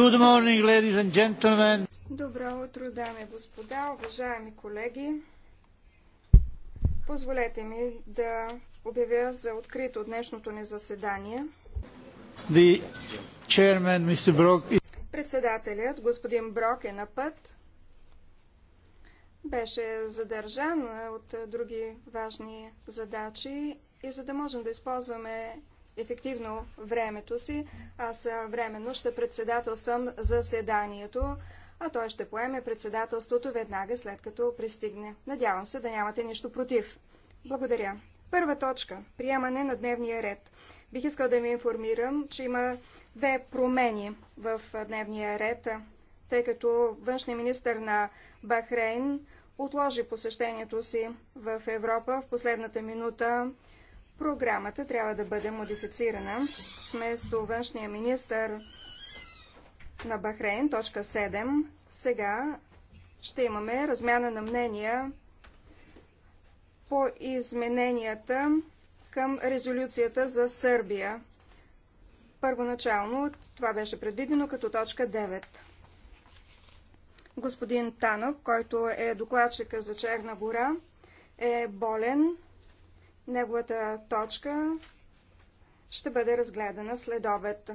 Good morning, ladies and gentlemen. Добро утро, дами и господа, уважаеми колеги. Позволете ми да обявя за открито днешното ни заседание. The chairman, Mr. Brock... Председателят, господин Брок, е на път. Беше задържан от други важни задачи и за да можем да използваме ефективно времето си. Аз временно ще председателствам заседанието, а той ще поеме председателството веднага след като пристигне. Надявам се да нямате нищо против. Благодаря. Първа точка – приемане на дневния ред. Бих искал да ви информирам, че има две промени в дневния ред, тъй като външния министр на Бахрейн отложи посещението си в Европа в последната минута Програмата трябва да бъде модифицирана. Вместо външния министр на Бахрейн, точка 7, сега ще имаме размяна на мнения по измененията към резолюцията за Сърбия. Първоначално това беше предвидено като точка 9. Господин Танов, който е докладчика за Черна гора, е болен Неговата точка ще бъде разгледана след обед.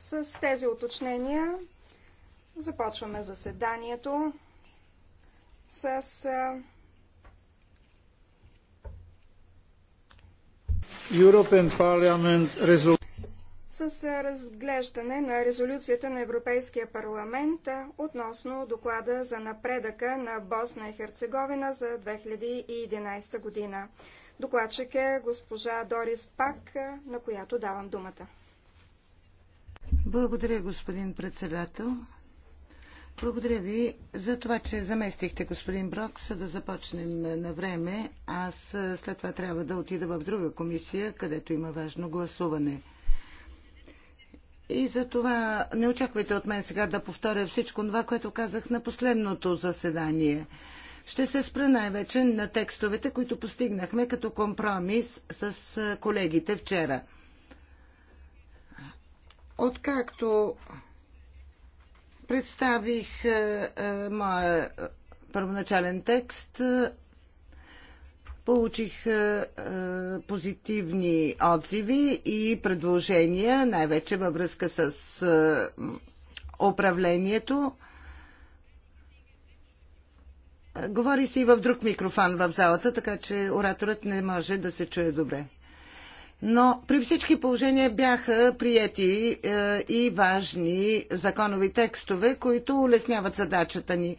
С тези уточнения започваме заседанието с European Parliament Resolution с разглеждане на резолюцията на Европейския парламент относно доклада за напредъка на Босна и Херцеговина за 2011 година. Докладчик е госпожа Дорис Пак, на която давам думата. Благодаря, господин председател. Благодаря ви за това, че заместихте господин Брок, за да започнем на време. Аз след това трябва да отида в друга комисия, където има важно гласуване. И за това не очаквайте от мен сега да повторя всичко това, което казах на последното заседание. Ще се спра най-вече на текстовете, които постигнахме като компромис с колегите вчера. Откакто представих е, е, моя първоначален текст, Получих е, е, позитивни отзиви и предложения, най-вече във връзка с е, управлението. Говори се и в друг микрофон в залата, така че ораторът не може да се чуе добре. Но при всички положения бяха приети е, и важни законови текстове, които улесняват задачата ни. Е,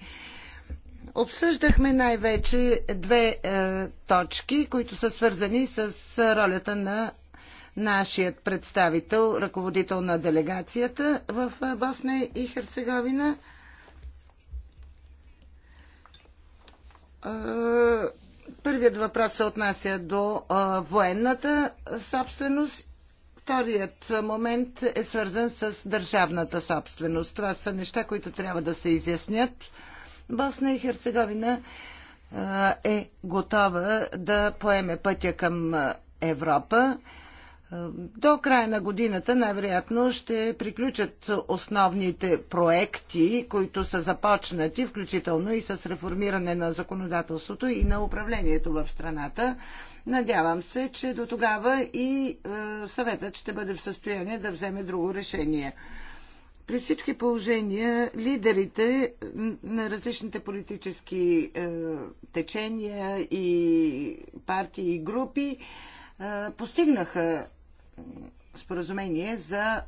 Обсъждахме най-вече две е, точки, които са свързани с е, ролята на нашият представител, ръководител на делегацията в е, Босна и Херцеговина. Е, първият въпрос се отнася до военната собственост Вторият момент е свързан с държавната собственост. Това са неща, които трябва да се изяснят Босна и Херцеговина е готова да поеме пътя към Европа. До края на годината най-вероятно ще приключат основните проекти, които са започнати, включително и с реформиране на законодателството и на управлението в страната. Надявам се, че до тогава и съветът ще бъде в състояние да вземе друго решение. При всички положения лидерите на различните политически е, течения и партии и групи е, постигнаха споразумение за е,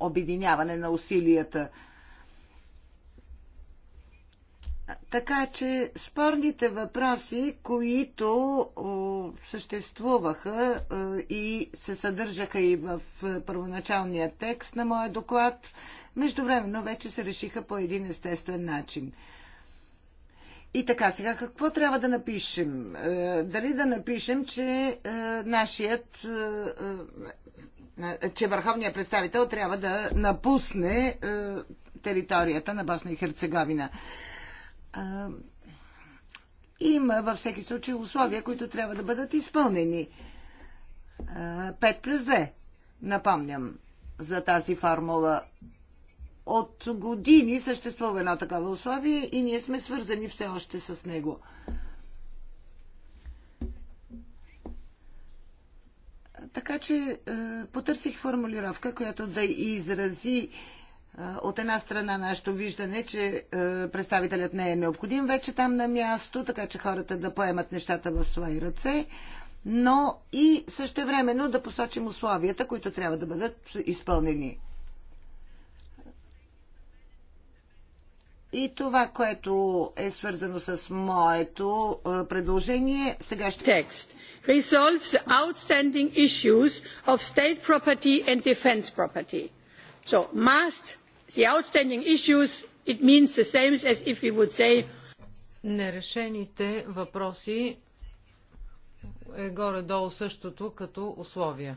обединяване на усилията така че спорните въпроси, които о, съществуваха о, и се съдържаха и в е, първоначалния текст на моя доклад, междувременно вече се решиха по един естествен начин. И така, сега какво трябва да напишем? Е, дали да напишем, че е, нашият че върховният представител трябва да напусне територията на Босна и Херцеговина? има във всеки случай условия, които трябва да бъдат изпълнени. А, 5 плюс 2, напомням за тази формула. От години съществува едно такова условие и ние сме свързани все още с него. Така че е, потърсих формулировка, която да изрази от една страна нашето виждане, че е, представителят не е необходим вече там на място, така че хората да поемат нещата в свои ръце, но и същевременно да посочим условията, които трябва да бъдат изпълнени. И това, което е свързано с моето е, предложение, сега ще... Текст. Resolves outstanding issues of state property and defense property. So, must the outstanding issues, it means the same as if we would say Нерешените въпроси е горе-долу същото като условия.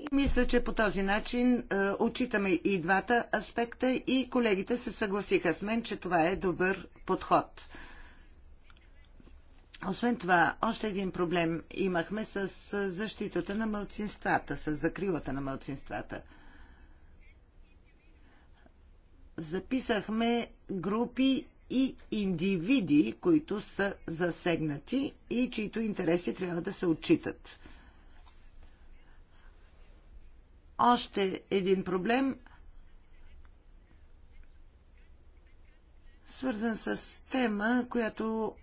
И мисля, че по този начин е, отчитаме и двата аспекта и колегите се съгласиха с мен, че това е добър подход. Освен това, още един проблем имахме с е, защитата на мълцинствата, с закрилата на мълцинствата записахме групи и индивиди, които са засегнати и чието интереси трябва да се отчитат. Още един проблем, свързан с тема, която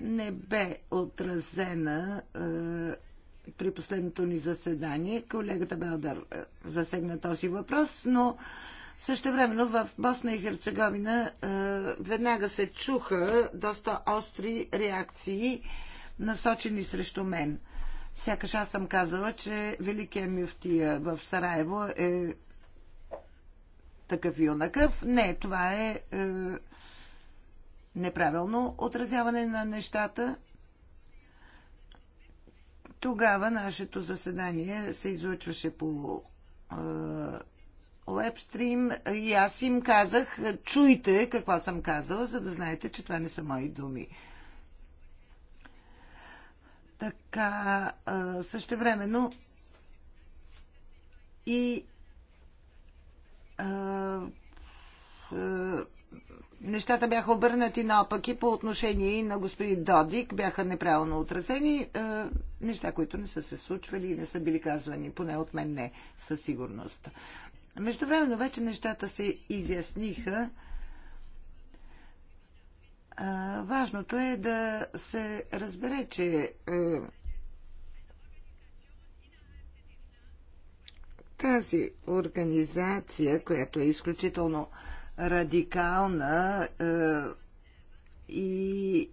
не бе отразена е, при последното ни заседание. Колегата Белдар е, засегна този въпрос, но е, също времено в Босна и Херцеговина е, веднага се чуха доста остри реакции, насочени срещу мен. Сякаш аз съм казала, че Великия мюфтия в Сараево е такъв и юнакъв. Не, това е, е неправилно отразяване на нещата. Тогава нашето заседание се излъчваше по е, WebStream и аз им казах, чуйте какво съм казала, за да знаете, че това не са мои думи. Така, също времено и а, нещата бяха обърнати наопаки по отношение на господин Додик, бяха неправилно отразени, а, неща, които не са се случвали и не са били казвани, поне от мен не, със сигурност. Междувременно вече нещата се изясниха. Важното е да се разбере, че е, тази организация, която е изключително радикална е, и е,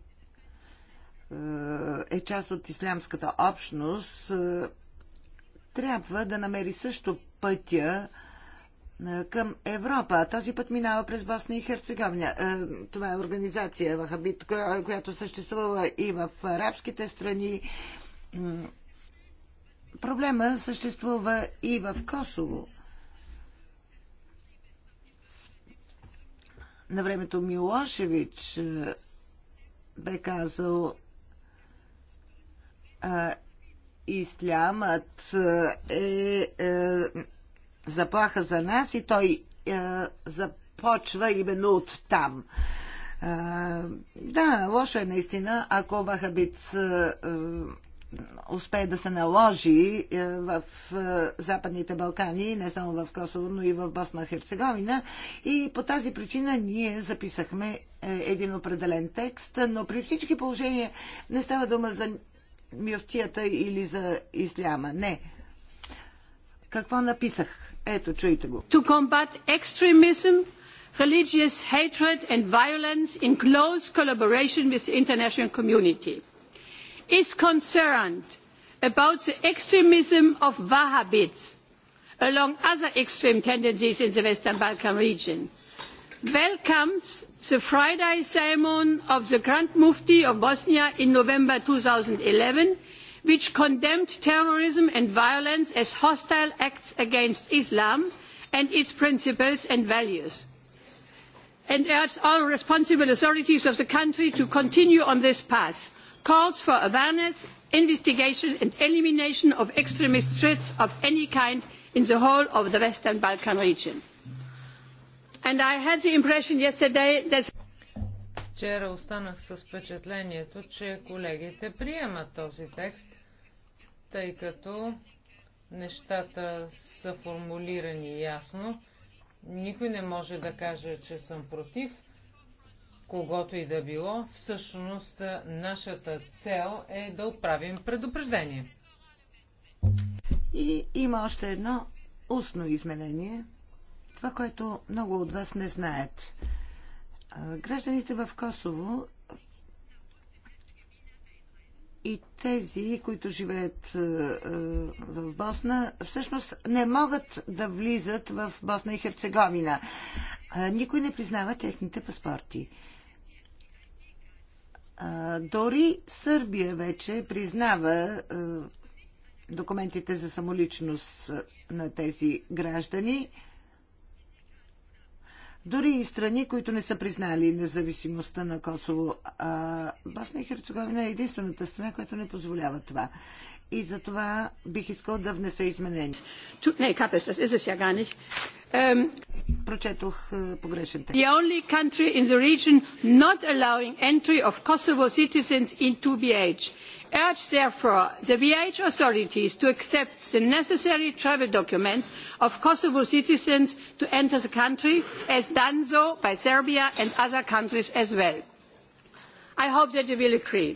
е част от ислямската общност, трябва да намери също пътя към Европа. Този път минава през Босна и Херцеговина. Това е организация Вахабит, която съществува и в арабските страни. Проблема съществува и в Косово. На времето Милошевич бе казал Ислямът е, е заплаха за нас и той е, започва именно от там. Е, да, лошо е наистина, ако Вахабиц е, успее да се наложи в Западните Балкани, не само в Косово, но и в Босна Херцеговина. И по тази причина ние записахме един определен текст, но при всички положения не става дума за мюфтията или за исляма. Не какво написах. Ето, чуйте го. To combat extremism, religious hatred and violence in close collaboration with the international community is concerned about the extremism of Wahhabites along other extreme tendencies in the Western Balkan region welcomes the Friday sermon of the Grand Mufti of Bosnia in November eleven which condemned terrorism and violence as hostile acts against Islam and its principles and values and urged all responsible authorities of the country to continue on this path, calls for awareness, investigation and elimination of extremist threats of any kind in the whole of the Western Balkan region. And I had the impression yesterday that... Вчера останах с впечатлението, че колегите приемат този текст тъй като нещата са формулирани ясно. Никой не може да каже, че съм против когото и да било. Всъщност, нашата цел е да отправим предупреждение. И има още едно устно изменение. Това, което много от вас не знаят. Гражданите в Косово и тези, които живеят е, е, в Босна, всъщност не могат да влизат в Босна и Херцеговина. Е, никой не признава техните паспорти. Дори Сърбия вече признава документите за самоличност на тези граждани. Дори и страни, които не са признали независимостта на Косово. А Босна и Херцеговина е единствената страна, която не позволява това. И за това бих искал да внеса изменения. Не, mir Kappes, Прочетох погрешен текст. The only country in the region not allowing entry of Kosovo citizens into BH. Urge therefore the BH authorities to accept the necessary travel documents of Kosovo citizens to enter the country, as done so by Serbia and other countries as well. I hope that you will agree.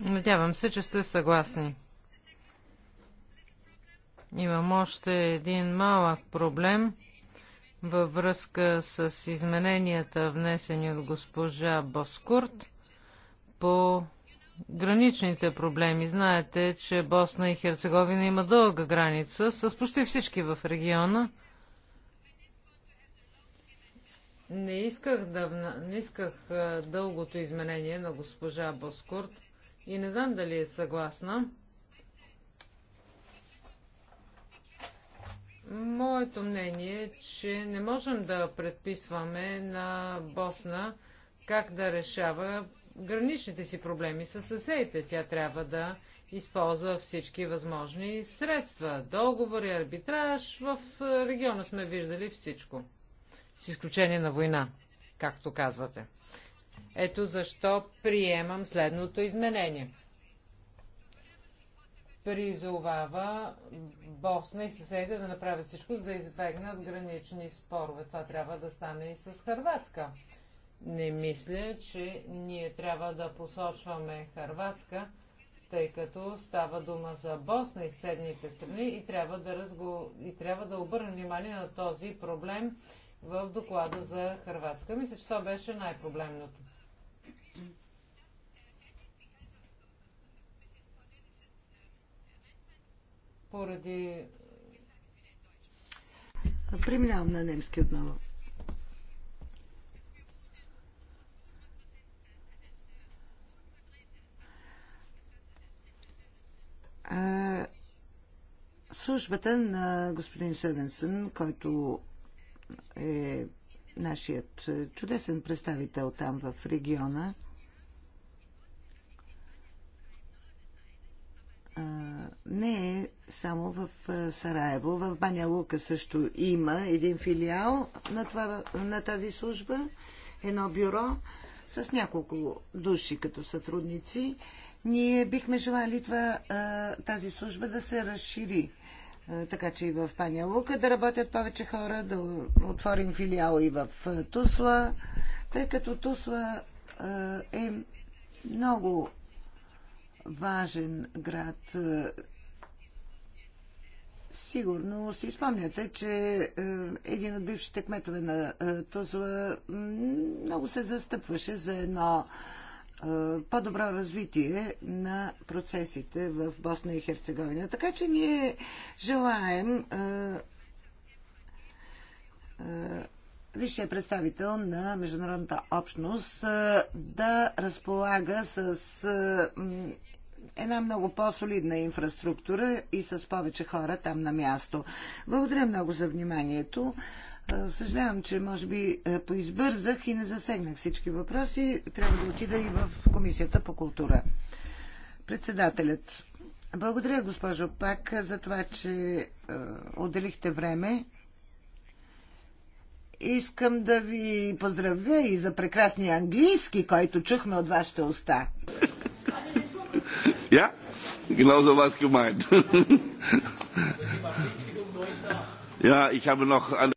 Надявам се, че сте съгласни. Имам още един малък проблем – във връзка с измененията, внесени от госпожа Боскурт по граничните проблеми. Знаете, че Босна и Херцеговина има дълга граница с почти всички в региона. Не исках, да, не исках дългото изменение на госпожа Боскурт и не знам дали е съгласна. Моето мнение е, че не можем да предписваме на Босна как да решава граничните си проблеми с съседите. Тя трябва да използва всички възможни средства. Договори, арбитраж, в е, региона сме виждали всичко. С изключение на война, както казвате. Ето защо приемам следното изменение – призовава Босна и съседите да направят всичко, за да избегнат гранични спорове. Това трябва да стане и с Харватска. Не мисля, че ние трябва да посочваме Харватска, тъй като става дума за Босна и съседните страни и трябва да, разго... и трябва да обърнем внимание на този проблем в доклада за Харватска. Мисля, че това беше най-проблемното. поради... Преминавам на немски отново. А, службата на господин Сървенсън, който е нашият е, чудесен представител там в региона, не е само в Сараево. В Баня Лука също има един филиал на, това, на тази служба, едно бюро с няколко души като сътрудници. Ние бихме желали това, тази служба да се разшири, така че и в Паня Лука да работят повече хора, да отворим филиал и в Тусла, тъй като Тусла е много важен град. Сигурно си спомняте, че е, един от бившите кметове на е, Тузла много се застъпваше за едно е, по-добро развитие на процесите в Босна и Херцеговина. Така че ние желаем висшия представител на международната общност да разполага с една много по-солидна инфраструктура и с повече хора там на място. Благодаря много за вниманието. Съжалявам, че може би поизбързах и не засегнах всички въпроси. Трябва да отида и в Комисията по култура. Председателят. Благодаря, госпожо Пак, за това, че отделихте време Искам да ви поздравя и за прекрасния английски, който чухме от вашите уста. Ja? Genau so war es gemeint. ja, ich habe noch. eine.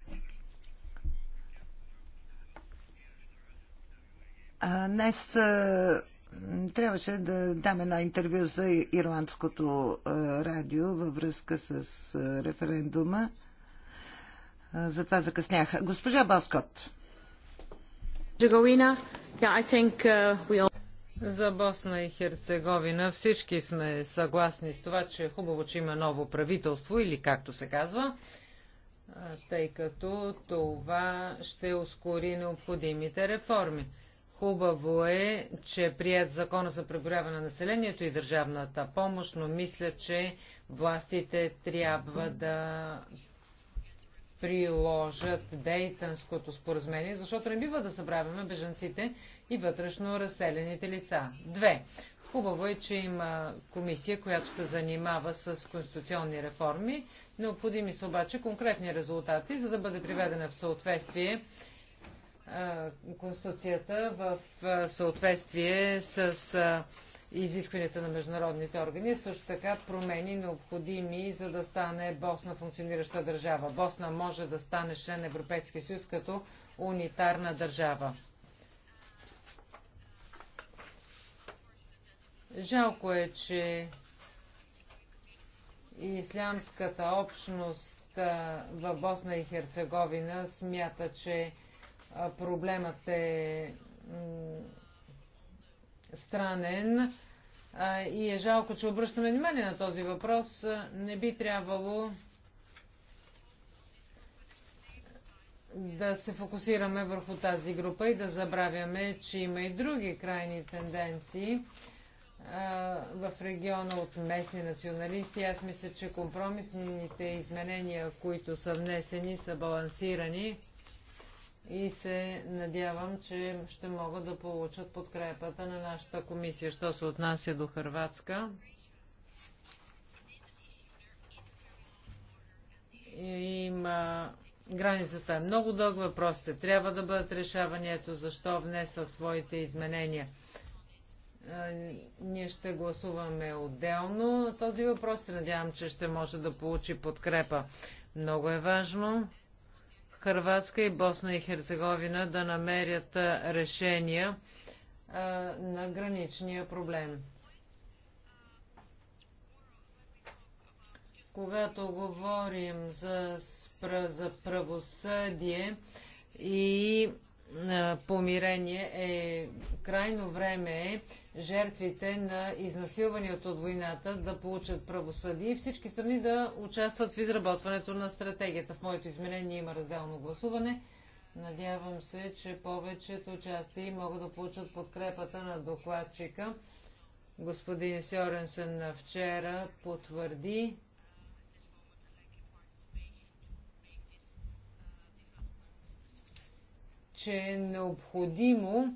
Днес трябваше да дам едно интервю за ирландското радио във връзка с референдума. Затова закъснях. Госпожа Баскот. Джаговина, yeah, I think, uh, we all... За Босна и Херцеговина всички сме съгласни с това, че е хубаво, че има ново правителство или както се казва, тъй като това ще ускори необходимите реформи. Хубаво е, че е прият закона за преброяване на населението и държавната помощ, но мисля, че властите трябва да приложат Дейтънското споразумение, защото не бива да забравяме бежанците и вътрешно разселените лица. Две. Хубаво е, че има комисия, която се занимава с конституционни реформи. Необходими са обаче конкретни резултати, за да бъде приведена в съответствие Конституцията в съответствие с изискванията на международните органи, също така промени необходими, за да стане Босна функционираща държава. Босна може да стане член Европейския съюз като унитарна държава. Жалко е, че ислямската общност в Босна и Херцеговина смята, че проблемът е странен и е жалко, че обръщаме внимание на този въпрос, не би трябвало да се фокусираме върху тази група и да забравяме, че има и други крайни тенденции в региона от местни националисти. Аз мисля, че компромисните изменения, които са внесени, са балансирани и се надявам, че ще могат да получат подкрепата на нашата комисия. Що се отнася до Харватска. има границата е много дълг, те трябва да бъдат решавани. Ето защо внеса своите изменения. Ние ще гласуваме отделно на този въпрос. Се надявам, че ще може да получи подкрепа. Много е важно Харватска и Босна и Херцеговина да намерят решения на граничния проблем. Когато говорим за, за правосъдие и помирение е крайно време е жертвите на изнасилванията от войната да получат правосъдие и всички страни да участват в изработването на стратегията. В моето изменение има разделно гласуване. Надявам се, че повечето части могат да получат подкрепата на докладчика. Господин Сьоренсен вчера потвърди че е необходимо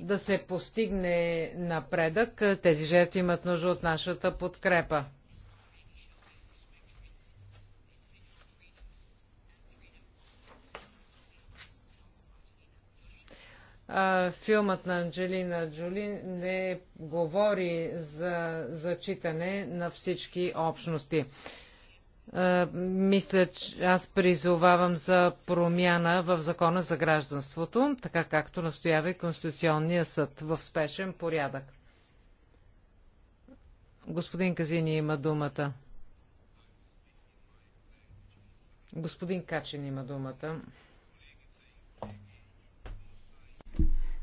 да се постигне напредък. Тези жертви имат нужда от нашата подкрепа. филмът на Анджелина Джоли не говори за зачитане на всички общности. Е, мисля, че аз призовавам за промяна в закона за гражданството, така както настоява и Конституционния съд в спешен порядък. Господин Казини има думата. Господин Качин има думата.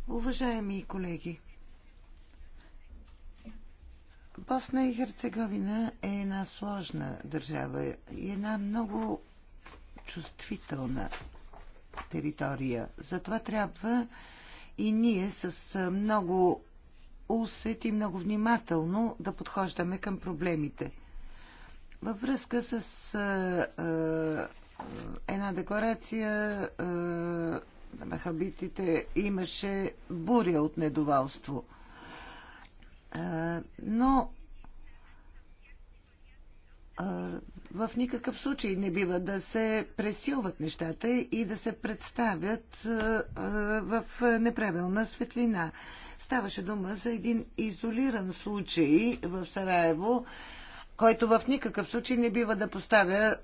Уважаеми колеги, Босна и Херцеговина е една сложна държава и една много чувствителна територия. Затова трябва и ние с много усет и много внимателно да подхождаме към проблемите. Във връзка с една декларация на махабитите имаше буря от недоволство. Но в никакъв случай не бива да се пресилват нещата и да се представят в неправилна светлина. Ставаше дума за един изолиран случай в Сараево, който в никакъв случай не бива да поставя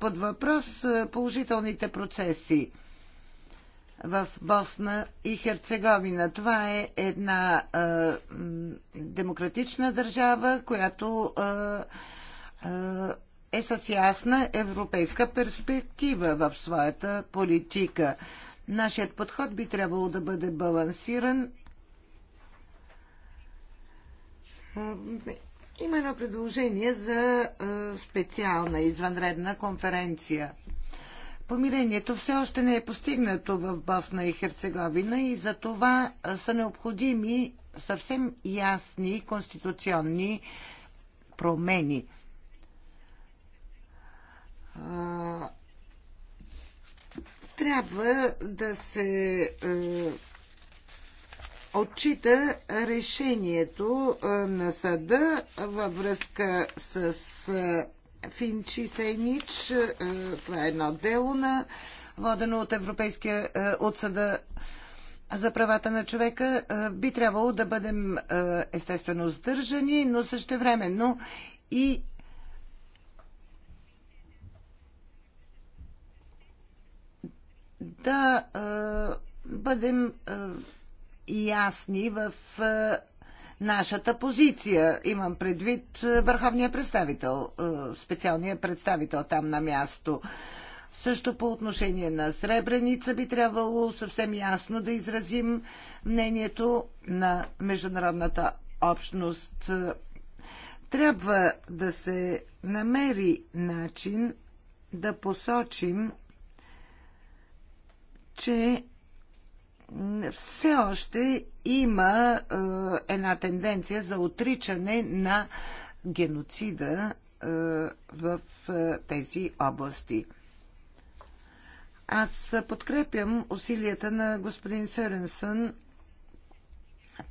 под въпрос положителните процеси в Босна и Херцеговина. Това е една демократична държава, която е, е с ясна европейска перспектива в своята политика. Нашият подход би трябвало да бъде балансиран. Има едно предложение за е, специална извънредна конференция. Помирението все още не е постигнато в Босна и Херцеговина и за това е, са необходими съвсем ясни конституционни промени – трябва да се е, отчита решението е, на съда във връзка с е, Финчи Сейнич. Това е едно дело на водено от Европейския отсъда за правата на човека. Би трябвало да бъдем естествено сдържани, но същевременно и да бъдем ясни в нашата позиция. Имам предвид върховния представител, специалния представител там на място. Също по отношение на Сребреница би трябвало съвсем ясно да изразим мнението на международната общност. Трябва да се намери начин да посочим че все още има е, една тенденция за отричане на геноцида е, в е, тези области. Аз подкрепям усилията на господин Сърнсън.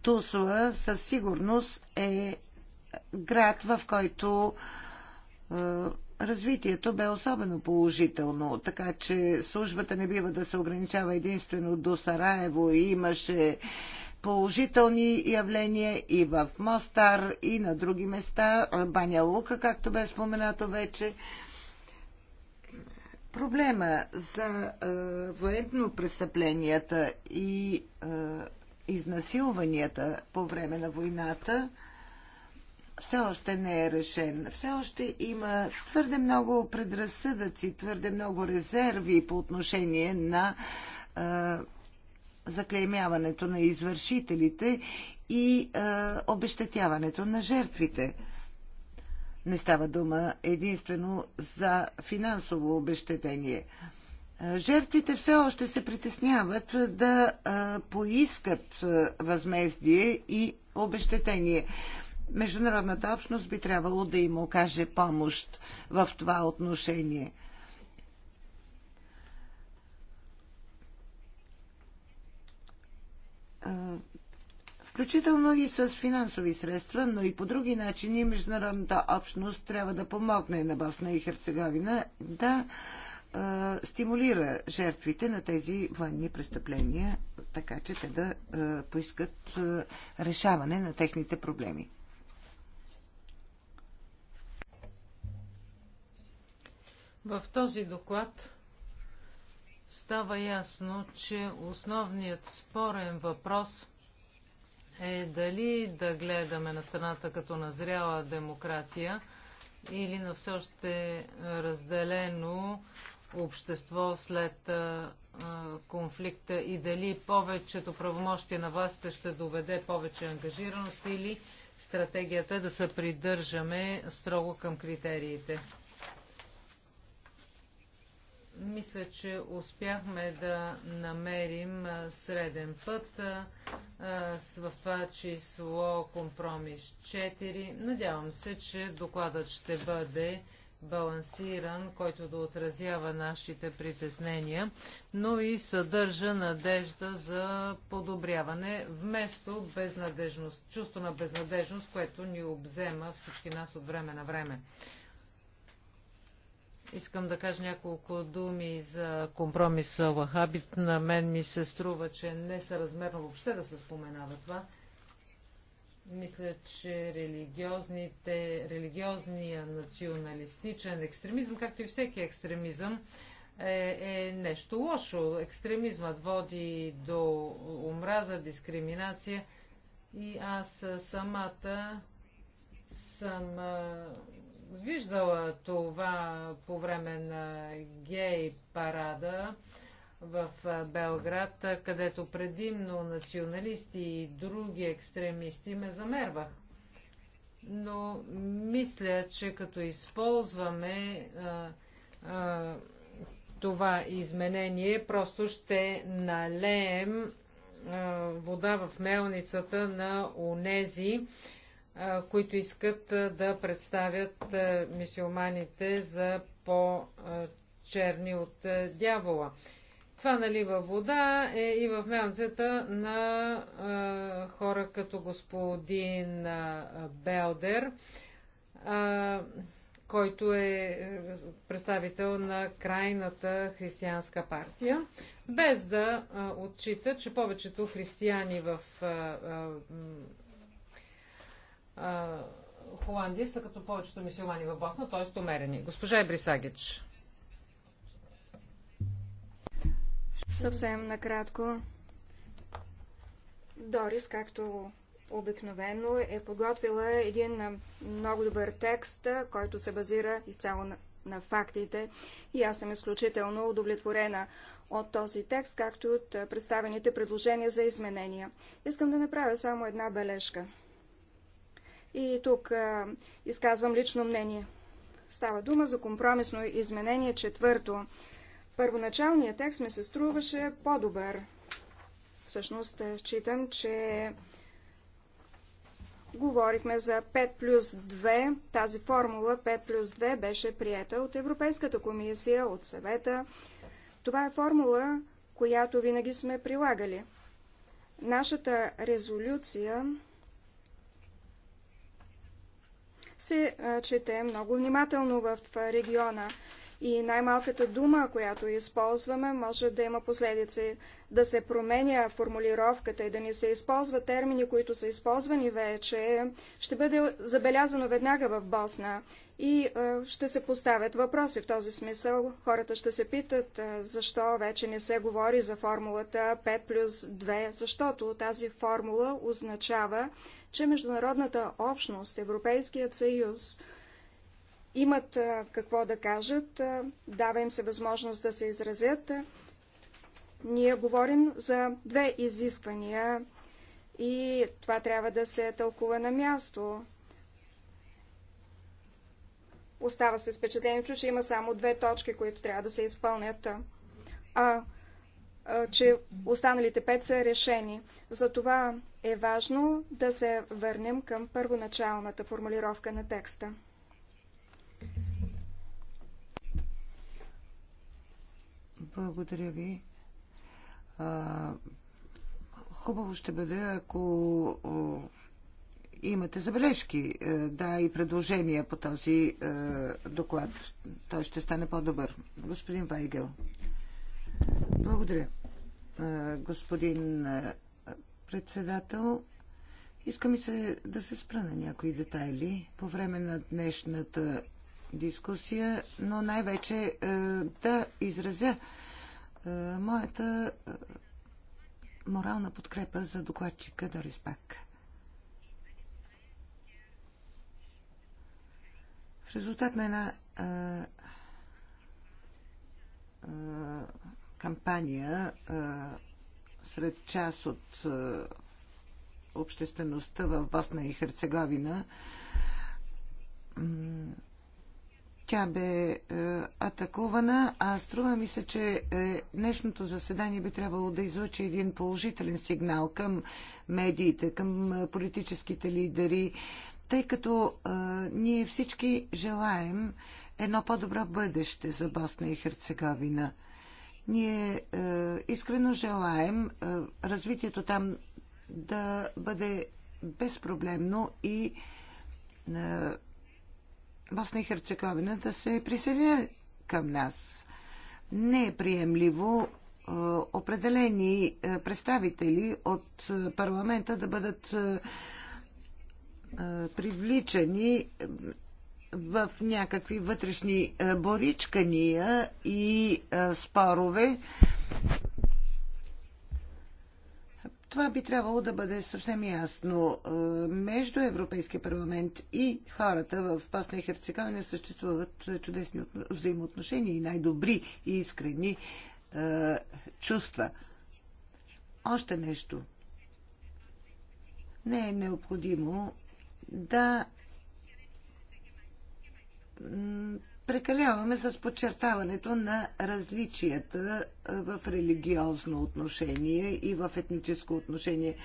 Тусла със сигурност е град, в който е, развитието бе особено положително, така че службата не бива да се ограничава единствено до Сараево. Имаше положителни явления и в Мостар, и на други места, Баня Лука, както бе споменато вече. Проблема за е, военно престъпленията и е, изнасилванията по време на войната – все още не е решен. Все още има твърде много предразсъдъци, твърде много резерви по отношение на а, заклеймяването на извършителите и а, обещетяването на жертвите. Не става дума единствено за финансово обещетение. Жертвите все още се притесняват да поискат възмездие и обещетение международната общност би трябвало да им окаже помощ в това отношение. Включително и с финансови средства, но и по други начини международната общност трябва да помогне на Босна и Херцеговина да стимулира жертвите на тези военни престъпления, така че те да поискат решаване на техните проблеми. В този доклад става ясно, че основният спорен въпрос е дали да гледаме на страната като назряла демокрация или на все още разделено общество след а, конфликта и дали повечето правомощия на властите ще доведе повече ангажираност или стратегията да се придържаме строго към критериите. Мисля, че успяхме да намерим среден път в това число компромис 4. Надявам се, че докладът ще бъде балансиран, който да отразява нашите притеснения, но и съдържа надежда за подобряване, вместо безнадежност, чувство на безнадежност, което ни обзема всички нас от време на време. Искам да кажа няколко думи за компромиса Вахабит. На мен ми се струва, че не размерно въобще да се споменава това. Мисля, че религиозните, религиозния националистичен екстремизъм, както и всеки екстремизъм, е, е нещо лошо. Екстремизмът води до омраза, дискриминация и аз самата съм виждала това по време на гей парада в Белград, където предимно националисти и други екстремисти ме замервах. Но мисля, че като използваме а, а, това изменение, просто ще налеем а, вода в мелницата на онези, които искат да представят мисиоманите за по-черни от дявола. Това налива вода е и в мелницата на хора като господин Белдер, който е, е представител на крайната християнска партия, без да отчита, че повечето християни в Холандия са като повечето мисиомани в Босна, т.е. умерени. Госпожа Ебрисагич. Съвсем накратко. Дорис, както обикновено, е подготвила един много добър текст, който се базира изцяло на, на фактите. И аз съм изключително удовлетворена от този текст, както и от представените предложения за изменения. Искам да направя само една бележка. И тук а, изказвам лично мнение. Става дума за компромисно изменение четвърто. Първоначалният текст ми се струваше по-добър. Всъщност, е, считам, че говорихме за 5 плюс 2. Тази формула 5 плюс 2 беше приета от Европейската комисия, от съвета. Това е формула, която винаги сме прилагали. Нашата резолюция се чете много внимателно в региона. И най-малката дума, която използваме, може да има последици. Да се променя формулировката и да не се използват термини, които са използвани вече, ще бъде забелязано веднага в Босна. И е, ще се поставят въпроси в този смисъл. Хората ще се питат защо вече не се говори за формулата 5 плюс 2, защото тази формула означава, че международната общност, Европейският съюз, имат какво да кажат, дава им се възможност да се изразят. Ние говорим за две изисквания и това трябва да се тълкува на място. Остава се впечатлението, че има само две точки, които трябва да се изпълнят. А че останалите пет са решени. Затова е важно да се върнем към първоначалната формулировка на текста. Благодаря ви. Хубаво ще бъде, ако имате забележки, да, и предложения по този доклад. Той ще стане по-добър. Господин Вайгел. Благодаря господин председател. Иска ми се да се спра на някои детайли по време на днешната дискусия, но най-вече да изразя моята морална подкрепа за докладчика Дорис Пак. В резултат на една кампания сред част от обществеността в Босна и Херцеговина. Тя бе атакувана, а струва ми се, че е, днешното заседание би трябвало да излъчи един положителен сигнал към медиите, към политическите лидери, тъй като ние всички желаем едно по-добро бъдеще за Босна и Херцеговина – ние е, искрено желаем е, развитието там да бъде безпроблемно и е, Босна и Херцеговина да се присъединя към нас. Не е приемливо е, определени е, представители от е, парламента да бъдат е, е привличани е, в някакви вътрешни е, боричкания и е, спорове. Това би трябвало да бъде съвсем ясно. Е, между Европейския парламент и хората в Пасна и Херцеговина съществуват чудесни взаимоотношения и най-добри и искрени чувства. Още нещо. Не е необходимо да прекаляваме с подчертаването на различията в религиозно отношение и в етническо отношение.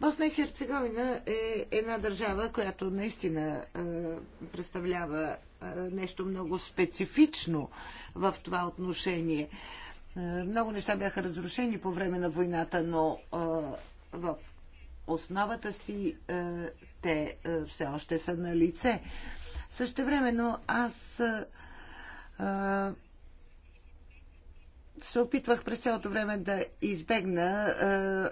Босна и Херцеговина е една държава, която наистина представлява нещо много специфично в това отношение. Много неща бяха разрушени по време на войната, но в основата си те все още са на лице. Същевременно аз а, се опитвах през цялото време да избегна а,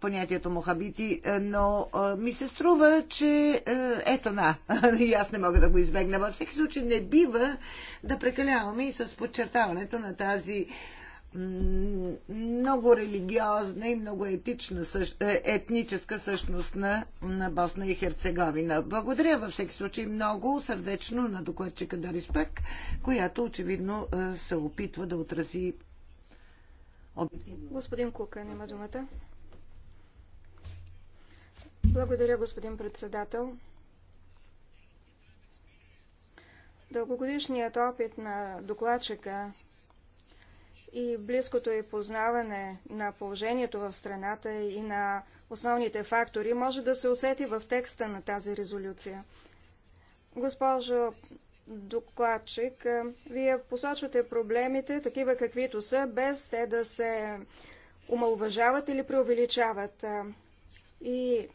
понятието хабити, но а, ми се струва, че а, ето на, и аз не мога да го избегна. Във всеки случай не бива да прекаляваме и с подчертаването на тази много религиозна и много етична, е, етническа същност на, на Босна и Херцеговина. Благодаря във всеки случай много сърдечно на докладчика Дарис Пек, която очевидно е, се опитва да отрази Господин Кука, няма думата. Благодаря, господин председател. Дългогодишният опит на докладчика и близкото и познаване на положението в страната и на основните фактори може да се усети в текста на тази резолюция. Госпожо докладчик, е, вие посочвате проблемите такива каквито са, без те да се омалважават или преувеличават. Е, и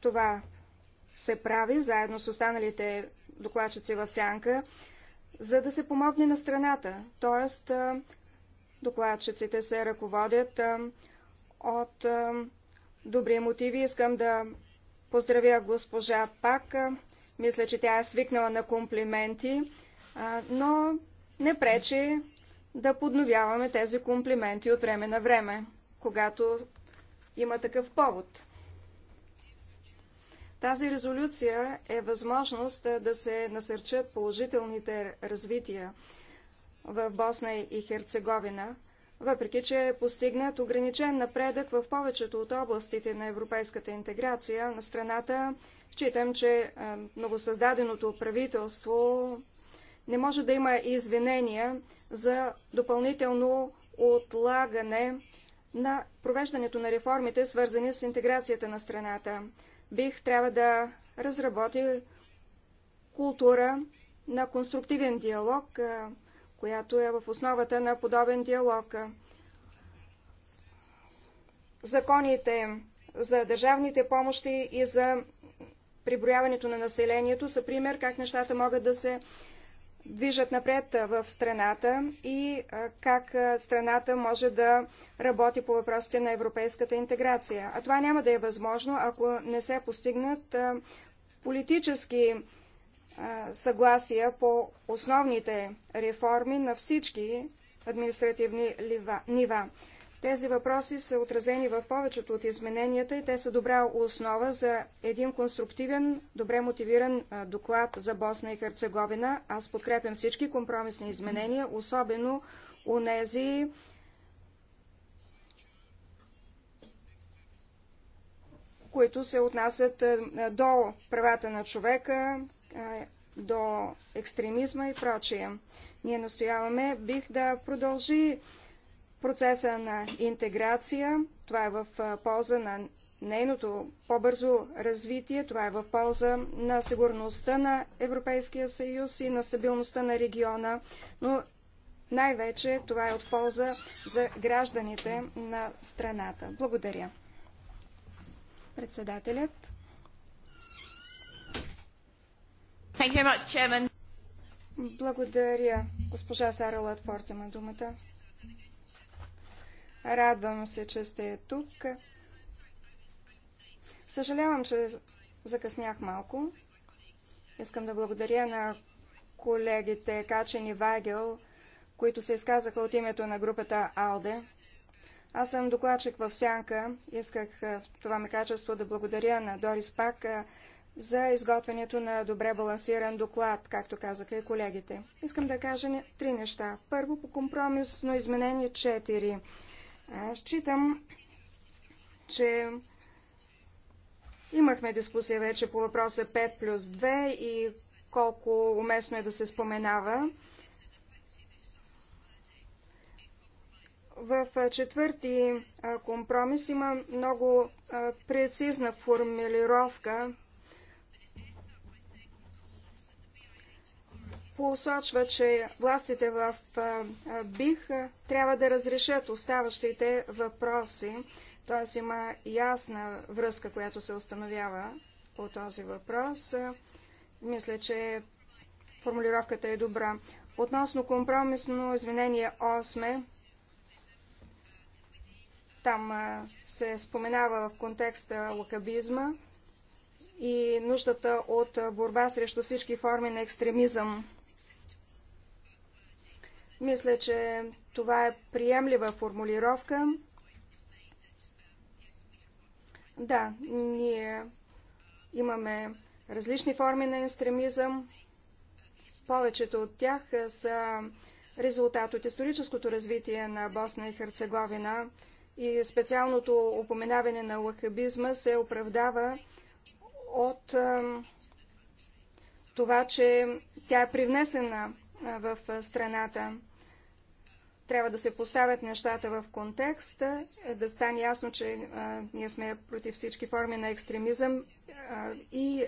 това се прави заедно с останалите докладчици в сянка, за да се помогне на страната. Тоест, е, Докладчиците се ръководят от добри мотиви. Искам да поздравя госпожа Пак. Мисля, че тя е свикнала на комплименти, но не пречи да подновяваме тези комплименти от време на време, когато има такъв повод. Тази резолюция е възможност да се насърчат положителните развития в Босна и Херцеговина, въпреки че е постигнат ограничен напредък в повечето от областите на европейската интеграция на страната, считам, че е, новосъздаденото правителство не може да има извинения за допълнително отлагане на провеждането на реформите, свързани с интеграцията на страната. Бих трябва да разработи култура на конструктивен диалог, е, която е в основата на подобен диалог. Законите за държавните помощи и за приброяването на населението са пример как нещата могат да се движат напред в страната и как страната може да работи по въпросите на европейската интеграция. А това няма да е възможно, ако не се постигнат политически съгласия по основните реформи на всички административни нива. Тези въпроси са отразени в повечето от измененията и те са добра основа за един конструктивен, добре мотивиран доклад за Босна и Херцеговина. Аз подкрепям всички компромисни изменения, особено у нези, които се отнасят е, до правата на човека, е, до екстремизма и прочие. Ние настояваме бих да продължи процеса на интеграция. Това е в е, полза на нейното по-бързо развитие. Това е в полза на сигурността на Европейския съюз и на стабилността на региона. Но най-вече това е от полза за гражданите на страната. Благодаря. Председателят. Much, Благодаря. Госпожа Сара Латфорд има думата. Радвам се, че сте тук. Съжалявам, че закъснях малко. Искам да благодаря на колегите Качен и Вагел, които се изказаха от името на групата АЛДЕ. Аз съм докладчик в Сянка. Исках в това ми качество да благодаря на Дорис Пак за изготвянето на добре балансиран доклад, както казаха и колегите. Искам да кажа три неща. Първо, по компромисно изменение 4. Считам, че имахме дискусия вече по въпроса 5 плюс 2 и колко уместно е да се споменава. В четвърти компромис има много прецизна формулировка. Посочва, че властите в БИХ трябва да разрешат оставащите въпроси, т.е. има ясна връзка, която се установява по този въпрос. Мисля, че формулировката е добра. Относно компромисно извинение там се споменава в контекста лакабизма и нуждата от борба срещу всички форми на екстремизъм. Мисля, че това е приемлива формулировка. Да, ние имаме различни форми на екстремизъм. Повечето от тях са резултат от историческото развитие на Босна и Херцеговина и специалното упоменаване на лахабизма се оправдава от това, че тя е привнесена в страната. Трябва да се поставят нещата в контекст, е, да стане ясно, че ние сме против всички форми на екстремизъм и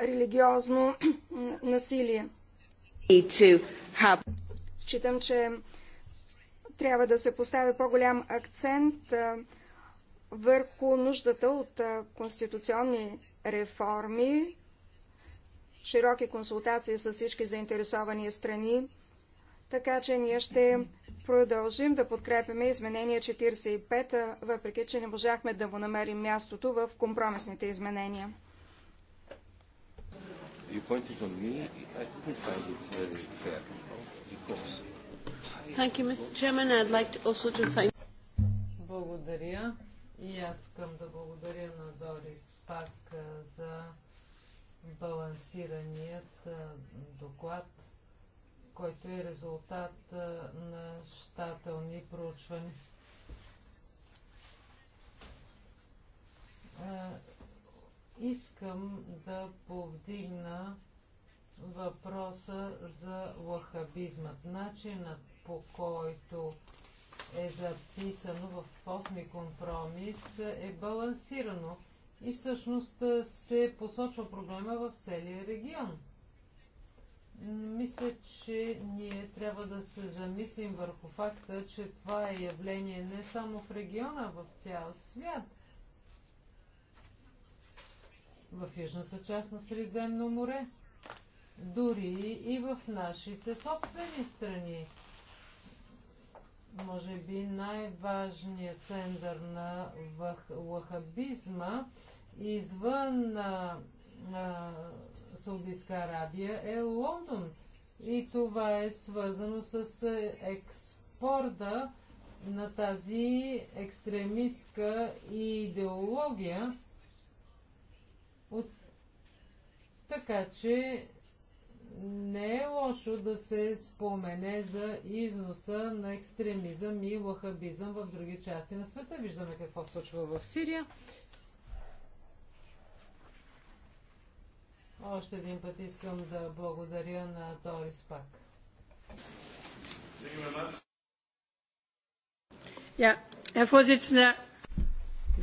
религиозно насилие. Читам, Считам, че трябва да се постави по-голям акцент върху нуждата от конституционни реформи, широки консултации с всички заинтересовани страни, така че ние ще продължим да подкрепяме изменение 45, въпреки че не можахме да му намерим мястото в компромисните изменения. You pointed on me, I couldn't find it very fair, because благодаря. И аз искам да благодаря на Дорис Пак за балансираният доклад, който е резултат на щателни проучвания. Искам да повдигна въпроса за лахабизмът. Начинът по който е записано в 8 компромис, е балансирано и всъщност се посочва проблема в целия регион. Мисля, че ние трябва да се замислим върху факта, че това е явление не само в региона, а в цял свят. В южната част на Средиземно море, дори и в нашите собствени страни може би най-важният център на лахабизма извън а, а, Саудитска Арабия е Лондон. И това е свързано с експорта на тази екстремистка идеология. От... Така че не е лошо да се спомене за износа на екстремизъм и лахабизъм в други части на света. Виждаме какво случва в Сирия. Още един път искам да благодаря на Торис Пак.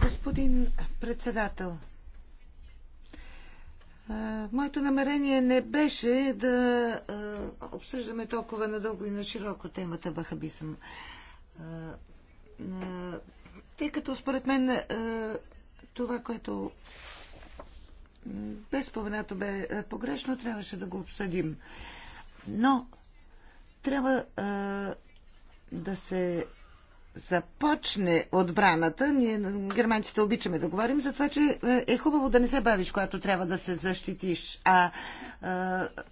Господин председател, Моето намерение не беше да обсъждаме толкова надълго и на широко темата Бахабисъм. Тъй като според мен това, което без споменато бе погрешно, трябваше да го обсъдим. Но трябва да се започне отбраната, ние германците обичаме да говорим за това, че е, е хубаво да не се бавиш, когато трябва да се защитиш. А, е,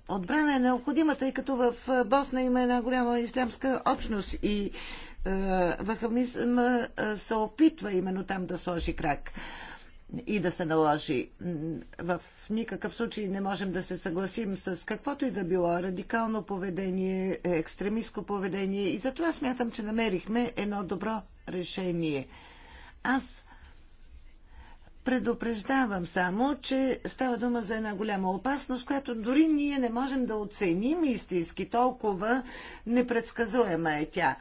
отбрана е необходима, тъй като в Босна има една голяма ислямска общност и вахамизма се опитва именно там да сложи крак и да се наложи. В никакъв случай не можем да се съгласим с каквото и да било радикално поведение, екстремистско поведение и затова смятам, че намерихме едно добро решение. Аз предупреждавам само, че става дума за една голяма опасност, която дори ние не можем да оценим истински, толкова непредсказуема е тя.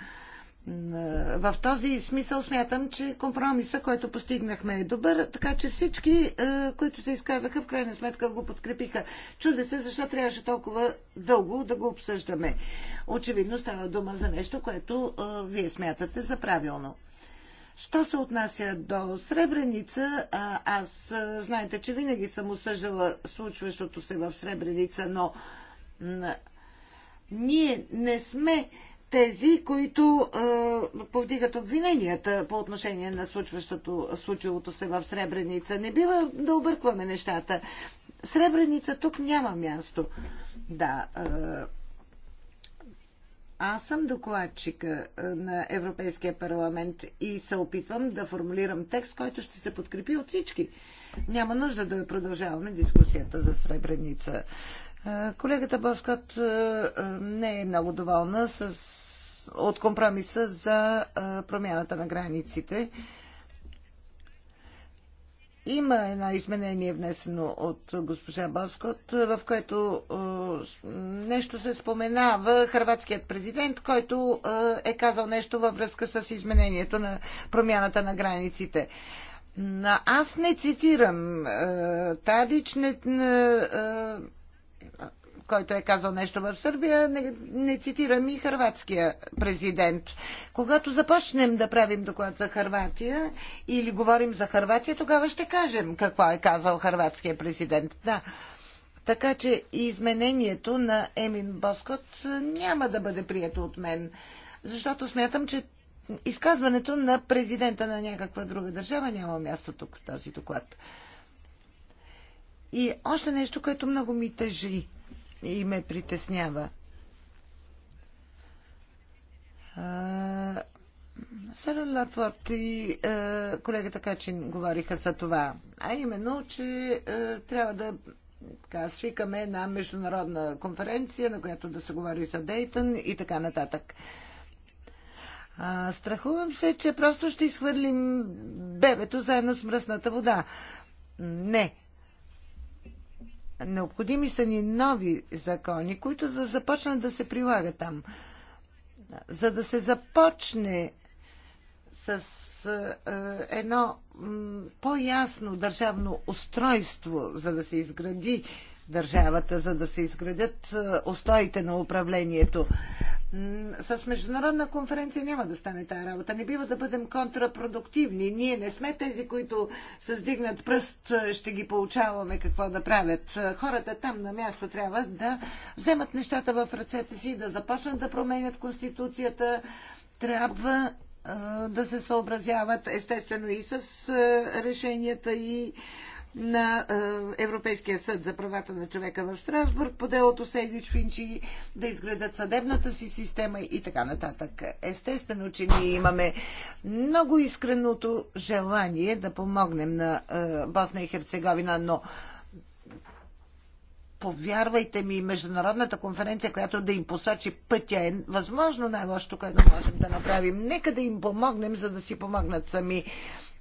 В този смисъл смятам, че компромиса, който постигнахме е добър, така че всички, е, които се изказаха, в крайна сметка го подкрепиха. Чуде се, защо трябваше толкова дълго да го обсъждаме. Очевидно става дума за нещо, което е, вие смятате за правилно. Що се отнася до Сребреница, аз е, знаете, че винаги съм осъждала случващото се в Сребреница, но ние не сме тези, които а, повдигат обвиненията по отношение на случващото, случилото се в Сребреница. Не бива да объркваме нещата. Сребреница тук няма място. Да. аз съм докладчика на Европейския парламент и се опитвам да формулирам текст, който ще се подкрепи от всички. Няма нужда да продължаваме дискусията за Сребреница. Колегата Боскот не е много доволна с, от компромиса за промяната на границите. Има едно изменение внесено от госпожа Боскот, в което е, нещо се споменава хрватският президент, който е, е казал нещо във връзка с изменението на промяната на границите. Аз не цитирам е, Тадич, не, е, който е казал нещо в Сърбия, не, не цитирам и хърватския президент. Когато започнем да правим доклад за Хърватия или говорим за Хърватия, тогава ще кажем какво е казал хърватския президент. Да. Така че изменението на Емин Боскот няма да бъде прието от мен, защото смятам, че изказването на президента на някаква друга държава няма място тук в този доклад. И още нещо, което много ми тежи и ме притеснява. Сара Латвард и колегата Качин говориха за това. А именно, че трябва да така, свикаме една международна конференция, на която да се говори за Дейтън и така нататък. А, страхувам се, че просто ще изхвърлим бебето заедно с мръсната вода. Не, Необходими са ни нови закони, които да започнат да се прилагат там. За да се започне с е, едно по-ясно държавно устройство, за да се изгради държавата, за да се изградят устоите на управлението с международна конференция няма да стане тази работа. Не бива да бъдем контрапродуктивни. Ние не сме тези, които се сдигнат пръст е, ще ги получаваме какво да правят. Е, хората там на място трябва да вземат нещата в ръцете си, да започнат да променят Конституцията. Трябва е, да се съобразяват естествено и с решенията и на е, Европейския съд за правата на човека в Страсбург по делото Сейдич Финчи, да изградат съдебната си система и така нататък. Естествено, че ние имаме много искреното желание да помогнем на е, Босна и Херцеговина, но повярвайте ми, международната конференция, която да им посочи пътя е възможно най-лошото, което можем да направим. Нека да им помогнем, за да си помогнат сами.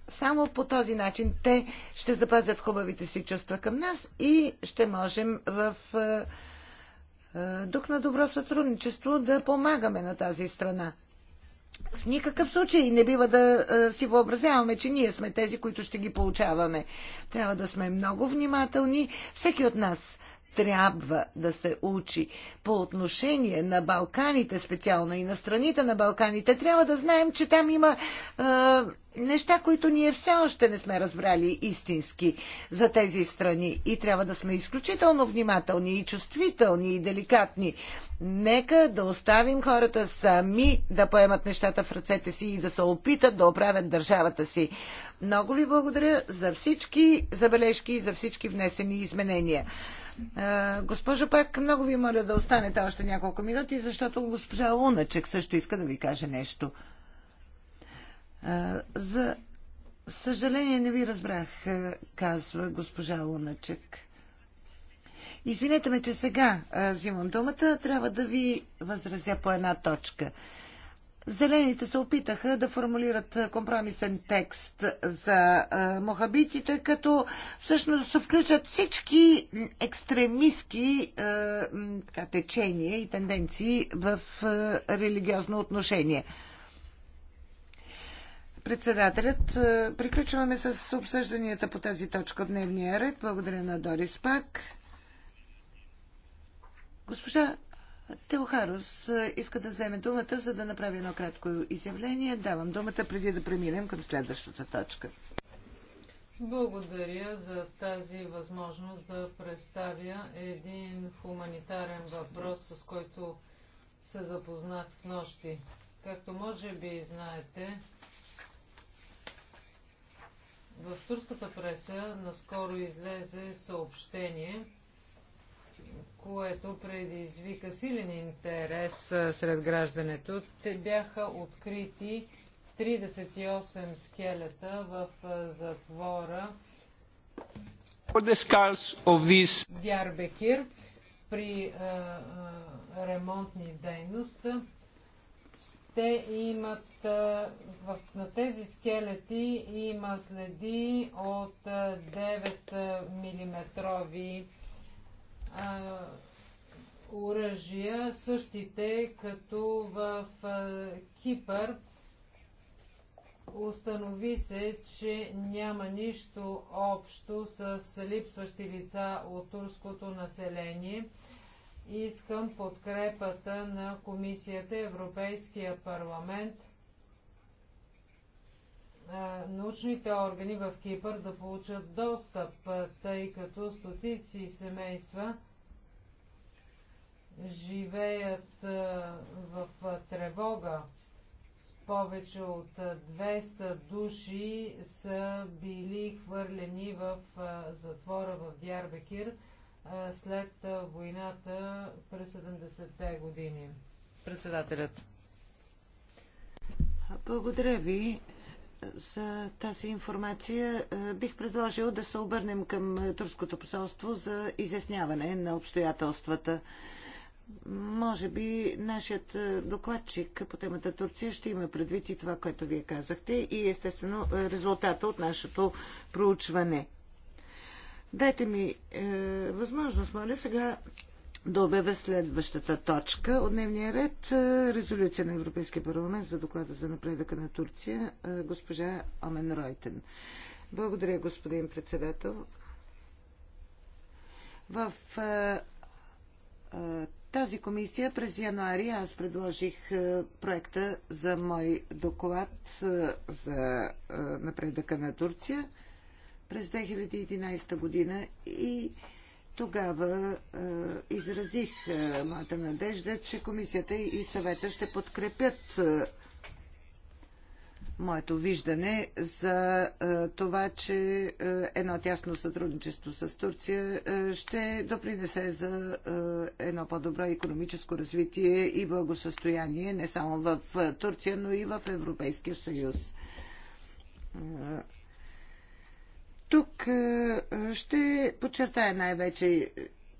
Само по този начин те ще запазят хубавите си чувства към нас и ще можем в е, е, дух на добро сътрудничество да помагаме на тази страна. В никакъв случай не бива да е, си въобразяваме, че ние сме тези, които ще ги получаваме. Трябва да сме много внимателни. Всеки от нас трябва да се учи. По отношение на Балканите специално и на страните на Балканите, трябва да знаем, че там има е, неща, които ние все още не сме разбрали истински за тези страни. И трябва да сме изключително внимателни и чувствителни и деликатни. Нека да оставим хората сами да поемат нещата в ръцете си и да се опитат да оправят държавата си. Много ви благодаря за всички забележки и за всички внесени изменения. Е, госпожо Пак, много ви моля да останете още няколко минути, защото госпожа Луначек също иска да ви каже нещо. Е, за съжаление не ви разбрах, е, казва госпожа Луначек. Извинете ме, че сега взимам думата. Трябва да ви възразя по една точка. Зелените се опитаха да формулират компромисен текст за мохабитите, като всъщност се включат всички екстремистски така, течения и тенденции в религиозно отношение. Председателят, приключваме с обсъжданията по тази точка в дневния ред. Благодаря на Дорис Пак. Госпожа Теохарус иска да вземе думата, за да направи едно кратко изявление. Давам думата преди да преминем към следващата точка. Благодаря за тази възможност да представя един хуманитарен въпрос, с който се запознах с нощи. Както може би знаете, в турската преса наскоро излезе съобщение – което предизвика силен интерес сред граждането. Те бяха открити 38 скелета в затвора Дярбекир при а, ремонтни дейности. Те имат в, на тези скелети има следи от 9 мм оръжия, същите като в а, Кипър. Установи се, че няма нищо общо с липсващи лица от турското население. Искам подкрепата на Комисията Европейския парламент – научните органи в Кипър да получат достъп, тъй като стотици семейства живеят в тревога. С повече от 200 души са били хвърлени в затвора в Дярбекир след войната през 70-те години. Председателят. Благодаря ви за тази информация. Е, бих предложил да се обърнем към Турското посолство за изясняване на обстоятелствата. Може би нашият е, докладчик по темата Турция ще има предвид и това, което вие казахте и естествено е, резултата от нашето проучване. Дайте ми е, възможност, моля сега да обявя следващата точка от дневния ред. Е, резолюция на Европейския парламент за доклада за напредъка на Турция. Е, госпожа Амен Ройтен. Благодаря, господин председател. В е, тази комисия през януари аз предложих проекта за мой доклад за напредъка на Турция през 2011 година и тогава е, изразих е, моята надежда, че комисията и съвета ще подкрепят е, моето виждане за е, това, че е, едно тясно сътрудничество с Турция е, ще допринесе за е, едно по-добро економическо развитие и благосъстояние не само в Турция, но и в Европейския съюз. Тук е, е, ще подчертая най-вече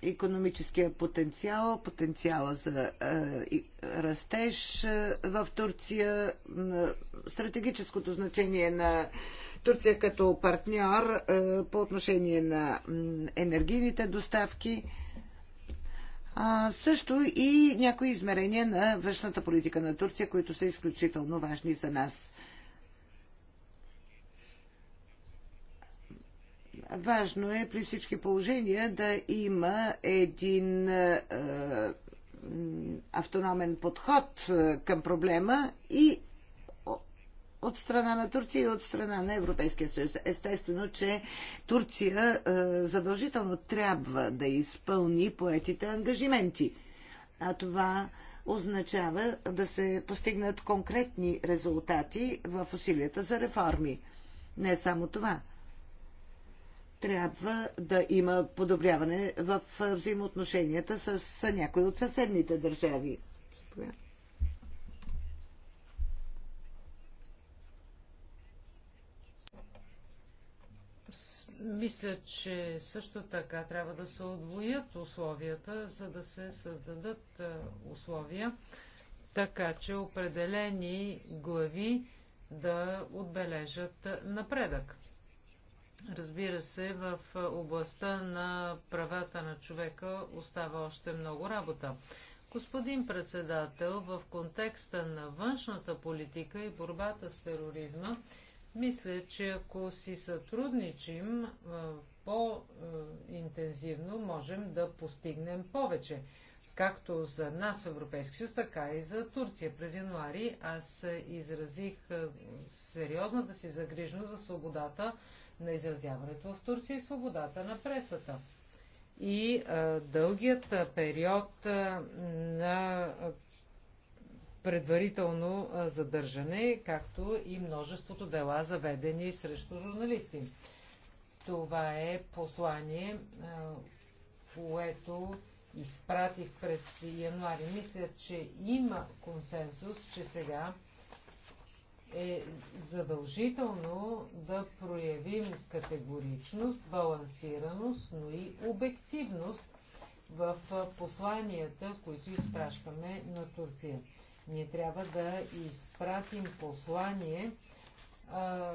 економическия потенциал, потенциала за е, растеж в Турция, стратегическото значение на Турция като партньор по отношение на енергийните доставки, а, също и някои измерения на външната политика на Турция, които са изключително важни за нас. Важно е при всички положения да има един е, автономен подход е, към проблема и от страна на Турция и от страна на Европейския съюз. Естествено, че Турция е, задължително трябва да изпълни поетите ангажименти. А това означава да се постигнат конкретни резултати в усилията за реформи. Не само това – трябва да има подобряване в взаимоотношенията с някои от съседните държави. Мисля, че също така трябва да се отвоят условията, за да се създадат условия, така че определени глави да отбележат напредък. Разбира се, в областта на правата на човека остава още много работа. Господин председател, в контекста на външната политика и борбата с тероризма, мисля, че ако си сътрудничим по-интензивно, можем да постигнем повече. Както за нас в Европейски съюз, така и за Турция. През януари аз изразих сериозната си загрижност за свободата на изразяването в Турция и свободата на пресата. И а, дългият период а, на предварително а, задържане, както и множеството дела заведени срещу журналисти. Това е послание, а, което изпратих през януари. Мисля, че има консенсус, че сега е задължително да проявим категоричност, балансираност, но и обективност в посланията, които изпращаме на Турция. Ние трябва да изпратим послание а,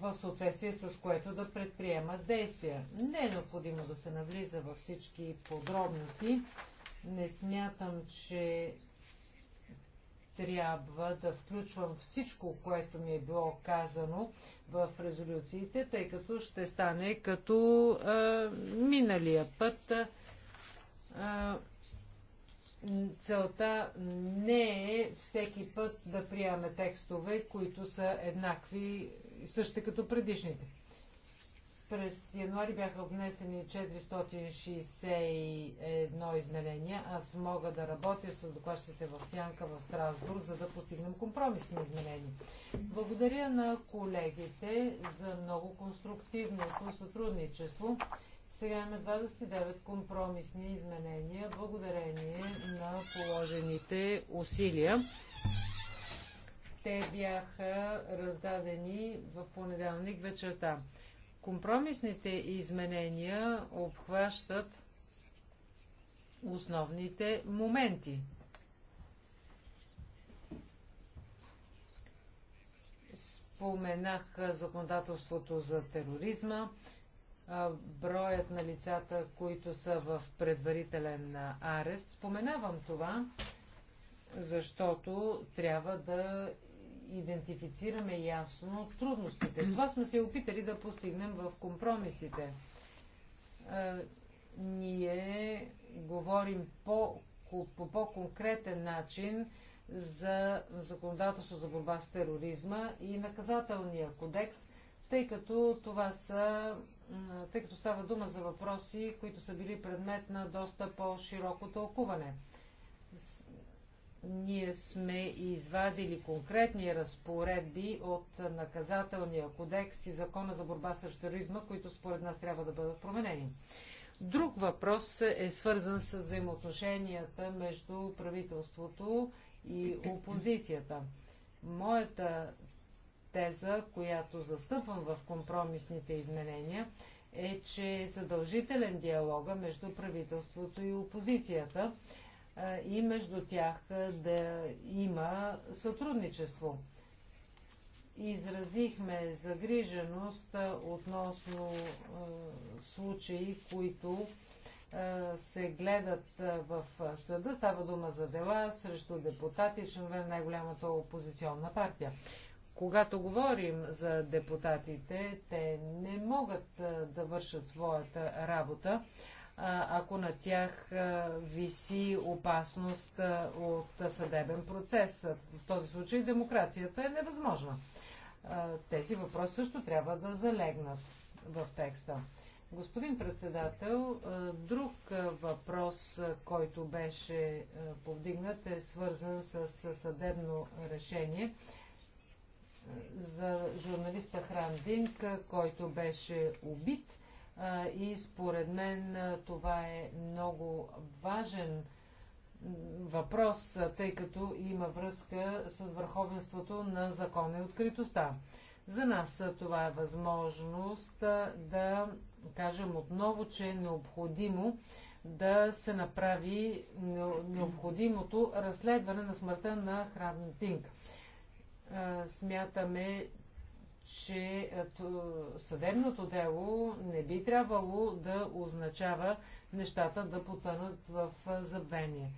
в съответствие с което да предприемат действия. Не е необходимо да се навлиза във всички подробности. Не смятам, че трябва да включвам всичко, което ми е било казано в резолюциите, тъй като ще стане като а, миналия път. А, целта не е всеки път да приемаме текстове, които са еднакви, също като предишните. През януари бяха внесени 461 изменения. Аз мога да работя с докладчите в Сянка в Страсбург, за да постигнем компромисни изменения. Благодаря на колегите за много конструктивното сътрудничество. Сега имаме 29 компромисни изменения, благодарение на положените усилия. Те бяха раздадени в понеделник вечерта. Компромисните изменения обхващат основните моменти. Споменах законодателството за тероризма, броят на лицата, които са в предварителен арест. Споменавам това, защото трябва да идентифицираме ясно трудностите. Това сме се опитали да постигнем в компромисите. Е, ние говорим по, по по-конкретен начин за законодателство за борба с тероризма и наказателния кодекс, тъй като това са тъй като става дума за въпроси, които са били предмет на доста по-широко тълкуване ние сме извадили конкретни разпоредби от наказателния кодекс и закона за борба с тероризма, които според нас трябва да бъдат променени. Друг въпрос е свързан с взаимоотношенията между правителството и опозицията. Моята теза, която застъпвам в компромисните изменения, е, че е задължителен диалога между правителството и опозицията и между тях да има сътрудничество. Изразихме загриженост относно случаи, които се гледат в съда. Става дума за дела срещу депутати, членове на най-голямата опозиционна партия. Когато говорим за депутатите, те не могат да вършат своята работа, ако на тях виси опасност от съдебен процес. В този случай демокрацията е невъзможна. Тези въпроси също трябва да залегнат в текста. Господин председател, друг въпрос, който беше повдигнат, е свързан с съдебно решение за журналиста Храндинг, който беше убит и според мен това е много важен въпрос, тъй като има връзка с върховенството на закона и откритостта. За нас това е възможност да кажем отново, че е необходимо да се направи необходимото разследване на смъртта на Хран Тинг. Смятаме, че е, съдебното дело не би трябвало да означава нещата да потънат в е, забвение.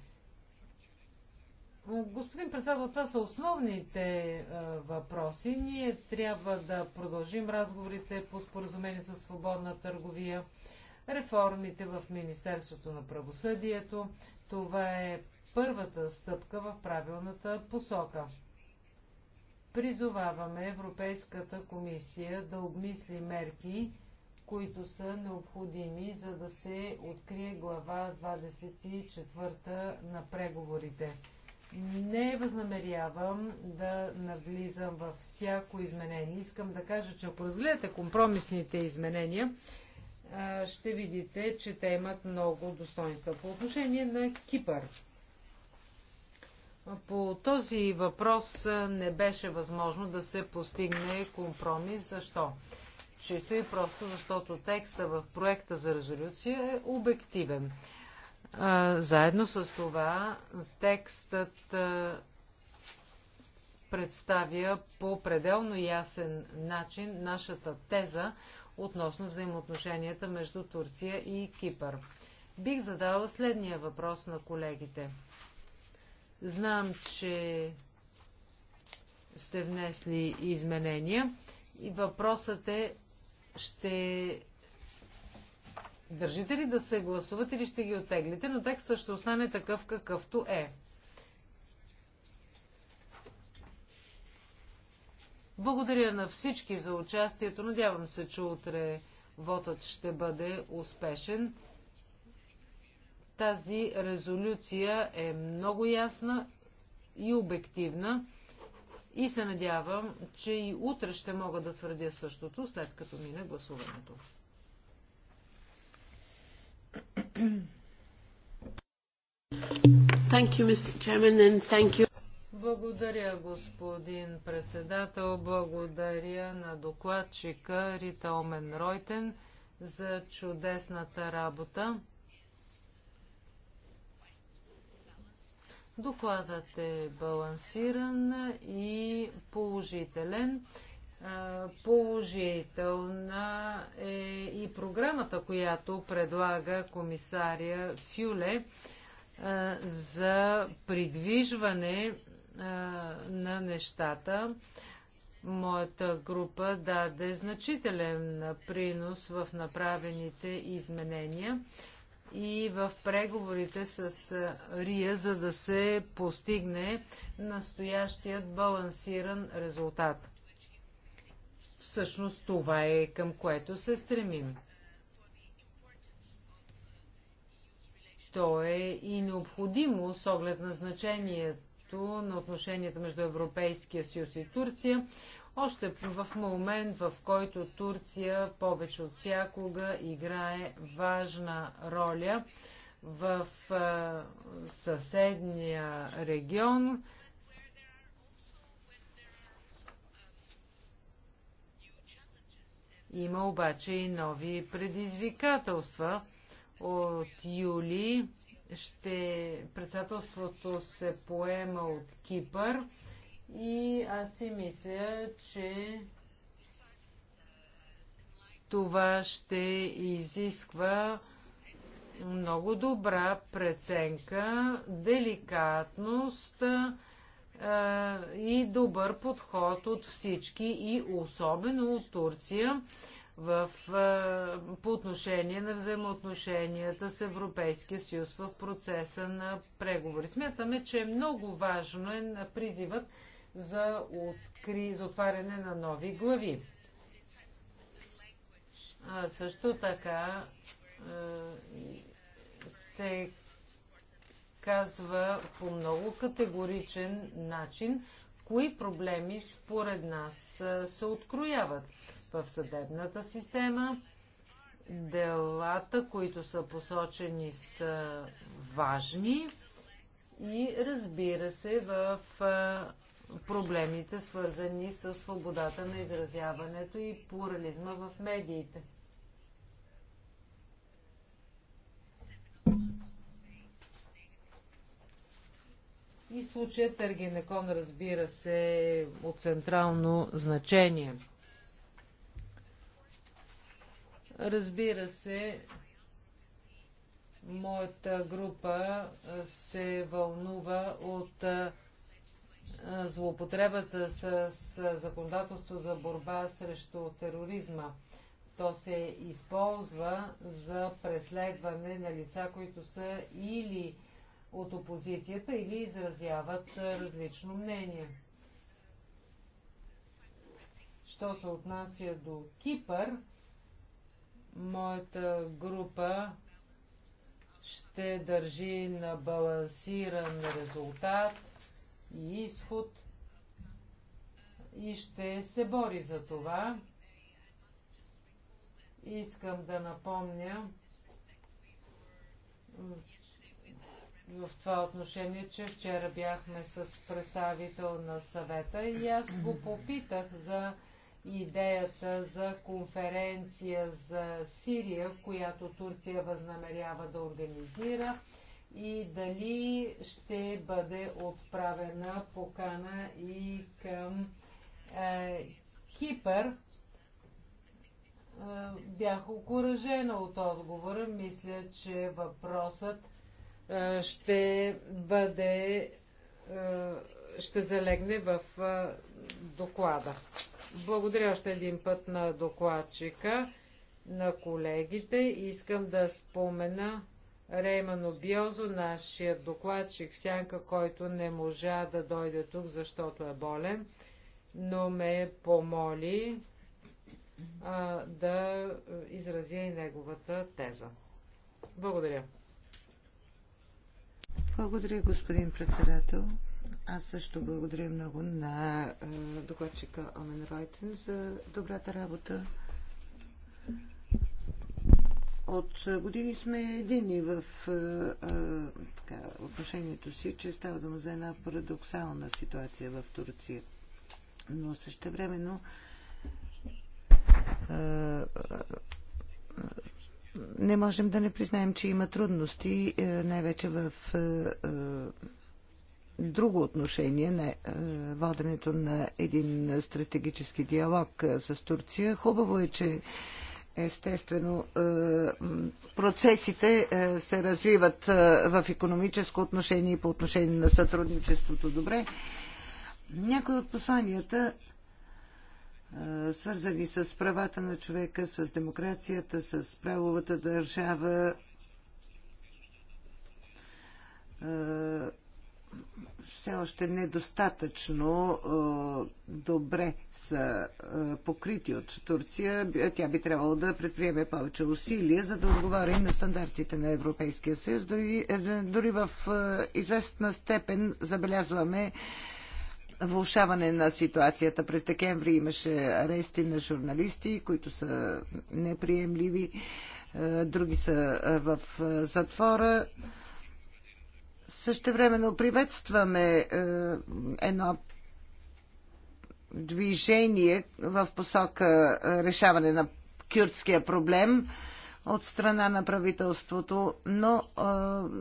Господин председател, това са основните е, въпроси. Ние трябва да продължим разговорите по споразумение за свободна търговия, реформите в Министерството на правосъдието. Това е първата стъпка в правилната посока. Призоваваме Европейската комисия да обмисли мерки, които са необходими, за да се открие глава 24 на преговорите. Не възнамерявам да навлизам във всяко изменение. Искам да кажа, че ако разгледате компромисните изменения, ще видите, че те имат много достоинства. По отношение на Кипър, по този въпрос не беше възможно да се постигне компромис. Защо? Чисто и просто, защото текста в проекта за резолюция е обективен. Заедно с това текстът представя по пределно ясен начин нашата теза относно взаимоотношенията между Турция и Кипър. Бих задала следния въпрос на колегите. Знам, че сте внесли изменения и въпросът е, ще държите ли да се гласувате или ще ги отеглите, но текстът ще остане такъв какъвто е. Благодаря на всички за участието. Надявам се, че утре вотът ще бъде успешен. Тази резолюция е много ясна и обективна и се надявам, че и утре ще мога да твърдя същото, след като мине гласуването. Thank you, Mr. Chairman, and thank you. Благодаря, господин председател. Благодаря на докладчика Рита Омен Ройтен за чудесната работа. Докладът е балансиран и положителен. Положителна е и програмата, която предлага комисаря Фюле за придвижване на нещата. Моята група даде значителен принос в направените изменения и в преговорите с Рия, за да се постигне настоящият балансиран резултат. Всъщност това е към което се стремим. То е и необходимо с оглед на значението на отношенията между Европейския съюз и Турция, още в момент, в който Турция повече от всякога играе важна роля в съседния регион. Има обаче и нови предизвикателства. От юли ще председателството се поема от Кипър. И аз си мисля, че това ще изисква много добра преценка, деликатност а, и добър подход от всички и особено от Турция в, а, по отношение на взаимоотношенията с Европейския съюз в процеса на преговори. Смятаме, че е много важно е на призивът за, откри, за отваряне на нови глави. А също така се казва по много категоричен начин, кои проблеми според нас се открояват в съдебната система. Делата, които са посочени, са важни и разбира се, в проблемите, свързани с свободата на изразяването и плурализма в медиите. И случаят Търгенекон, разбира се, е от централно значение. Разбира се, моята група се вълнува от злоупотребата с, с законодателство за борба срещу тероризма. То се използва за преследване на лица, които са или от опозицията, или изразяват различно мнение. Що се отнася до Кипър, моята група ще държи на балансиран резултат – и изход и ще се бори за това. Искам да напомня в това отношение, че вчера бяхме с представител на съвета и аз го попитах за идеята за конференция за Сирия, която Турция възнамерява да организира и дали ще бъде отправена покана и към е, Кипър. Е, бях окоръжена от отговора. Мисля, че въпросът е, ще бъде е, ще залегне в е, доклада. Благодаря още един път на докладчика, на колегите. Искам да спомена Реймано Биозо, нашия докладчик в Сянка, който не можа да дойде тук, защото е болен, но ме помоли а, да е, изразя и неговата теза. Благодаря. Благодаря, господин председател. Аз също благодаря много на е, докладчика Омен Ройтен за добрата работа от години сме едини в така, отношението си, че става дума за една парадоксална ситуация в Турция. Но същевременно не можем да не признаем, че има трудности, е, най-вече в е, е, друго отношение на воденето на един стратегически диалог с Турция. Хубаво е, че Естествено, е, процесите е, се развиват е, в економическо отношение и по отношение на сътрудничеството. Добре. Някои от посланията, свързани с правата на човека, с демокрацията, с правовата държава, все още недостатъчно добре са покрити от Турция. Тя би трябвало да предприеме повече усилия, за да отговаря и на стандартите на Европейския съюз. Дори, е, дори в известна степен забелязваме влушаване на ситуацията. През декември имаше арести на журналисти, които са неприемливи. Други са в затвора. Същевременно приветстваме е, едно движение в посока е, решаване на кюртския проблем от страна на правителството, но е,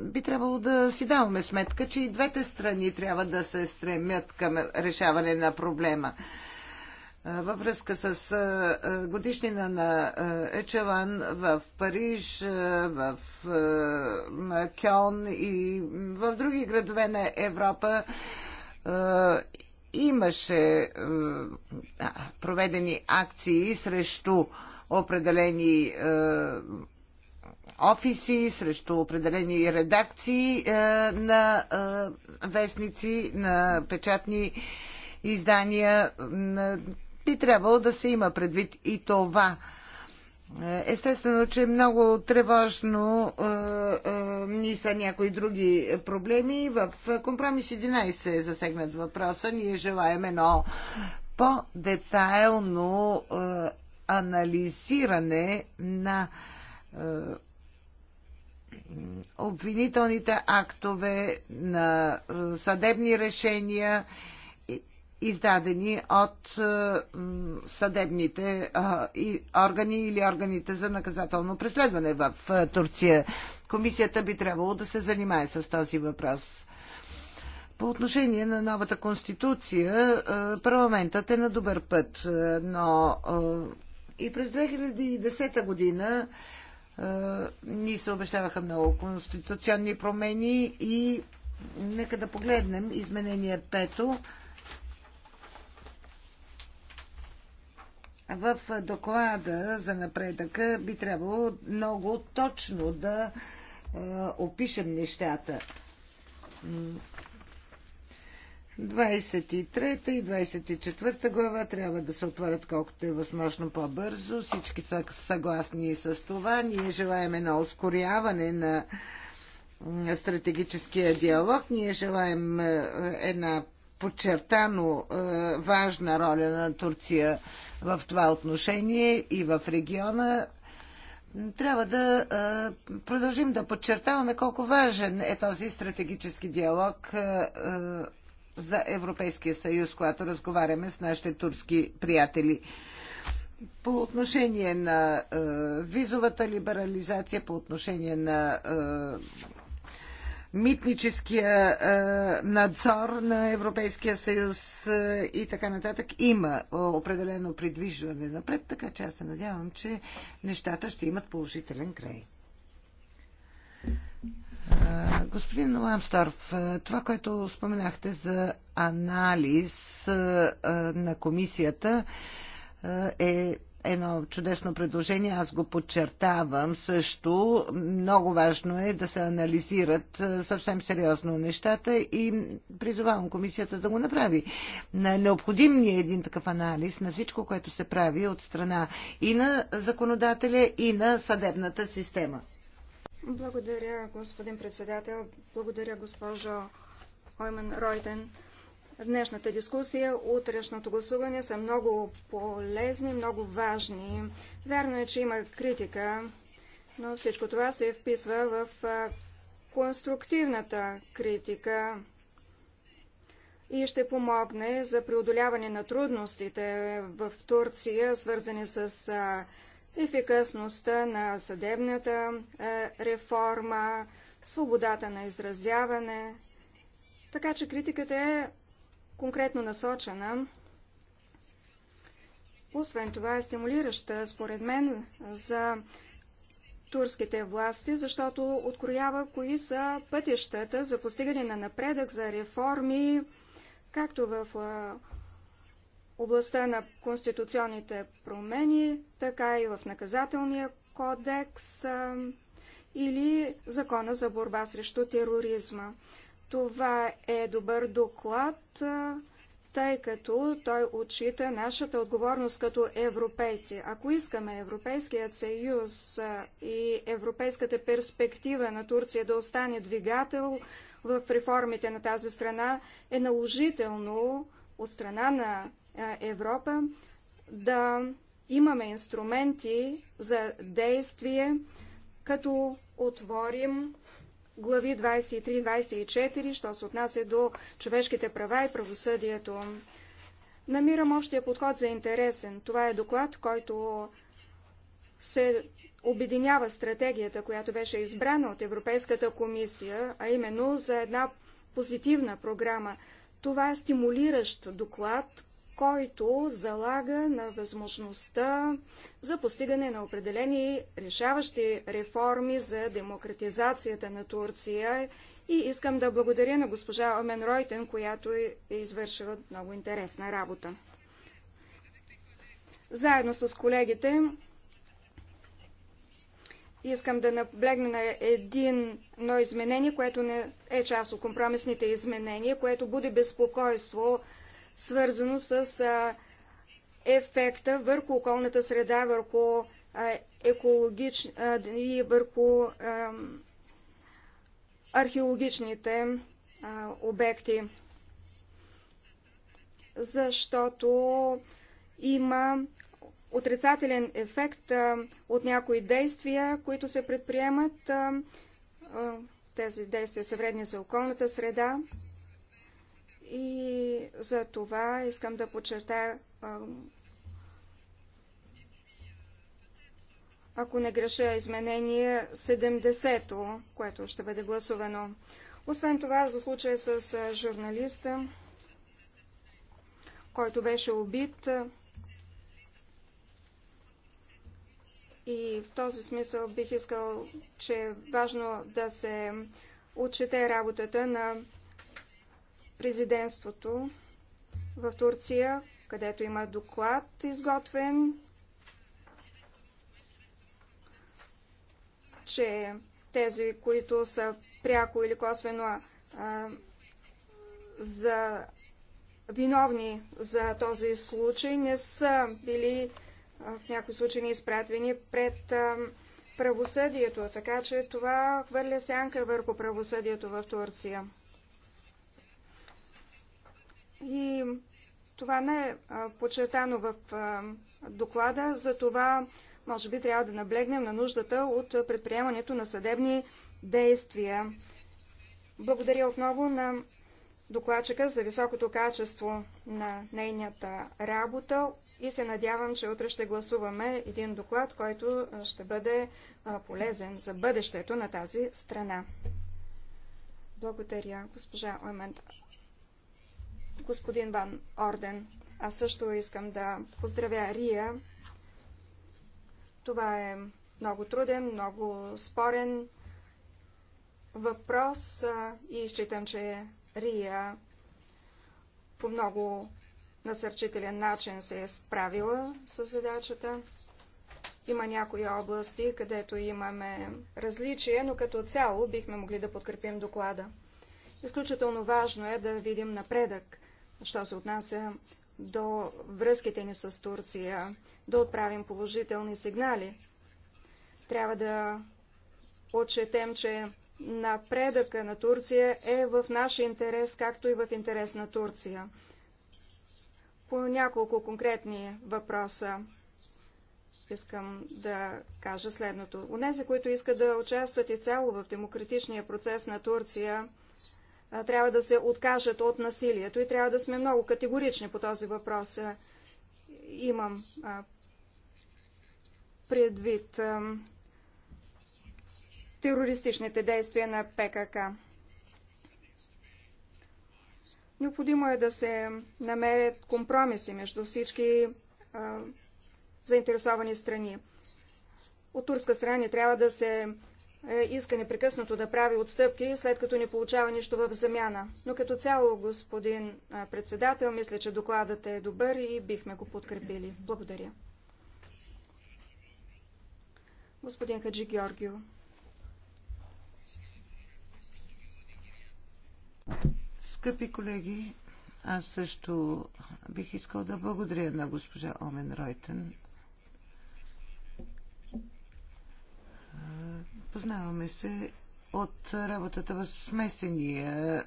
би трябвало да си даваме сметка, че и двете страни трябва да се стремят към решаване на проблема във връзка с годишнина на Ечелан в Париж, в Кьон и в други градове на Европа имаше проведени акции срещу определени офиси, срещу определени редакции на вестници, на печатни издания би трябвало да се има предвид и това. Е, естествено, че много тревожно е, е, ни са някои други проблеми. В компромис 11 е засегнат въпроса. Ние желаем едно по-детайлно е, анализиране на е, обвинителните актове, на е, съдебни решения издадени от е, съдебните органи или органите за наказателно преследване в е, Турция. Комисията би трябвало да се занимае с този въпрос. По отношение на новата конституция, е, парламентът е на добър път, но и през 2010 година ни се обещаваха много конституционни промени и нека да погледнем изменение пето. 5 в доклада за напредъка би трябвало много точно да е, опишем нещата. 23 и 24 глава трябва да се отворят колкото е възможно по-бързо. Всички са съгласни с това. Ние желаем едно ускоряване на стратегическия диалог. Ние желаем е, една подчертано е, важна роля на Турция в това отношение и в региона. Трябва да е, продължим да подчертаваме колко важен е този стратегически диалог е, за Европейския съюз, когато разговаряме с нашите турски приятели. По отношение на визовата либерализация, по отношение на митническия надзор на Европейския съюз и така нататък. Има определено придвижване напред, така че аз се надявам, че нещата ще имат положителен край. Господин Ламсторф, това, което споменахте за анализ на комисията е едно чудесно предложение, аз го подчертавам също. Много важно е да се анализират съвсем сериозно нещата и призовавам комисията да го направи. Необходим ни е един такъв анализ на всичко, което се прави от страна и на законодателя, и на съдебната система. Благодаря, господин председател. Благодаря, госпожо Хойман Ройтен. Днешната дискусия, утрешното гласуване са много полезни, много важни. Вярно е, че има критика, но всичко това се вписва в конструктивната критика и ще помогне за преодоляване на трудностите в Турция, свързани с ефикасността на съдебната реформа, свободата на изразяване. Така че критиката е конкретно насочена. Освен това е стимулираща, според мен, за турските власти, защото откроява кои са пътищата за постигане на напредък, за реформи, както в областта на конституционните промени, така и в наказателния кодекс или закона за борба срещу тероризма. Това е добър доклад, тъй като той отчита нашата отговорност като европейци. Ако искаме Европейският съюз и европейската перспектива на Турция да остане двигател в реформите на тази страна, е наложително от страна на Европа да имаме инструменти за действие, като отворим глави 23-24, що се отнася до човешките права и правосъдието. Намирам общия подход за интересен. Това е доклад, който се обединява стратегията, която беше избрана от Европейската комисия, а именно за една позитивна програма. Това е стимулиращ доклад, който залага на възможността за постигане на определени решаващи реформи за демократизацията на Турция. И искам да благодаря на госпожа Омен Ройтен, която е извършила много интересна работа. Заедно с колегите искам да наблегна на един, едно изменение, което не е част от компромисните изменения, което буди безпокойство свързано с ефекта върху околната среда, върху екологич... и върху археологичните обекти. Защото има отрицателен ефект от някои действия, които се предприемат. Тези действия са вредни за околната среда. И за това искам да подчертая, ако не греша, изменение 70-то, което ще бъде гласувано. Освен това, за случая с журналиста, който беше убит. И в този смисъл бих искал, че е важно да се отчете работата на президентството в Турция, където има доклад изготвен, че тези, които са пряко или косвено а, за виновни за този случай, не са били а, в някои случаи не изпратени пред а, правосъдието. Така че това хвърля сянка върху правосъдието в Турция. И това не е подчертано в доклада, за това може би трябва да наблегнем на нуждата от предприемането на съдебни действия. Благодаря отново на докладчика за високото качество на нейната работа и се надявам, че утре ще гласуваме един доклад, който ще бъде полезен за бъдещето на тази страна. Благодаря, госпожа Оймент господин Ван Орден. Аз също искам да поздравя Рия. Това е много труден, много спорен въпрос и считам, че Рия по много насърчителен начин се е справила с задачата. Има някои области, където имаме различия, но като цяло бихме могли да подкрепим доклада. Изключително важно е да видим напредък що се отнася до връзките ни с Турция, да отправим положителни сигнали. Трябва да отчетем, че напредъка на Турция е в наш интерес, както и в интерес на Турция. По няколко конкретни въпроса искам да кажа следното. Унези, които искат да участват и цяло в демократичния процес на Турция, трябва да се откажат от насилието и трябва да сме много категорични по този въпрос. Имам предвид терористичните действия на ПКК. Необходимо е да се намерят компромиси между всички заинтересовани страни. От турска страна не трябва да се е, иска непрекъснато да прави отстъпки, след като не получава нищо в замяна. Но като цяло, господин председател, мисля, че докладът е добър и бихме го подкрепили. Благодаря. Господин Хаджи Георгио. Скъпи колеги, аз също бих искал да благодаря на госпожа Омен Ройтен Познаваме се от работата в смесения е,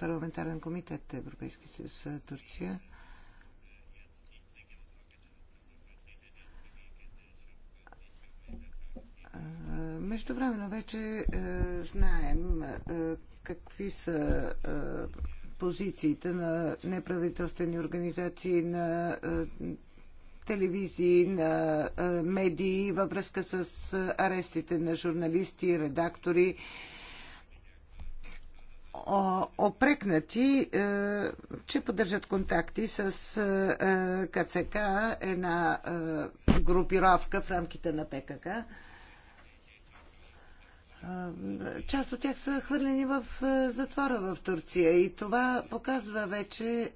парламентарен комитет Европейски съюз е, Турция. Е, междувременно вече знаем какви са позициите на неправителствени организации, на телевизии, на медии във връзка с арестите на журналисти, редактори, опрекнати, че поддържат контакти с КЦК, една групировка в рамките на ПКК. Част от тях са хвърлени в затвора в Турция и това показва вече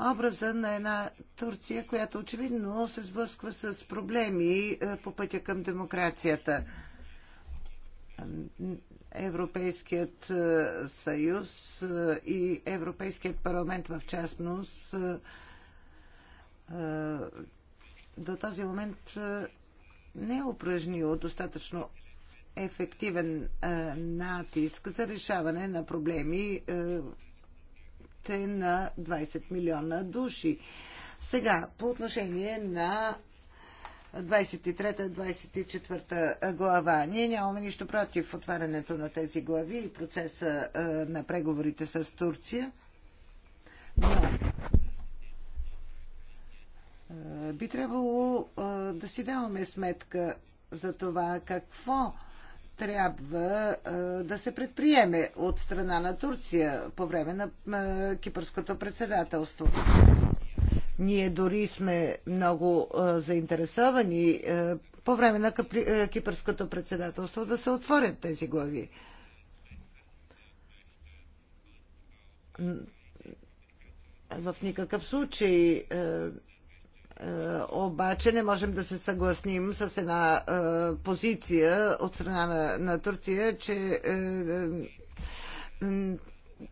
образа на една Турция, която очевидно се сблъсква с проблеми е, по пътя към демокрацията. Европейският е, съюз е, и Европейският парламент в частност до този момент не е упражнил достатъчно ефективен натиск за решаване на проблеми рамките на 20 милиона души. Сега, по отношение на 23-24 глава. Ние нямаме нищо против отварянето на тези глави и процеса е, на преговорите с Турция, но е, би трябвало е, да си даваме сметка за това какво трябва да се предприеме от страна на Турция по време на кипърското председателство. Ние дори сме много заинтересовани по време на кипърското председателство да се отворят тези глави. В никакъв случай е, обаче не можем да се съгласним с една е, позиция от страна на, на Турция, че е,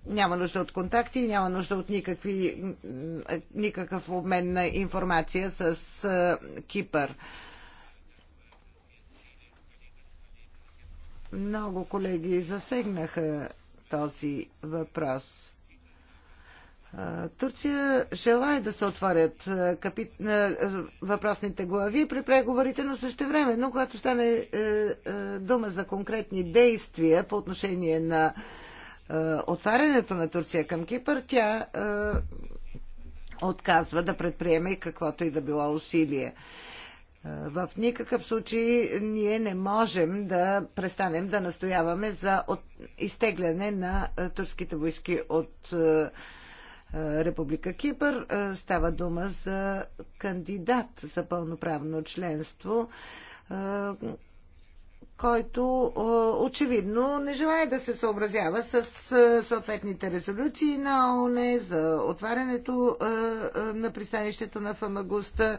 няма нужда от контакти, няма нужда от никакви, никакъв обмен на информация с Кипър. Много колеги засегнаха този въпрос. Турция желая да се отворят капи... въпросните глави при преговорите, но също време, но когато стане е, е, дума за конкретни действия по отношение на е, отварянето на Турция към Кипър, тя отказва да предприеме и каквото и да било усилие. В никакъв случай ние не можем да престанем да настояваме за от... изтегляне на турските войски от Република Кипър. Е, става дума за кандидат за пълноправно членство, е, който е, очевидно не желая да се съобразява с съответните резолюции на ООН за отварянето на пристанището на Фамагуста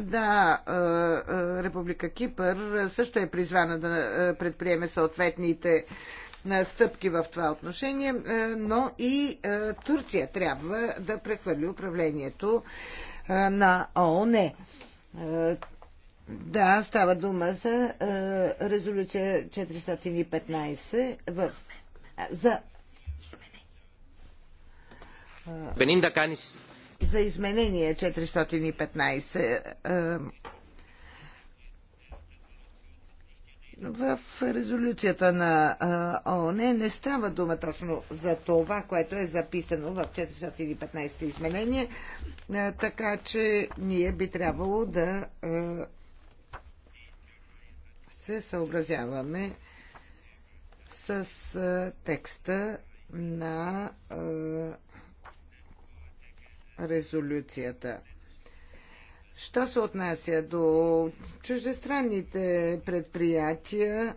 да, Република Кипър също е призвана да предприеме съответните стъпки в това отношение, е, но и е, Турция трябва да прехвърли управлението е, на ООН. Да, става дума за резолюция 415 в, за Бенин да канис. За изменение 415 В резолюцията на ООН не става дума точно за това, което е записано в 415 то изменение, така че ние би трябвало да се съобразяваме с текста на резолюцията. Що се отнася до чуждестранните предприятия,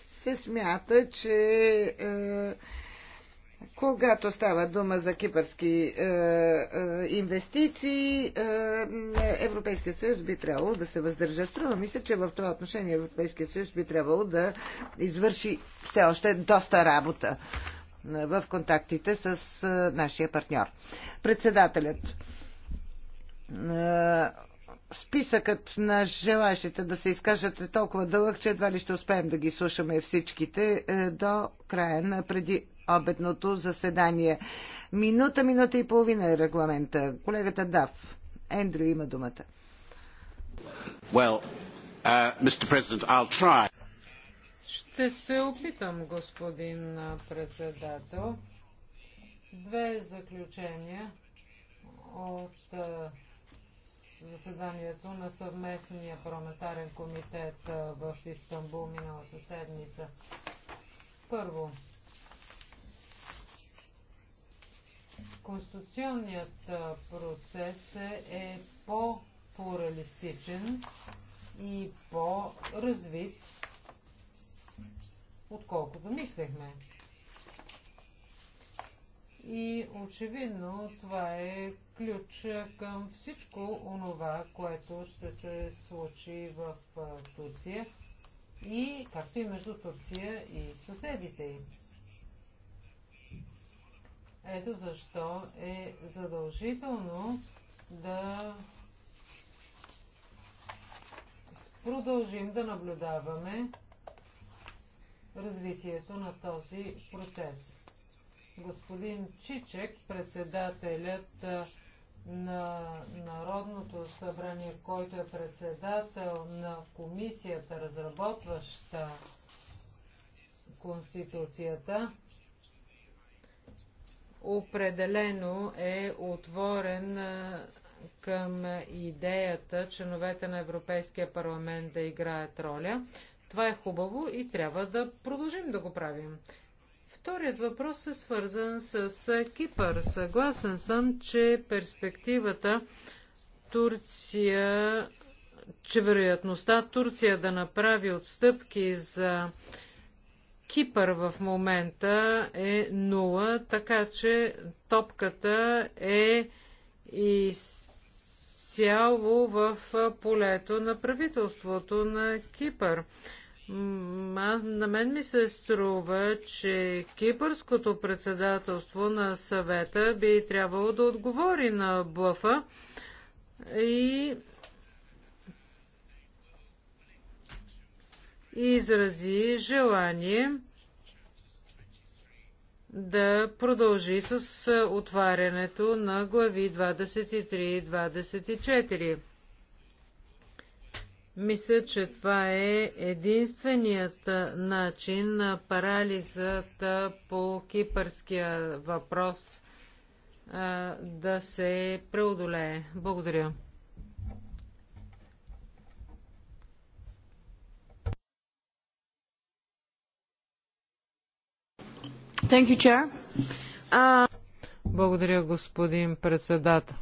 се смята, че е, когато става дума за кипърски е, е, инвестиции, е, Европейския съюз би трябвало да се въздържа. Струва ми се, че в това отношение Европейския съюз би трябвало да извърши все още доста работа е, в контактите с е, нашия партньор. Председателят. Е, списъкът на желащите да се изкажат е толкова дълъг, че едва ли ще успеем да ги слушаме всичките до края на преди обедното заседание. Минута, минута и половина е регламента. Колегата Дав. Ендрю има думата. Well, uh, Mr. Ще се опитам, господин председател. Две заключения от заседанието на съвместния парламентарен комитет в Истанбул миналата седмица. Първо, конституционният процес е, е по-плуралистичен и по-развит, отколкото мислехме. И очевидно това е ключ към всичко онова, което ще се случи в Турция и както и между Турция и съседите й. Ето защо е задължително да продължим да наблюдаваме развитието на този процес. Господин Чичек, председателят на Народното събрание, който е председател на комисията, разработваща Конституцията, определено е отворен към идеята членовете на Европейския парламент да играят роля. Това е хубаво и трябва да продължим да го правим. Вторият въпрос е свързан с Кипър. Съгласен съм, че перспективата Турция, че вероятността Турция да направи отстъпки за Кипър в момента е 0, така че топката е изцяло в полето на правителството на Кипър. На мен ми се струва, че кипърското председателство на съвета би трябвало да отговори на блъфа и изрази желание да продължи с отварянето на глави 23 и 24. Мисля, че това е единственият начин на парализът по кипърския въпрос да се преодолее. Благодаря. You, uh... Благодаря, господин председател.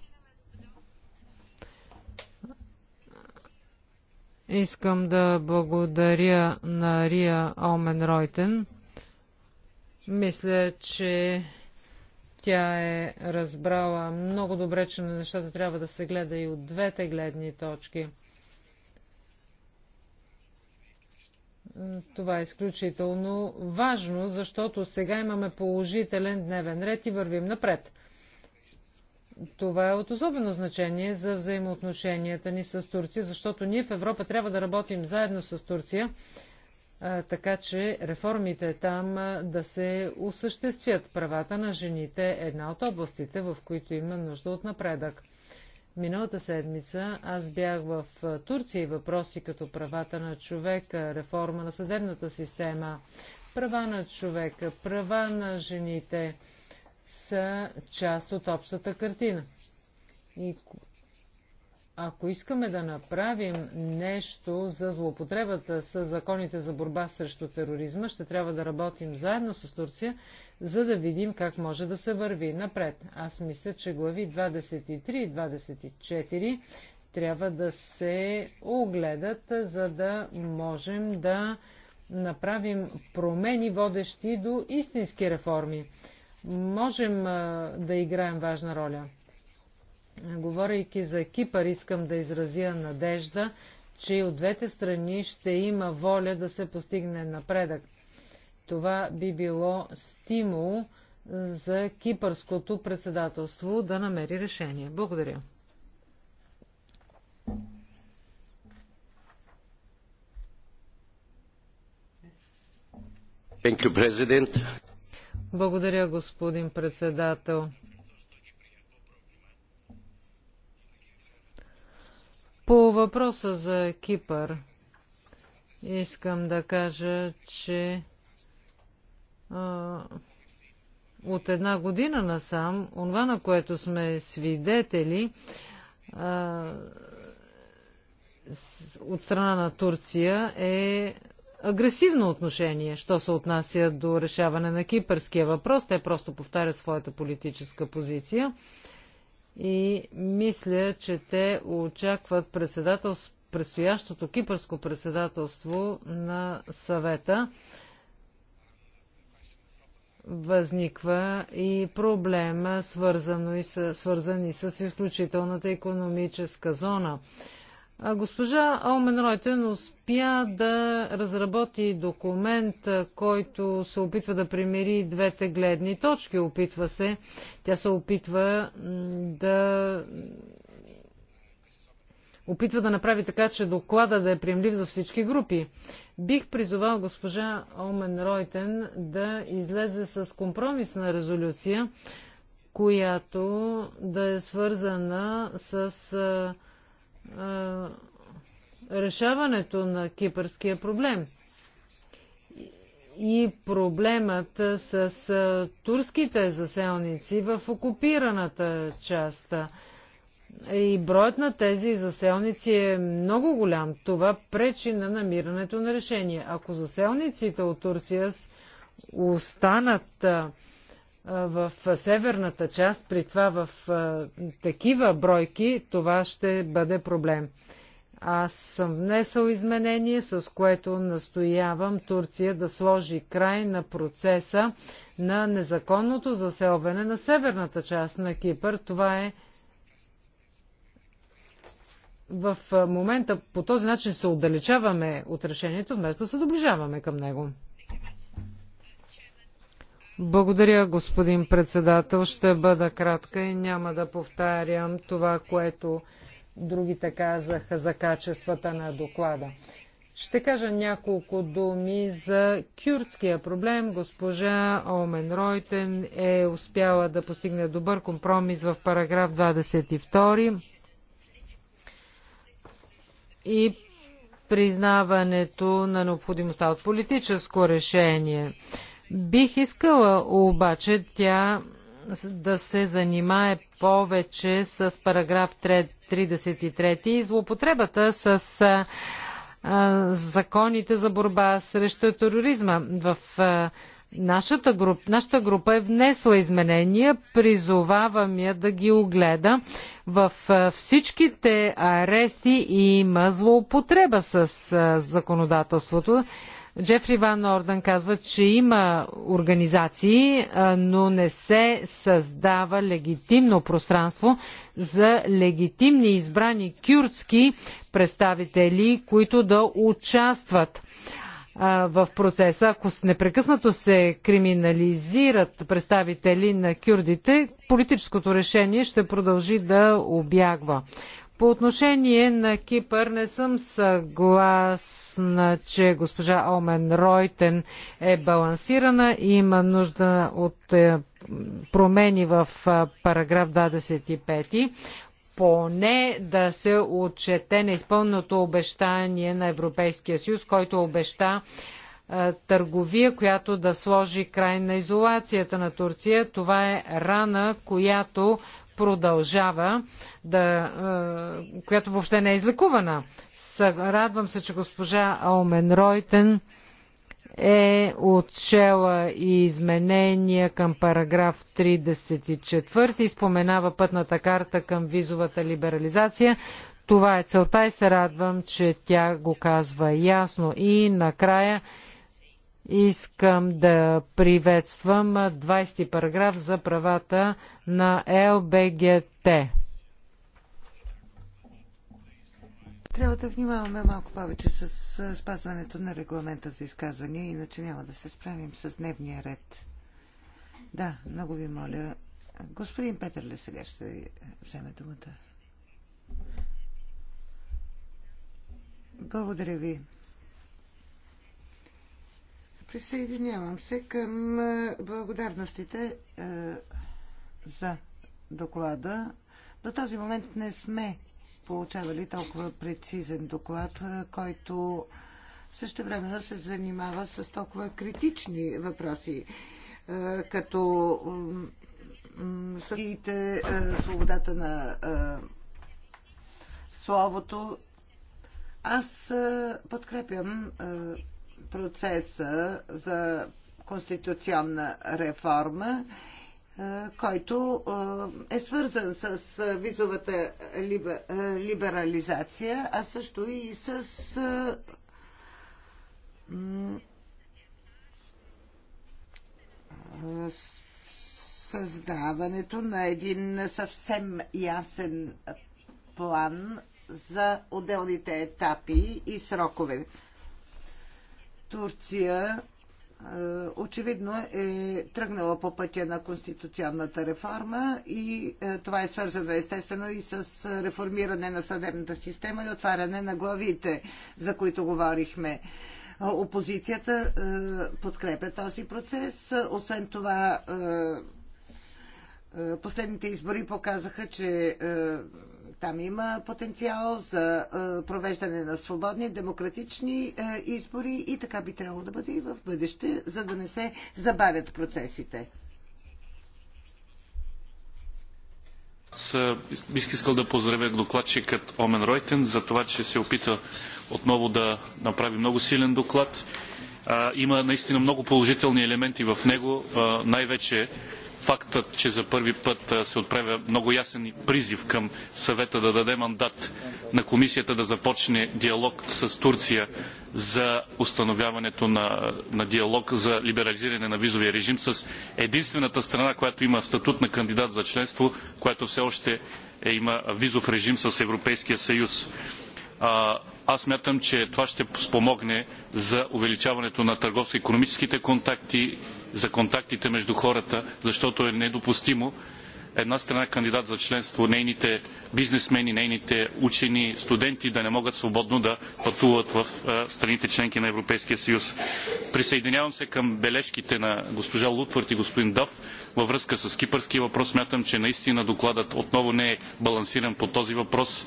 Искам да благодаря на Рия Омен Ройтен. Мисля, че тя е разбрала много добре, че на нещата трябва да се гледа и от двете гледни точки – Това е изключително важно, защото сега имаме положителен дневен ред и вървим напред. Това е от особено значение за взаимоотношенията ни с Турция, защото ние в Европа трябва да работим заедно с Турция, така че реформите там да се осъществят. Правата на жените е една от областите, в които има нужда от напредък. Миналата седмица аз бях в Турция и въпроси като правата на човека, реформа на съдебната система, права на човека, права на жените са част от общата картина. И ако искаме да направим нещо за злоупотребата с законите за борба срещу тероризма, ще трябва да работим заедно с Турция, за да видим как може да се върви напред. Аз мисля, че глави 23 и 24 трябва да се огледат, за да можем да направим промени, водещи до истински реформи. Можем да играем важна роля. Говорейки за Кипър, искам да изразя надежда, че и от двете страни ще има воля да се постигне напредък. Това би било стимул за кипърското председателство да намери решение. Благодаря. You, Благодаря, господин председател. По въпроса за Кипър искам да кажа, че а, от една година насам, онова на което сме свидетели а, от страна на Турция е агресивно отношение, що се отнася до решаване на кипърския въпрос. Те просто повтарят своята политическа позиция и мисля, че те очакват предстоящото кипърско председателство на съвета. Възниква и проблема, и свързани с изключителната економическа зона. Госпожа Олмен Ройтен успя да разработи документ, който се опитва да примири двете гледни точки. Опитва се, тя се опитва да опитва да направи така, че доклада да е приемлив за всички групи. Бих призовал госпожа Омен Ройтен да излезе с компромисна резолюция, която да е свързана с решаването на кипърския проблем и проблемът с а, турските заселници в окупираната част. И броят на тези заселници е много голям. Това пречи на намирането на решение. Ако заселниците от Турция останат в северната част, при това в такива бройки, това ще бъде проблем. Аз съм внесъл изменение, с което настоявам Турция да сложи край на процеса на незаконното заселване на северната част на Кипър. Това е в момента по този начин се отдалечаваме от решението, вместо да се доближаваме към него. Благодаря, господин председател. Ще бъда кратка и няма да повтарям това, което другите казаха за качествата на доклада. Ще кажа няколко думи за кюртския проблем. Госпожа Омен Ройтен е успяла да постигне добър компромис в параграф 22 и признаването на необходимостта от политическо решение. Бих искала обаче тя да се занимае повече с параграф 33 и злоупотребата с а, законите за борба срещу тероризма. В а, нашата, груп, нашата група е внесла изменения, призовавам я да ги огледа. В а, всичките арести има злоупотреба с законодателството. Джефри Ван Орден казва, че има организации, но не се създава легитимно пространство за легитимни избрани кюрдски представители, които да участват в процеса. Ако непрекъснато се криминализират представители на кюрдите, политическото решение ще продължи да обягва. По отношение на Кипър не съм съгласна, че госпожа Омен Ройтен е балансирана и има нужда от е, промени в е, параграф 25 поне да се отчете на изпълненото обещание на Европейския съюз, който обеща е, търговия, която да сложи край на изолацията на Турция. Това е рана, която продължава, да, е, която въобще не е излекувана. Радвам се, че госпожа Алмен Ройтен е отчела и изменения към параграф 34 и споменава пътната карта към визовата либерализация. Това е целта и се радвам, че тя го казва ясно. И накрая Искам да приветствам 20 параграф за правата на ЛБГТ. Трябва да внимаваме малко повече с спазването на регламента за изказвания, иначе няма да се справим с дневния ред. Да, много ви моля. Господин ли сега ще вземе думата. Благодаря ви. Присъединявам се към е, благодарностите е, за доклада. До този момент не сме получавали толкова прецизен доклад, е, който също време се занимава с толкова критични въпроси, като съдиите, свободата на словото. Аз подкрепям процеса за конституционна реформа, е, който е, е свързан с е, визовата либерализация, а също и с създаването на един съвсем ясен план за отделните етапи и срокове Турция е, очевидно е тръгнала по пътя на конституционната реформа и е, това е свързано естествено и с реформиране на съдебната система и отваряне на главите, за които говорихме. Опозицията е, подкрепя този процес. Освен това, последните избори показаха, че там има потенциал за провеждане на свободни, демократични избори и така би трябвало да бъде и в бъдеще, за да не се забавят процесите. Аз бих искал да поздравя докладчикът Омен Ройтен за това, че се е опита отново да направи много силен доклад. А, има наистина много положителни елементи в него, най-вече фактът, че за първи път се отправя много ясен призив към съвета да даде мандат на комисията да започне диалог с Турция за установяването на, на диалог за либерализиране на визовия режим с единствената страна, която има статут на кандидат за членство, която все още е, има визов режим с Европейския съюз. А, аз смятам, че това ще спомогне за увеличаването на търговско-економическите контакти, за контактите между хората, защото е недопустимо една страна кандидат за членство, нейните бизнесмени, нейните учени, студенти да не могат свободно да пътуват в страните членки на Европейския съюз. Присъединявам се към бележките на госпожа Лутвърт и господин Дав във връзка с кипърския въпрос. Смятам, че наистина докладът отново не е балансиран по този въпрос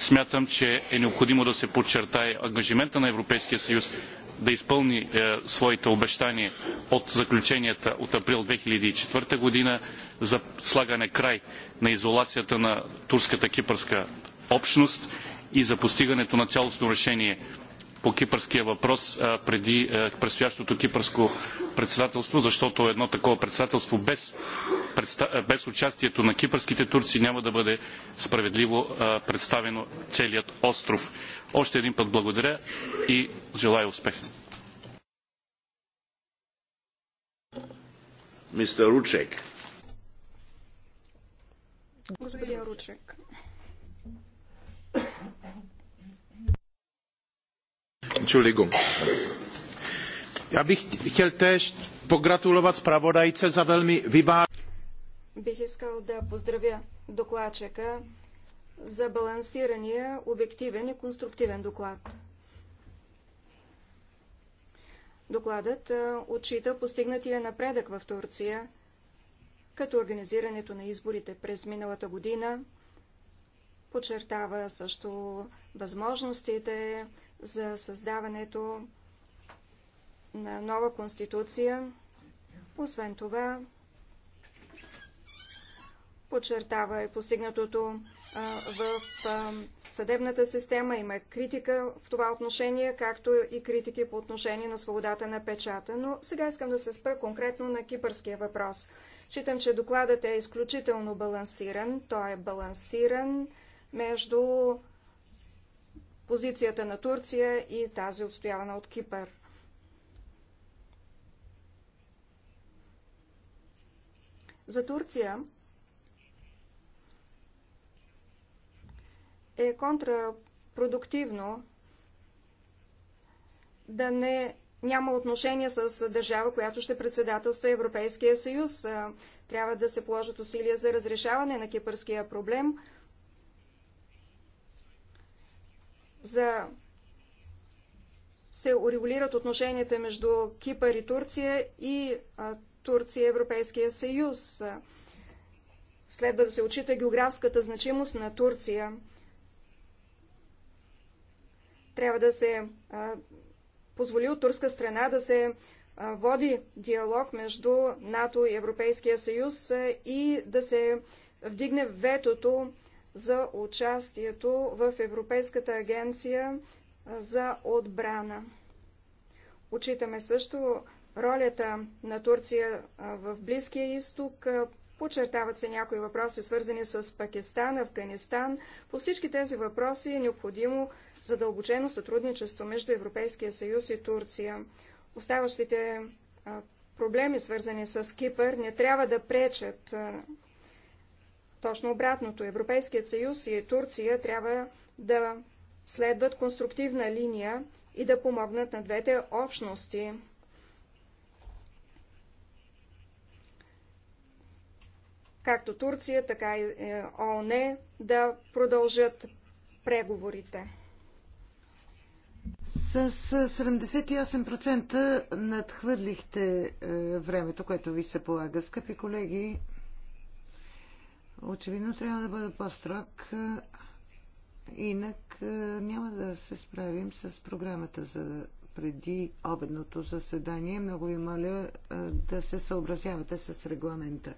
смятам, че е необходимо да се подчертае ангажимента на Европейския съюз да изпълни е, своите обещания от заключенията от април 2004 година за слагане край на изолацията на турската кипърска общност и за постигането на цялостно решение по кипърския въпрос преди предстоящото кипърско председателство, защото едно такова председателство без, без участието на кипърските турци няма да бъде справедливо представено целият остров. Още един път благодаря и желая успех. Мистер Ручек. Господин Ручек. Entschuldigung. Já bych chtěl též pogratulovat zpravodajce za velmi vyvážený. Бих искал да поздравя докладчика за балансирания, обективен и конструктивен доклад. Докладът отчита постигнатия напредък в Турция, като организирането на изборите през миналата година – Подчертава също възможностите за създаването на нова конституция. Освен това, подчертава и постигнатото в съдебната система. Има критика в това отношение, както и критики по отношение на свободата на печата. Но сега искам да се спра конкретно на кипърския въпрос. Считам, че докладът е изключително балансиран. Той е балансиран между позицията на Турция и тази отстоявана от Кипър. За Турция е контрапродуктивно да не няма отношение с държава, която ще председателства Европейския съюз. Трябва да се положат усилия за разрешаване на кипърския проблем – за се урегулират отношенията между Кипър и Турция и а, Турция и Европейския съюз. Следва да се отчита географската значимост на Турция. Трябва да се а, позволи от турска страна да се а, води диалог между НАТО и Европейския съюз а, и да се вдигне ветото за участието в Европейската агенция за отбрана. Очитаме също ролята на Турция в Близкия изток. Почертават се някои въпроси, свързани с Пакистан, Афганистан. По всички тези въпроси е необходимо задълбочено сътрудничество между Европейския съюз и Турция. Оставащите проблеми, свързани с Кипър, не трябва да пречат точно обратното, Европейският съюз и Турция трябва да следват конструктивна линия и да помогнат на двете общности. Както Турция, така и е, ООН да продължат преговорите. С 78% надхвърлихте е, времето, което ви се полага, скъпи колеги. Очевидно трябва да бъда по-строг, инак е, няма да се справим с програмата за преди обедното заседание. Много ви моля е, да се съобразявате с регламента,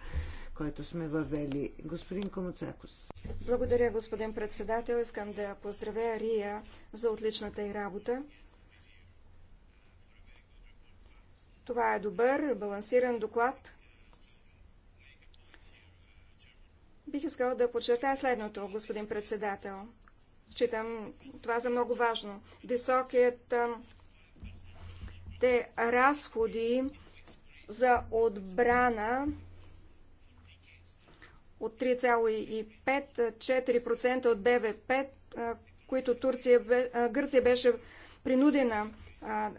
който сме въвели. Господин Комоцакос. Благодаря, господин председател. Искам да поздравя Рия за отличната й работа. Това е добър, балансиран доклад. Бих искала да подчертая следното, господин председател. Считам това за много важно. Високият те разходи за отбрана от 3,5-4% от БВП, които Турция, Гърция беше принудена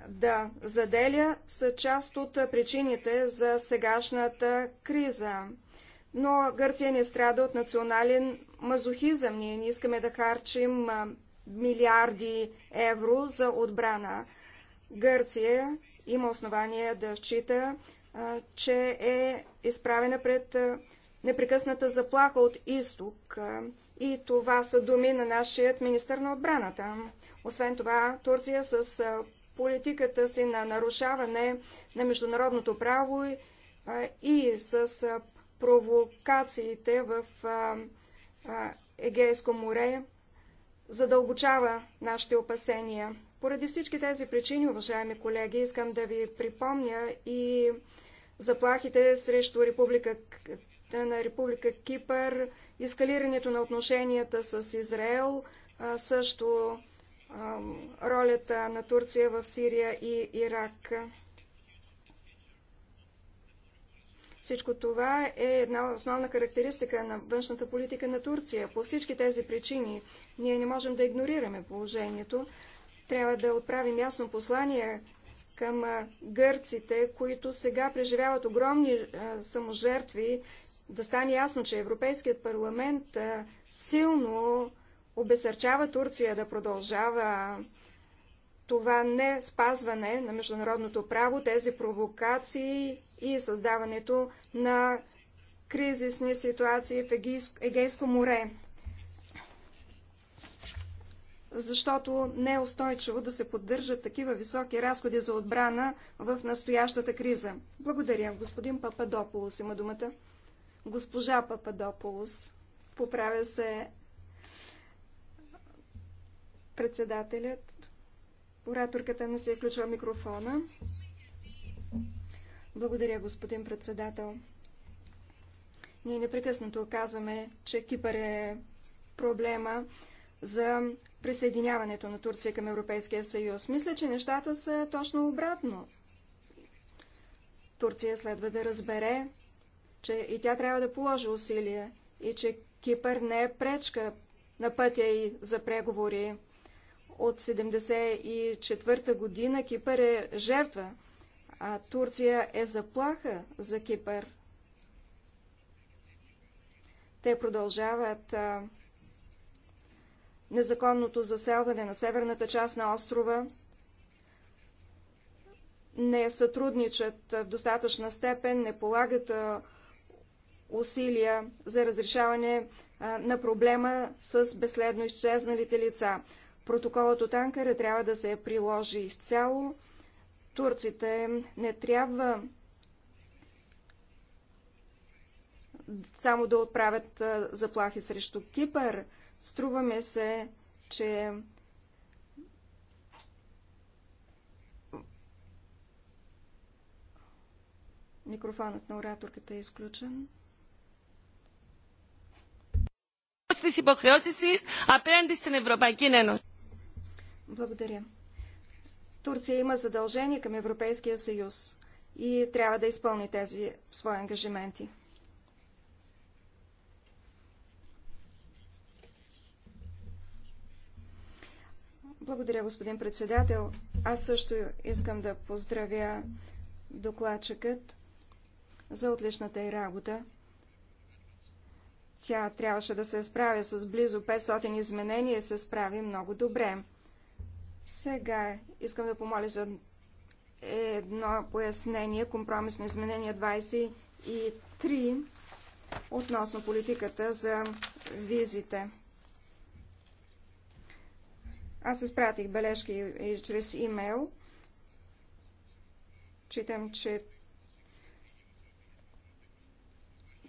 да заделя, са част от причините за сегашната криза но Гърция не страда от национален мазохизъм. Ние не искаме да харчим милиарди евро за отбрана. Гърция има основания да счита, че е изправена пред непрекъсната заплаха от изток. И това са думи на нашия министър на отбраната. Освен това, Турция с политиката си на нарушаване на международното право и с провокациите в Егейско море задълбочава нашите опасения. Поради всички тези причини, уважаеми колеги, искам да ви припомня и заплахите срещу Република, на Република Кипър, ескалирането на отношенията с Израел, също ролята на Турция в Сирия и Ирак. Всичко това е една основна характеристика на външната политика на Турция. По всички тези причини ние не можем да игнорираме положението. Трябва да отправим ясно послание към гърците, които сега преживяват огромни саможертви, да стане ясно, че Европейският парламент силно обесърчава Турция да продължава това не спазване на международното право, тези провокации и създаването на кризисни ситуации в Егейско, Егейско море. Защото не е устойчиво да се поддържат такива високи разходи за отбрана в настоящата криза. Благодаря. Господин Пападополос има думата. Госпожа Пападополос. Поправя се председателят. Ораторката не се е включва микрофона. Благодаря, господин председател. Ние непрекъснато казваме, че Кипър е проблема за присъединяването на Турция към Европейския съюз. Мисля, че нещата са точно обратно. Турция следва да разбере, че и тя трябва да положи усилия и че Кипър не е пречка на пътя и за преговори. От 1974 година Кипър е жертва, а Турция е заплаха за Кипър. Те продължават а, незаконното заселване на северната част на острова, не сътрудничат в достатъчна степен, не полагат а, усилия за разрешаване а, на проблема с безследно изчезналите лица. Протоколът от Анкара трябва да се приложи изцяло. Турците не трябва само да отправят заплахи срещу Кипър. Струваме се, че микрофонът на ораторката е изключен. си Στις υποχρεώσεις απέναντι στην Ευρωπαϊκή Ένωση. Благодаря. Турция има задължение към Европейския съюз и трябва да изпълни тези свои ангажименти. Благодаря, господин председател. Аз също искам да поздравя докладчикът за отличната й работа. Тя трябваше да се справя с близо 500 изменения и се справи много добре. Сега искам да помоля за едно пояснение, компромисно изменение 23 относно политиката за визите. Аз изпратих бележки и чрез имейл. Читам, че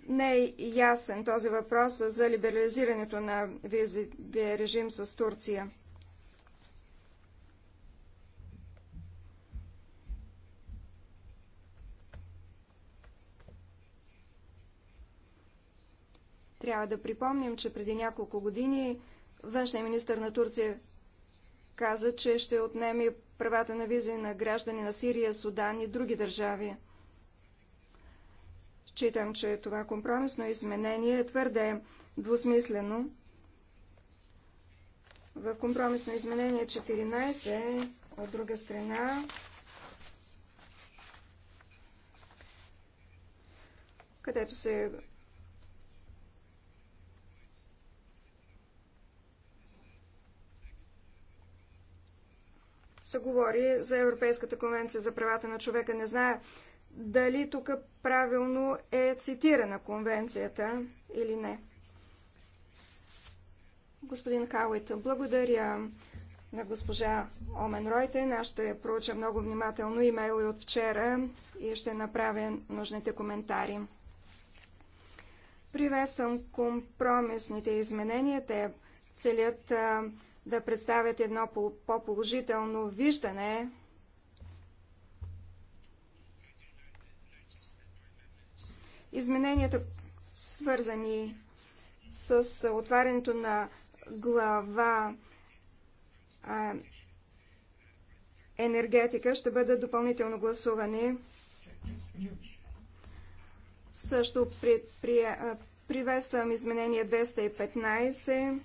не е ясен този въпрос за либерализирането на визовия режим с Турция. Трябва да припомним, че преди няколко години външният министр на Турция каза, че ще отнеме правата на визи на граждани на Сирия, Судан и други държави. Читам, че това компромисно изменение е твърде двусмислено. В компромисно изменение 14, от друга страна, където се се говори за Европейската конвенция за правата на човека. Не знае дали тук правилно е цитирана конвенцията или не. Господин Хауит, благодаря на госпожа Омен Ройтен. Аз ще проуча много внимателно имейли от вчера и ще направя нужните коментари. Приветствам компромисните изменения. Те целят да представят едно по-положително виждане. Измененията, свързани с отварянето на глава а, енергетика, ще бъдат допълнително гласувани. Също при, при, приветствам изменение 215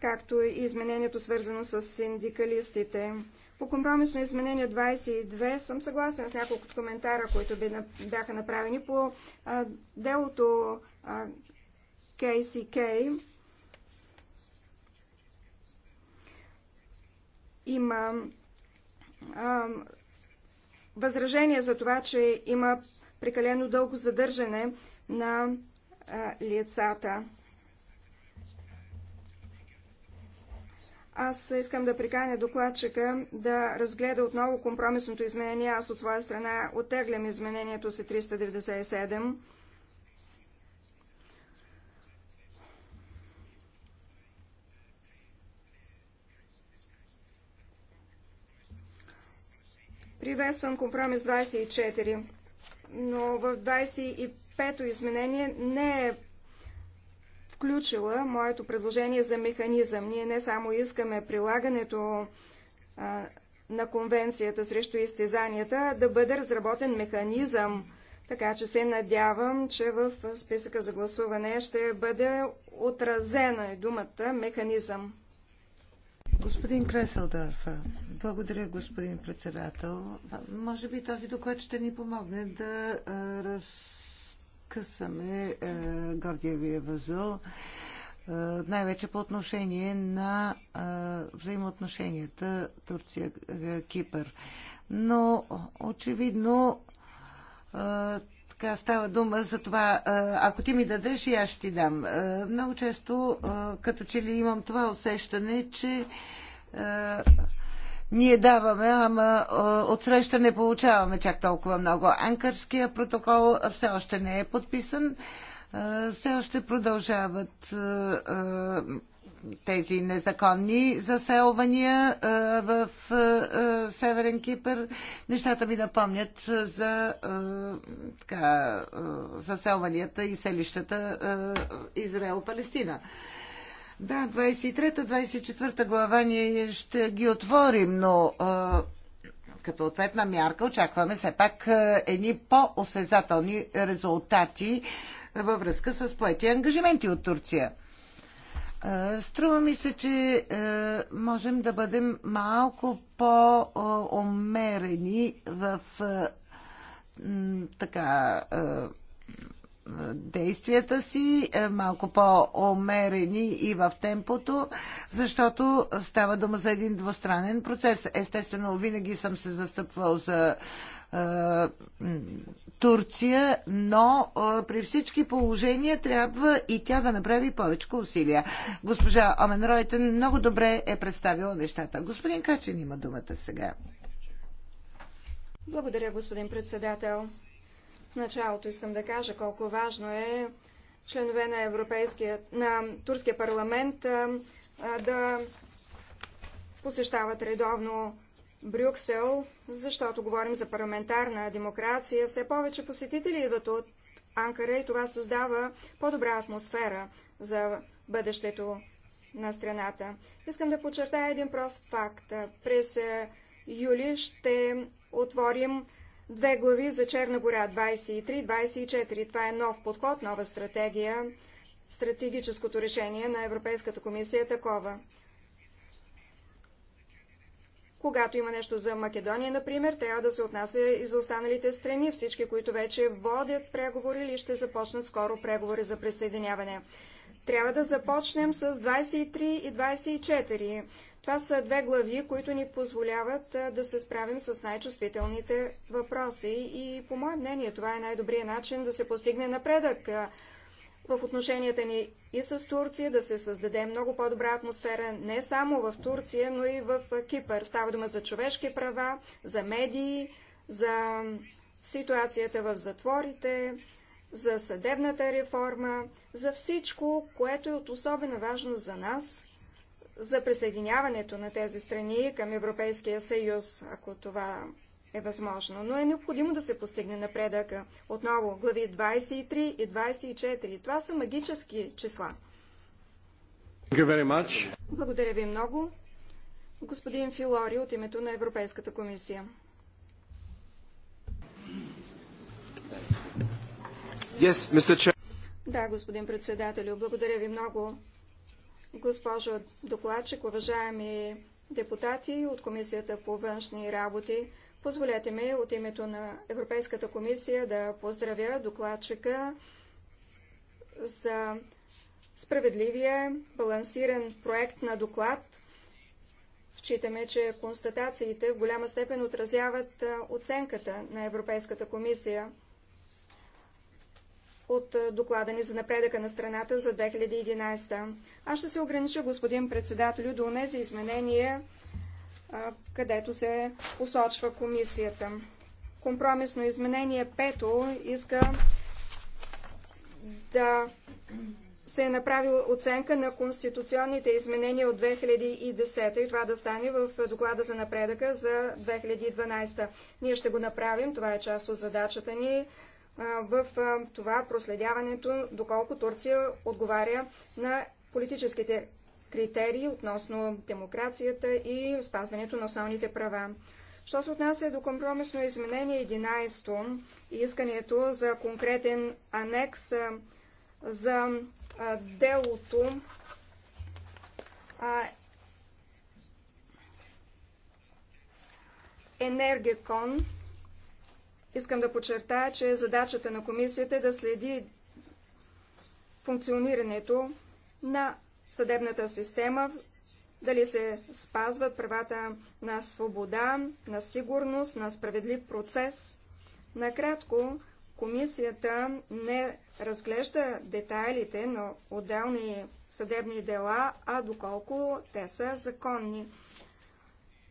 както и изменението свързано с синдикалистите. По компромисно изменение 22 съм съгласен с няколко коментара, които бяха направени по а, делото а, KCK. Има а, възражение за това, че има прекалено дълго задържане на а, лицата. Аз искам да приканя докладчика да разгледа отново компромисното изменение. Аз от своя страна оттеглям изменението си 397. Приветствам компромис 24, но в 25-то изменение не е включила моето предложение за механизъм. Ние не само искаме прилагането а, на конвенцията срещу изтезанията, да бъде разработен механизъм, така че се надявам, че в списъка за гласуване ще бъде отразена думата механизъм. Господин Креселдърф, благодаря, господин председател. Може би този доклад ще ни помогне да раз късаме е, гордиевия възъл, е, най-вече по отношение на е, взаимоотношенията Турция-Кипър. Но очевидно е, така става дума за това, е, ако ти ми дадеш и аз ще ти дам. Е, много често, е, като че ли имам това усещане, че ние даваме, ама отсреща не получаваме чак толкова много. Анкарския протокол все още не е подписан. Все още продължават тези незаконни заселвания в Северен Кипър. Нещата ми напомнят за така, заселванията и селищата Израел-Палестина. Да, 23-24 глава ние ще ги отворим, но а, като ответна мярка очакваме все пак едни по-осезателни резултати във връзка с поети ангажименти от Турция. Струва ми се, че можем да бъдем малко по-умерени в така действията си, е, малко по-умерени и в темпото, защото става дума за един двустранен процес. Естествено, винаги съм се застъпвал за е, Турция, но е, при всички положения трябва и тя да направи повече усилия. Госпожа Омен Ройтен много добре е представила нещата. Господин Качен има думата сега. Благодаря, господин председател началото искам да кажа колко важно е членове на, Европейския, на Турския парламент а, а, да посещават редовно Брюксел, защото говорим за парламентарна демокрация. Все повече посетители идват от Анкара и това създава по-добра атмосфера за бъдещето на страната. Искам да подчертая един прост факт. През юли ще отворим Две глави за Черна гора 23-24. Това е нов подход, нова стратегия. Стратегическото решение на Европейската комисия е такова. Когато има нещо за Македония, например, трябва да се отнася и за останалите страни, всички, които вече водят преговори или ще започнат скоро преговори за присъединяване. Трябва да започнем с 23 и 24. Това са две глави, които ни позволяват да се справим с най-чувствителните въпроси и по мое мнение това е най-добрият начин да се постигне напредък в отношенията ни и с Турция, да се създаде много по-добра атмосфера не само в Турция, но и в Кипър. Става дума за човешки права, за медии, за ситуацията в затворите, за съдебната реформа, за всичко, което е от особена важност за нас – за присъединяването на тези страни към Европейския съюз, ако това е възможно. Но е необходимо да се постигне напредъка. Отново, глави 23 и 24. Това са магически числа. Благодаря ви много. Господин Филори от името на Европейската комисия. Yes, да, господин председателю, благодаря ви много госпожо докладчик, уважаеми депутати от Комисията по външни работи. Позволете ми от името на Европейската комисия да поздравя докладчика за справедливия, балансиран проект на доклад. Вчитаме, че констатациите в голяма степен отразяват оценката на Европейската комисия – от е, доклада ни за напредъка на страната за 2011. Аз ще се огранича, господин председателю, до тези изменения, е, където се посочва комисията. Компромисно изменение пето иска да се е направи оценка на конституционните изменения от 2010 и това да стане в доклада за напредъка за 2012. Ние ще го направим, това е част от задачата ни в това проследяването, доколко Турция отговаря на политическите критерии относно демокрацията и спазването на основните права. Що се отнася до компромисно изменение 11 и искането за конкретен анекс за делото, Енергекон, Искам да подчертая, че задачата на комисията е да следи функционирането на съдебната система, дали се спазват правата на свобода, на сигурност, на справедлив процес. Накратко, комисията не разглежда детайлите на отделни съдебни дела, а доколко те са законни.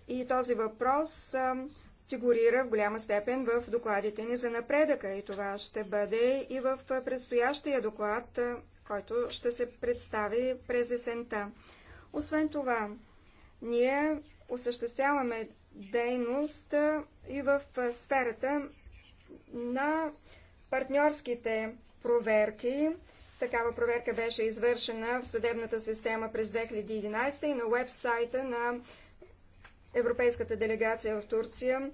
И този въпрос фигурира в голяма степен в докладите ни за напредъка и това ще бъде и в предстоящия доклад, който ще се представи през есента. Освен това, ние осъществяваме дейност и в сферата на партньорските проверки. Такава проверка беше извършена в съдебната система през 2011 и на вебсайта на европейската делегация в Турция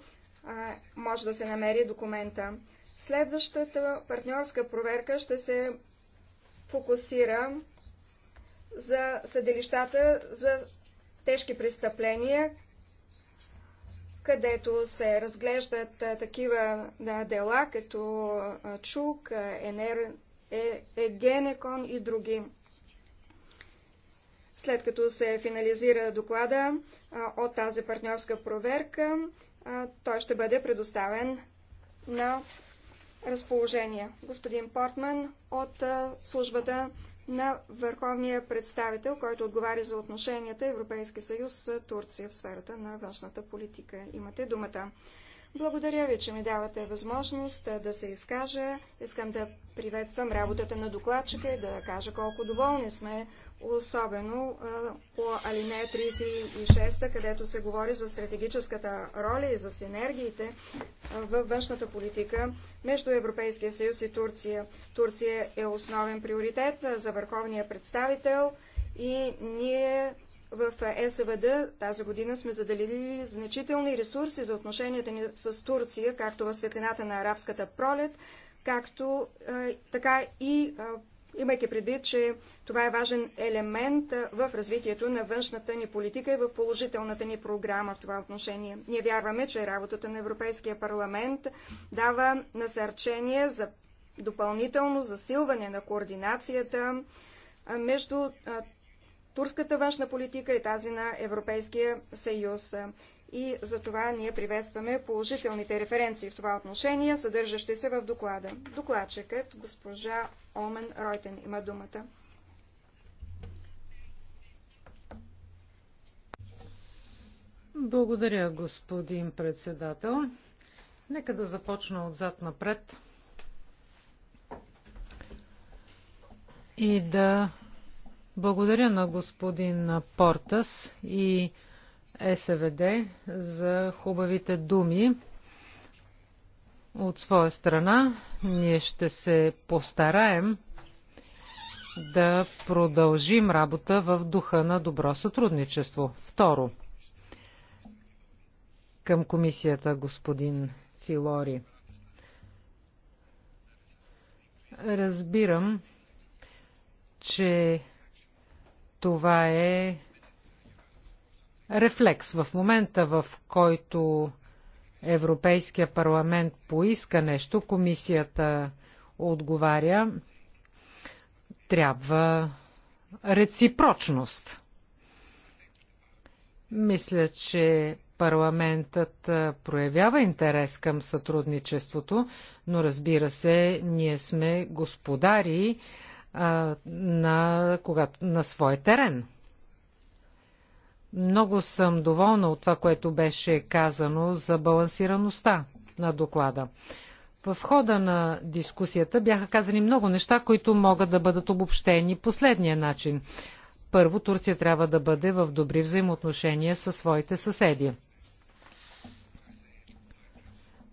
а, може да се намери документа. Следващата партньорска проверка ще се фокусира за съдилищата за тежки престъпления, където се разглеждат а, такива дела, като а, Чук, Енер, е, Егенекон и други. След като се финализира доклада от тази партньорска проверка, той ще бъде предоставен на разположение. Господин Портман от службата на Върховния представител, който отговаря за отношенията Европейски съюз с Турция в сферата на външната политика. Имате думата. Благодаря ви, че ми давате възможност да се изкажа. Искам да приветствам работата на докладчика и да кажа колко доволни сме особено по алинея 36, където се говори за стратегическата роля и за синергиите във външната политика между Европейския съюз и Турция. Турция е основен приоритет за върховния представител и ние в ЕСВД тази година сме заделили значителни ресурси за отношенията ни с Турция, както в светлината на арабската пролет, както така и имайки предвид, че това е важен елемент в развитието на външната ни политика и в положителната ни програма в това отношение. Ние вярваме, че работата на Европейския парламент дава насърчение за допълнително засилване на координацията между турската външна политика и тази на Европейския съюз и за това ние приветстваме положителните референции в това отношение, съдържащи се в доклада. Докладчикът, госпожа Омен Ройтен, има думата. Благодаря, господин председател. Нека да започна отзад напред и да благодаря на господин Портас и СВД за хубавите думи. От своя страна ние ще се постараем да продължим работа в духа на добро сътрудничество. Второ, към комисията господин Филори. Разбирам, че това е рефлекс. В момента, в който Европейския парламент поиска нещо, комисията отговаря, трябва реципрочност. Мисля, че парламентът проявява интерес към сътрудничеството, но разбира се, ние сме господари а, на, когато, на свой терен. Много съм доволна от това, което беше казано за балансираността на доклада. В хода на дискусията бяха казани много неща, които могат да бъдат обобщени последния начин. Първо, Турция трябва да бъде в добри взаимоотношения със своите съседи.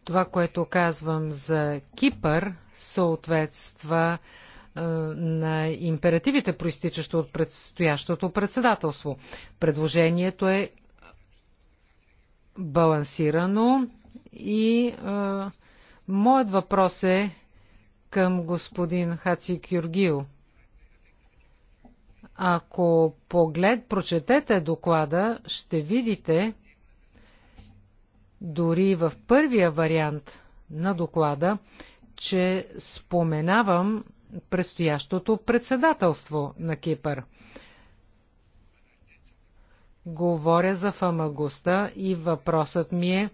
Това, което казвам за Кипър, съответства е, на императивите, проистичащо от предстоящото председателство. Предложението е балансирано и а, е, моят въпрос е към господин Хаци Кюргил. Ако поглед прочетете доклада, ще видите дори в първия вариант на доклада, че споменавам предстоящото председателство на Кипър. Говоря за фамагуста и въпросът ми е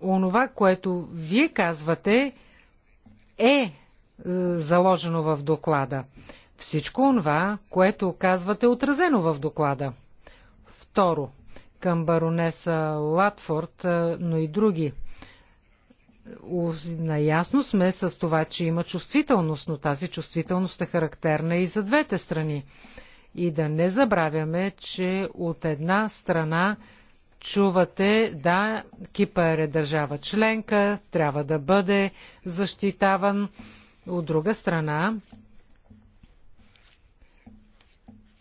онова, което вие казвате е, е заложено в доклада. Всичко онова, което казвате, е отразено в доклада. Второ, към баронеса Латфорд, е, но и други – наясно сме с това, че има чувствителност, но тази чувствителност е характерна и за двете страни. И да не забравяме, че от една страна чувате, да, Кипър е държава членка, трябва да бъде защитаван. От друга страна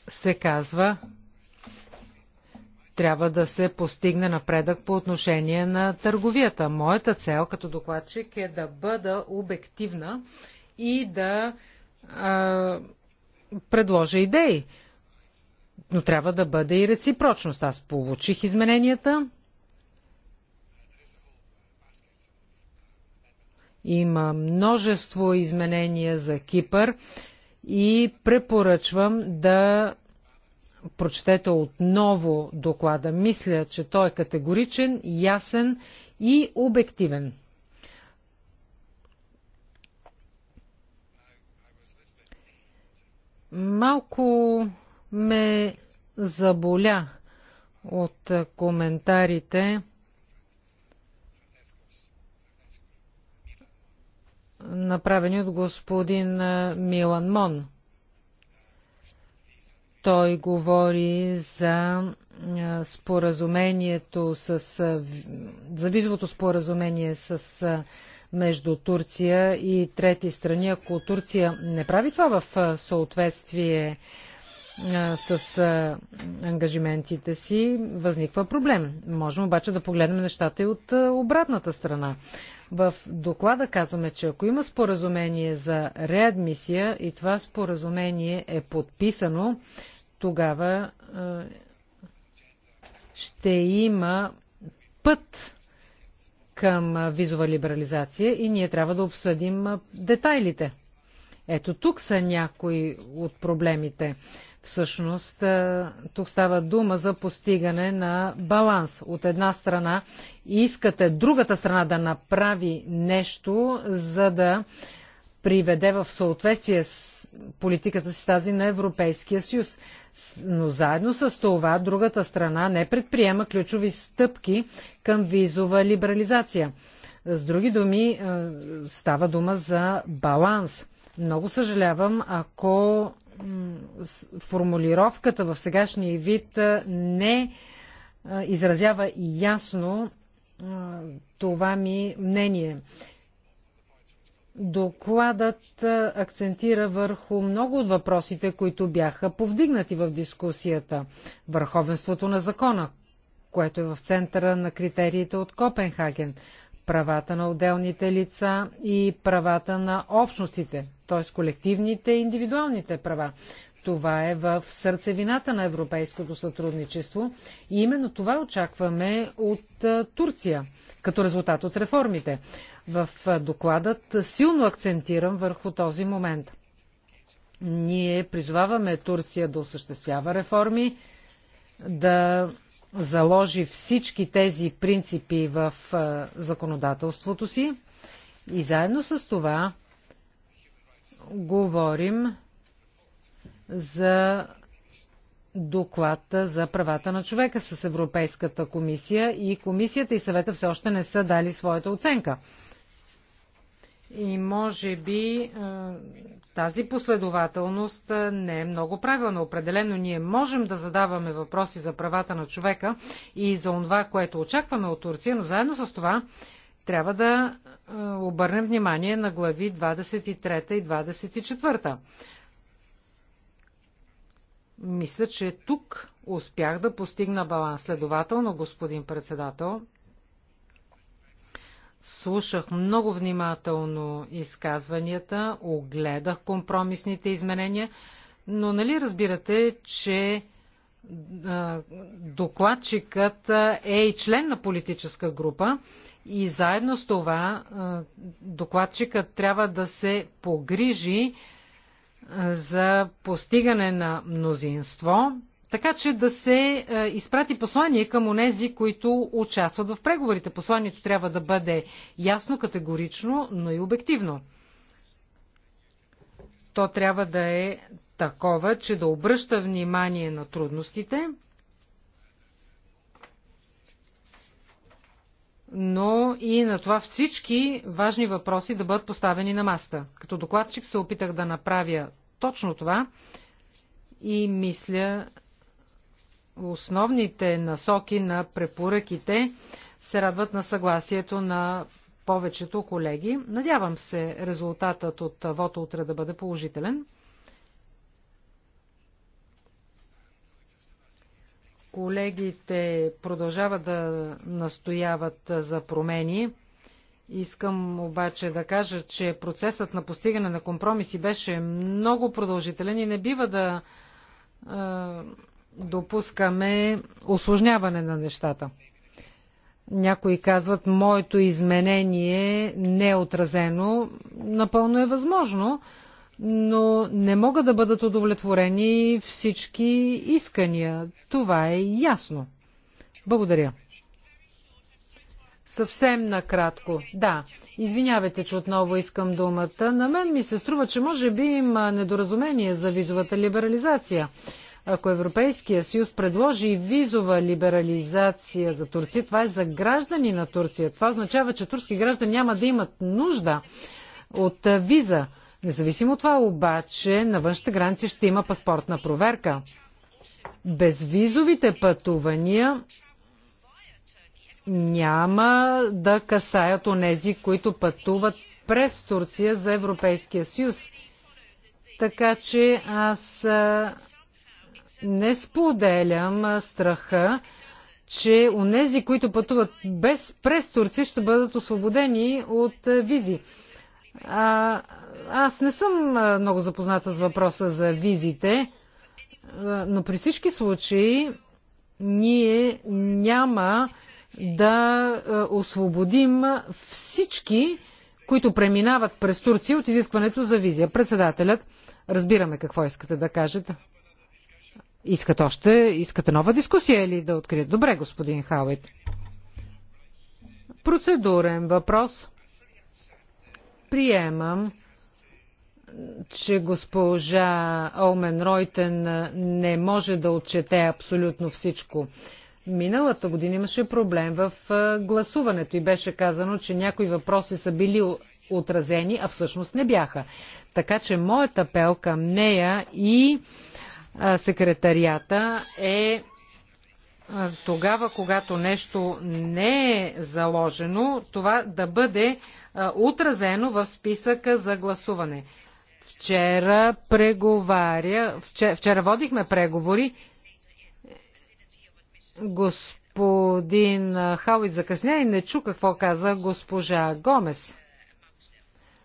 се казва, трябва да се постигне напредък по отношение на търговията. Моята цел като докладчик е да бъда обективна и да а, предложа идеи. Но трябва да бъде и реципрочност. Аз получих измененията. Има множество изменения за Кипър и препоръчвам да прочетете отново доклада. Мисля, че той е категоричен, ясен и обективен. Малко ме заболя от коментарите направени от господин Милан Мон. Той говори за споразумението с, за визовото споразумение с, между Турция и трети страни. Ако Турция не прави това в съответствие с ангажиментите си, възниква проблем. Можем обаче да погледнем нещата и от обратната страна. В доклада казваме, че ако има споразумение за реадмисия и това споразумение е подписано, тогава ще има път към визова либерализация и ние трябва да обсъдим детайлите. Ето тук са някои от проблемите. Всъщност, тук става дума за постигане на баланс. От една страна искате другата страна да направи нещо, за да приведе в съответствие с политиката си тази на Европейския съюз. Но заедно с това другата страна не предприема ключови стъпки към визова либерализация. С други думи, е, става дума за баланс. Много съжалявам, ако формулировката в сегашния вид е, не е, изразява ясно това ми мнение. Докладът акцентира върху много от въпросите, които бяха повдигнати в дискусията. Върховенството на закона, което е в центъра на критериите от Копенхаген, правата на отделните лица и правата на общностите, т.е. колективните и индивидуалните права. Това е в сърцевината на европейското сътрудничество и именно това очакваме от Турция като резултат от реформите. В докладът силно акцентирам върху този момент. Ние призоваваме Турция да осъществява реформи, да заложи всички тези принципи в законодателството си и заедно с това говорим за доклад за правата на човека с Европейската комисия и комисията и съвета все още не са дали своята оценка и може би тази последователност не е много правилна. Определено ние можем да задаваме въпроси за правата на човека и за това, което очакваме от Турция, но заедно с това трябва да обърнем внимание на глави 23 и 24. Мисля, че тук успях да постигна баланс. Следователно, господин председател, Слушах много внимателно изказванията, огледах компромисните изменения, но нали разбирате, че докладчикът е и член на политическа група и заедно с това докладчикът трябва да се погрижи за постигане на мнозинство така че да се е, изпрати послание към онези, които участват в преговорите. Посланието трябва да бъде ясно, категорично, но и обективно. То трябва да е такова, че да обръща внимание на трудностите, но и на това всички важни въпроси да бъдат поставени на маста. Като докладчик се опитах да направя точно това и мисля, основните насоки на препоръките се радват на съгласието на повечето колеги. Надявам се резултатът от вота утре да бъде положителен. Колегите продължават да настояват за промени. Искам обаче да кажа, че процесът на постигане на компромиси беше много продължителен и не бива да допускаме осложняване на нещата. Някои казват, моето изменение не е отразено. Напълно е възможно, но не могат да бъдат удовлетворени всички искания. Това е ясно. Благодаря. Съвсем накратко. Да, извинявайте, че отново искам думата. На мен ми се струва, че може би има недоразумение за визовата либерализация. Ако Европейския съюз предложи визова либерализация за Турция, това е за граждани на Турция. Това означава, че турски граждани няма да имат нужда от виза. Независимо от това обаче, на външните граници ще има паспортна проверка. Безвизовите пътувания няма да касаят онези, които пътуват през Турция за Европейския съюз. Така че аз не споделям страха, че онези, които пътуват без през Турция, ще бъдат освободени от визи. А, аз не съм много запозната с въпроса за визите, но при всички случаи ние няма да освободим всички, които преминават през Турция от изискването за визия. Председателят, разбираме какво искате да кажете. Искат още, искате нова дискусия или да открият? Добре, господин Хауит. Процедурен въпрос. Приемам, че госпожа Олмен Ройтен не може да отчете абсолютно всичко. Миналата година имаше проблем в гласуването и беше казано, че някои въпроси са били отразени, а всъщност не бяха. Така че моят апел към нея и секретарията е тогава, когато нещо не е заложено, това да бъде отразено в списъка за гласуване. Вчера преговаря, вчера, вчера водихме преговори. Господин Хауи закъсня и не чу какво каза госпожа Гомес.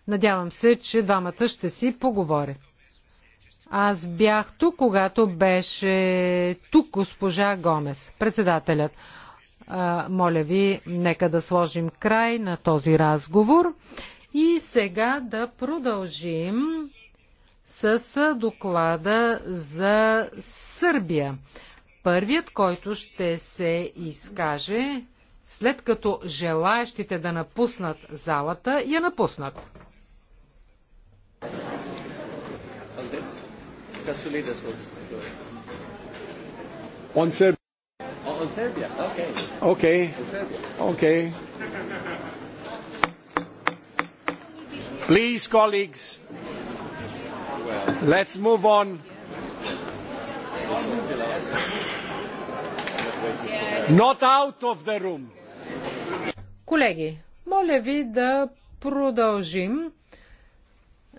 Надявам се, че двамата ще си поговорят. Аз бях тук, когато беше тук госпожа Гомес, председателят. моля ви, нека да сложим край на този разговор и сега да продължим с доклада за Сърбия. Първият, който ще се изкаже, след като желаящите да напуснат залата, я напуснат. Kasulides was doing. On Serbia. Oh, on Serbia. ok. Ok, On Please, colleagues, let's move on. Not out of the room. Колеги, моля ви да продължим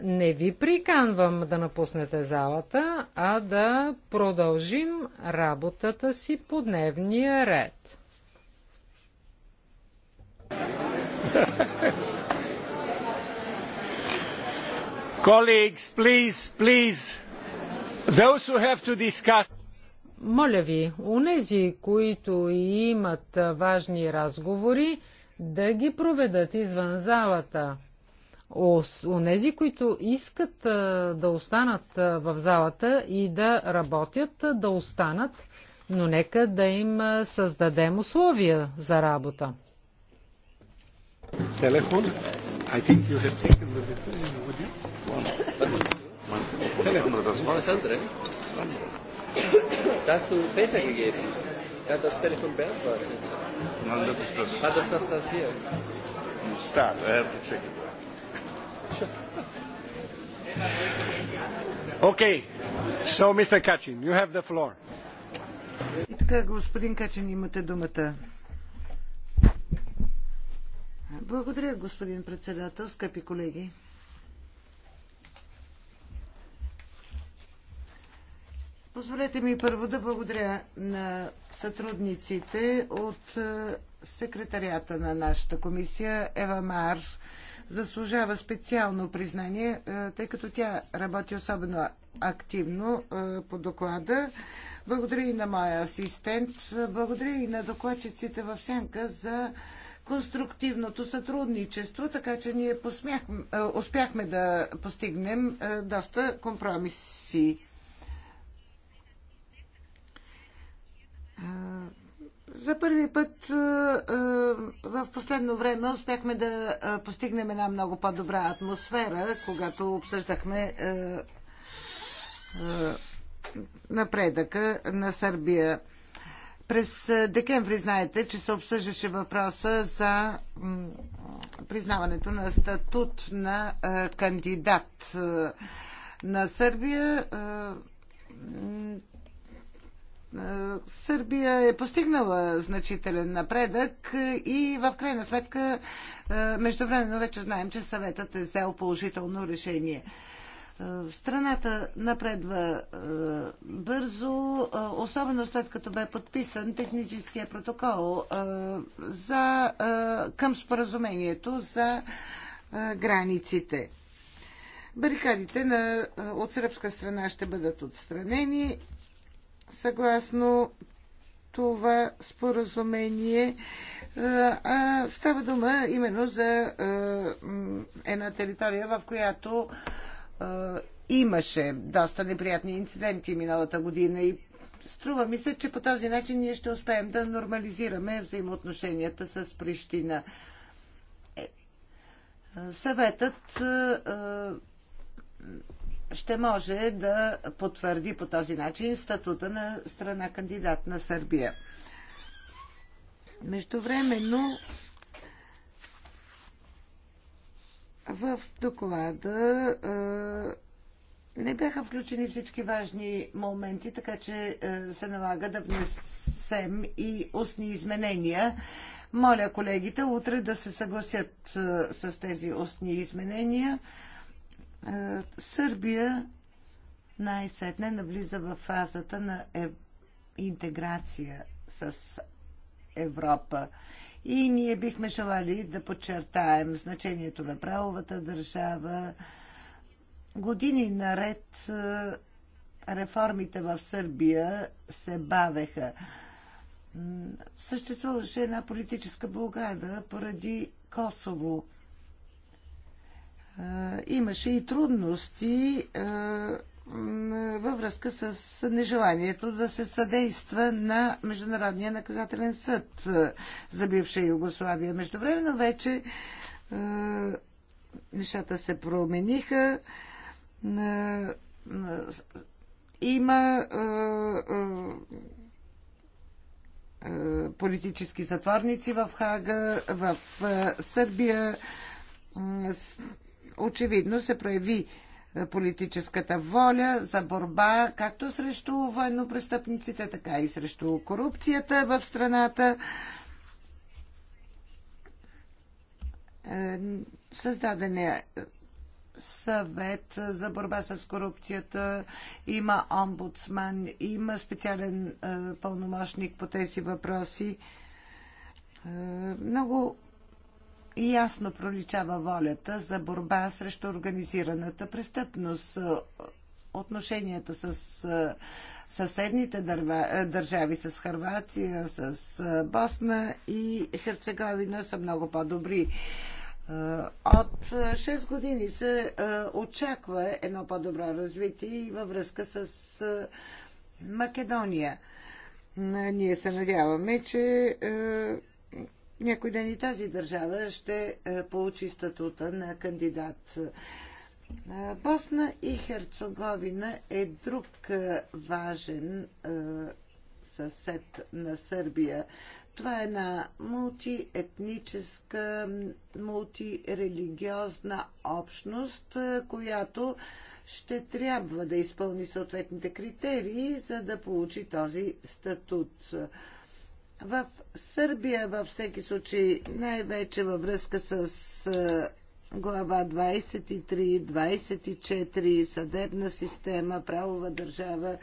не ви приканвам да напуснете залата, а да продължим работата си по дневния ред. Colleagues, please, please, those who have to discuss. Моля ви, унези, които имат важни разговори, да ги проведат извън залата. Онези, които искат да останат в залата и да работят, да останат, но нека да им създадем условия за работа. Телефон. Hat das Telefon beantwortet? Nein, das ist das. Hat das das hier? Start, I have to check it. Okay. So, Mr. Kachin, you have the floor. И така, господин Качин, имате думата. Благодаря, господин председател, скъпи колеги. Позволете ми първо да благодаря на сътрудниците от е, секретарията на нашата комисия Ева Мар, заслужава специално признание, е, тъй като тя работи особено активно е, по доклада. Благодаря и на моя асистент, благодаря и на докладчиците в Сянка за конструктивното сътрудничество, така че ние посмяхме, успяхме да постигнем е, доста компромиси. За първи път в последно време успяхме да постигнем една много по-добра атмосфера, когато обсъждахме напредъка на Сърбия. През декември знаете, че се обсъждаше въпроса за признаването на статут на кандидат на Сърбия е, Сърбия е постигнала значителен напредък и в крайна сметка е, междувременно вече знаем, че съветът е взел положително решение. Е, страната напредва бързо, особено след като бе подписан техническия протокол за, към споразумението за границите. Барикадите на, от сръбска страна ще бъдат отстранени съгласно това споразумение. А, става дума именно за а, една територия, в която а, имаше доста неприятни инциденти миналата година и струва ми се, че по този начин ние ще успеем да нормализираме взаимоотношенията с Прищина. Е, съветът ще може да потвърди по този начин статута на страна кандидат на Сърбия. Междувременно в доклада не бяха включени всички важни моменти, така че се налага да внесем и устни изменения. Моля колегите утре да се съгласят с тези устни изменения. Е, Сърбия най-сетне навлиза в фазата на е... интеграция с Европа. И ние бихме желали да подчертаем значението на правовата държава. Години наред е, реформите в Сърбия се бавеха. Съществуваше една политическа блокада поради Косово имаше и трудности във връзка с нежеланието да се съдейства на Международния наказателен съд за бивша Югославия. Междувременно вече нещата се промениха. Има политически затворници в Хага, в Сърбия очевидно се прояви е, политическата воля за борба както срещу военнопрестъпниците, така и срещу корупцията в страната. Е, създаден е съвет за борба с корупцията, има омбудсман, има специален е, пълномощник по тези въпроси. Много ясно проличава волята за борба срещу организираната престъпност. Отношенията с съседните държави, с Харватия, с Босна и Херцеговина са много по-добри. От 6 години се очаква едно по-добро развитие във връзка с Македония. Ние се надяваме, че някой ден и тази държава ще е, получи статута на кандидат. Е, Босна и Херцеговина е друг е, важен съсед на Сърбия. Това е една мултиетническа, мултирелигиозна общност, която ще трябва да изпълни съответните критерии, за да получи този статут. В Сърбия във всеки случай, най-вече във връзка с глава 23, 24, съдебна система, правова държава,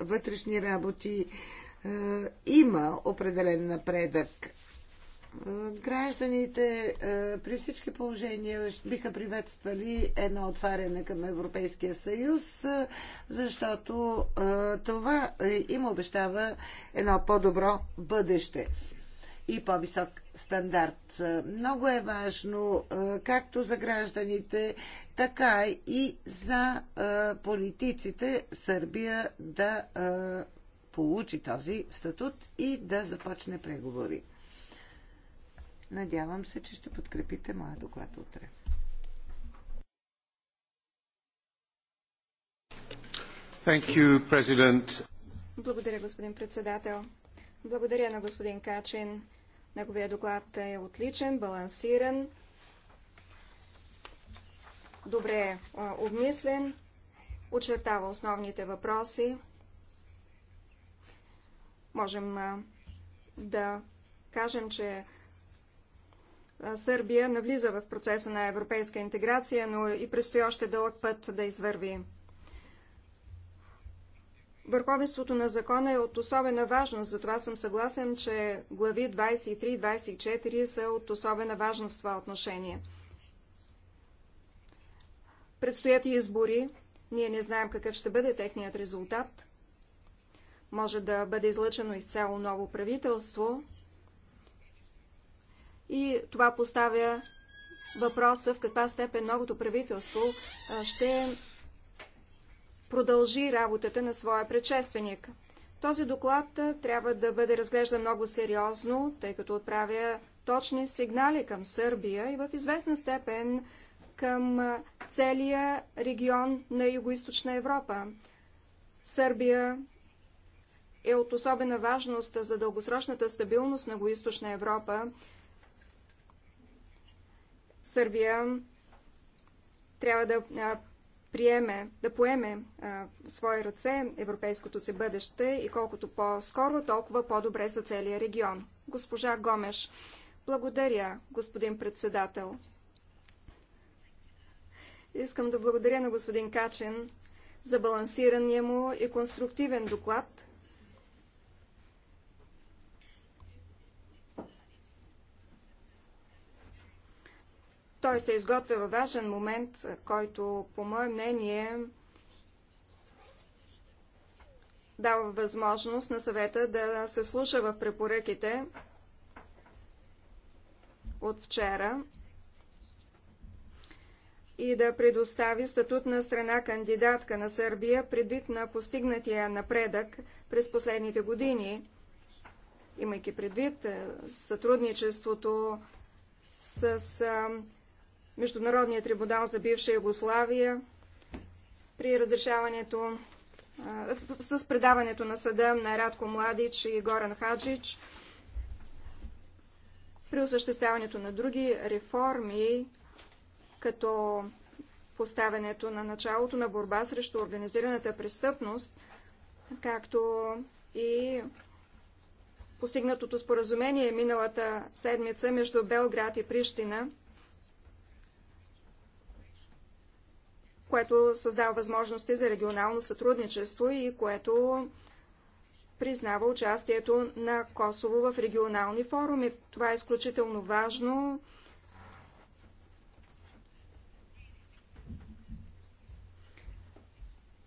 вътрешни работи, има определен напредък. Гражданите е, при всички положения биха приветствали едно отваряне към Европейския съюз, е, защото е, това им обещава едно по-добро бъдеще и по-висок стандарт. Много е важно както за гражданите, така и за политиците Сърбия да получи този статут и да започне преговори. Надявам се, че ще подкрепите моя доклад утре. Thank you, President. Благодаря, господин председател. Благодаря на господин Качин. Неговия доклад е отличен, балансиран, добре е, обмислен, очертава основните въпроси. Можем е, да кажем, че Сърбия навлиза в процеса на европейска интеграция, но и предстои още дълъг път да извърви. Върховенството на закона е от особена важност, затова съм съгласен, че глави 23 и 24 са от особена важност в това отношение. Предстоят и избори. Ние не знаем какъв ще бъде техният резултат. Може да бъде излъчено изцяло ново правителство, и това поставя въпроса в каква степен новото правителство ще продължи работата на своя предшественик. Този доклад трябва да бъде разглеждан много сериозно, тъй като отправя точни сигнали към Сърбия и в известна степен към целия регион на Юго-Источна Европа. Сърбия е от особена важност за дългосрочната стабилност на Юго-Источна Европа Сърбия трябва да приеме, да поеме в свои ръце европейското си бъдеще и колкото по-скоро, толкова по-добре за целия регион. Госпожа Гомеш, благодаря, господин председател. Искам да благодаря на господин Качен за балансирания му и конструктивен доклад, Той се изготвя във важен момент, който, по мое мнение, дава възможност на съвета да се слуша в препоръките от вчера и да предостави статут на страна кандидатка на Сърбия предвид на постигнатия напредък през последните години, имайки предвид е, сътрудничеството с е, Международния трибунал за бивша Югославия при разрешаването с, с предаването на съда на Радко Младич и Горан Хаджич при осъществяването на други реформи, като поставянето на началото на борба срещу организираната престъпност, както и постигнатото споразумение миналата седмица между Белград и Прищина – което създава възможности за регионално сътрудничество и което признава участието на Косово в регионални форуми. Това е изключително важно.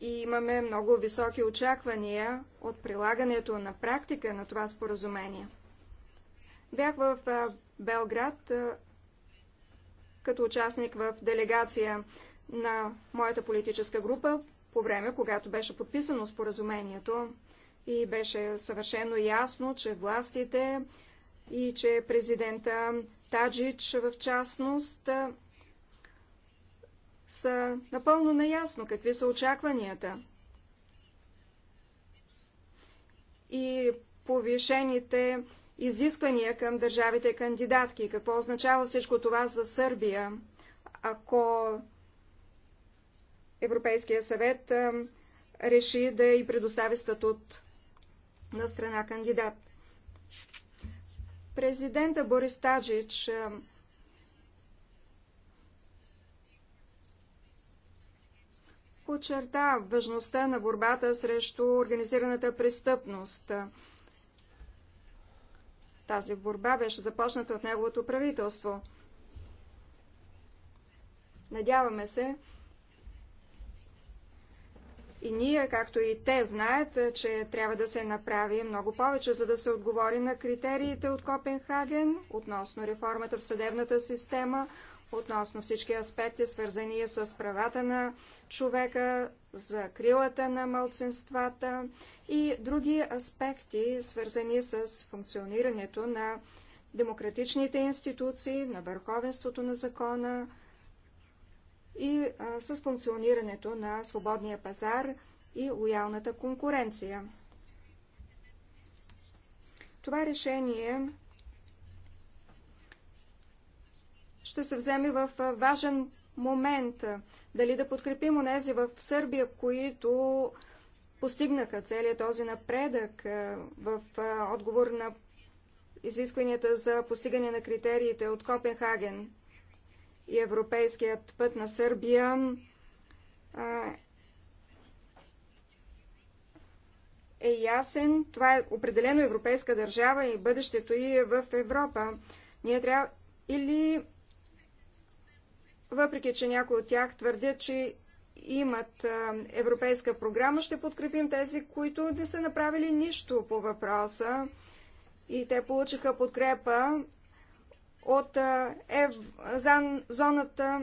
И имаме много високи очаквания от прилагането на практика на това споразумение. Бях в Белград като участник в делегация на моята политическа група по време, когато беше подписано споразумението и беше съвършено ясно, че властите и че президента Таджич в частност са напълно наясно какви са очакванията. И повишените изисквания към държавите кандидатки. Какво означава всичко това за Сърбия? Ако Европейския съвет реши да й предостави статут на страна кандидат. Президента Борис Таджич подчерта важността на борбата срещу организираната престъпност. Тази борба беше започната от неговото правителство. Надяваме се, и ние, както и те, знаят, е, че трябва да се направи много повече, за да се отговори на критериите от Копенхаген относно реформата в съдебната система, относно всички аспекти, свързани с правата на човека, за крилата на мълценствата и други аспекти, свързани с функционирането на демократичните институции, на върховенството на закона, и а, с функционирането на свободния пазар и лоялната конкуренция. Това решение ще се вземе в важен момент. Дали да подкрепим онези в Сърбия, които постигнаха целият този напредък в отговор на изискванията за постигане на критериите от Копенхаген и европейският път на Сърбия е ясен. Това е определено европейска държава и бъдещето и е в Европа. Ние трябва или въпреки, че някои от тях твърдят, че имат европейска програма, ще подкрепим тези, които не са направили нищо по въпроса. И те получиха подкрепа от ев... зоната,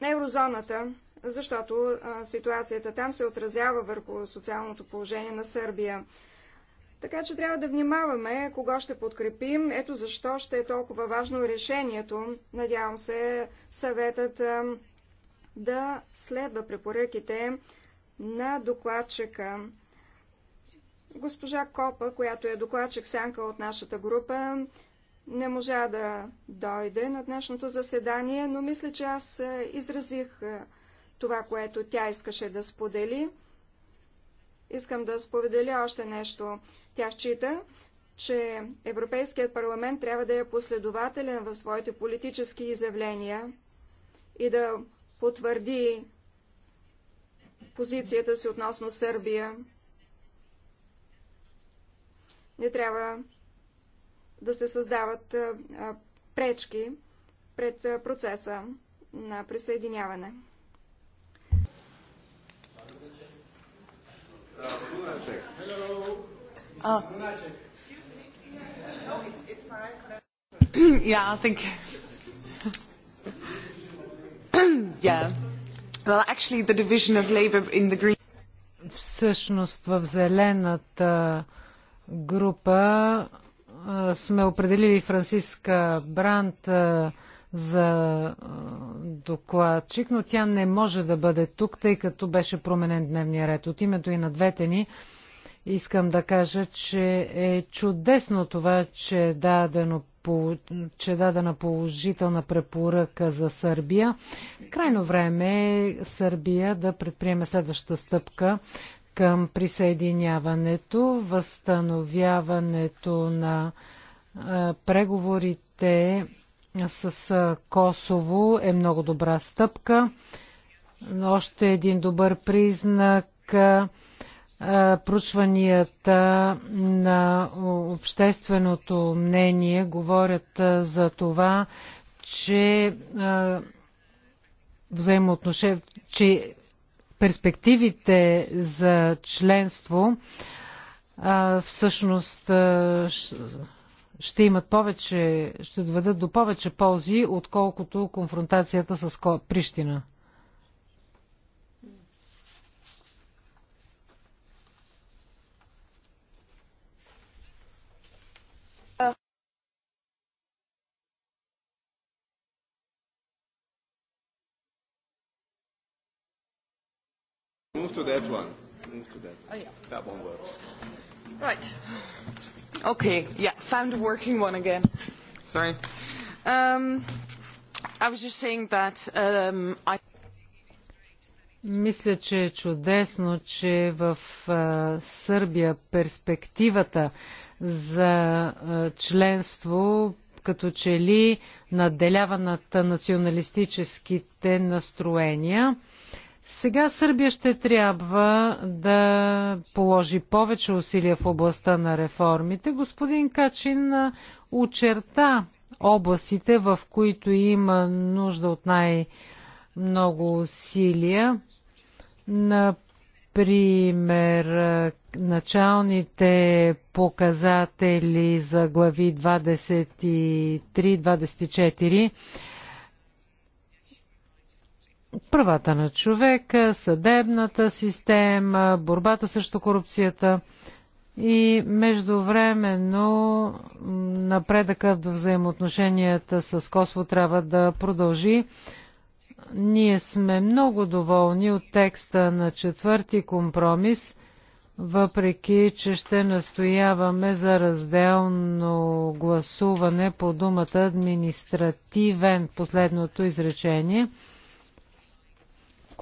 еврозоната, защото ситуацията там се отразява върху социалното положение на Сърбия. Така че трябва да внимаваме кого ще подкрепим. Ето защо ще е толкова важно решението. Надявам се съветът да следва препоръките на докладчика. Госпожа Копа, която е докладчик сянка от нашата група, не можа да дойде на днешното заседание, но мисля, че аз е, изразих е, това, което тя искаше да сподели. Искам да споделя още нещо. Тя счита, че Европейският парламент трябва да е последователен в своите политически изявления и да потвърди позицията си относно Сърбия. Не трябва да се създават пречки пред процеса на присъединяване. yeah, I think. yeah. Well, actually, the division of labor in the green. Всъщност в зелената група сме определили Франциска Брант за докладчик, но тя не може да бъде тук, тъй като беше променен дневния ред. От името и на двете ни искам да кажа, че е чудесно това, че е дадено че е дадена положителна препоръка за Сърбия. Крайно време е Сърбия да предприеме следващата стъпка към присъединяването, възстановяването на преговорите с Косово е много добра стъпка. Още един добър признак проучванията на общественото мнение говорят за това, че че перспективите за членство всъщност ще имат повече, ще доведат до повече ползи, отколкото конфронтацията с Прищина. Move to that one. Move to that. Oh, yeah. That one works. Right. Okay. Yeah. Found a working one again. Sorry. Um, I was just saying that um, I. Мисля, че е чудесно, че в а, Сърбия перспективата за а, членство като че ли наделява над националистическите настроения. Сега Сърбия ще трябва да положи повече усилия в областта на реформите. Господин Качин очерта областите, в които има нужда от най-много усилия. Например, началните показатели за глави 23-24 правата на човека, съдебната система, борбата срещу корупцията и междувременно напредъкът в взаимоотношенията с Косово трябва да продължи. Ние сме много доволни от текста на четвърти компромис, въпреки че ще настояваме за разделно гласуване по думата административен последното изречение –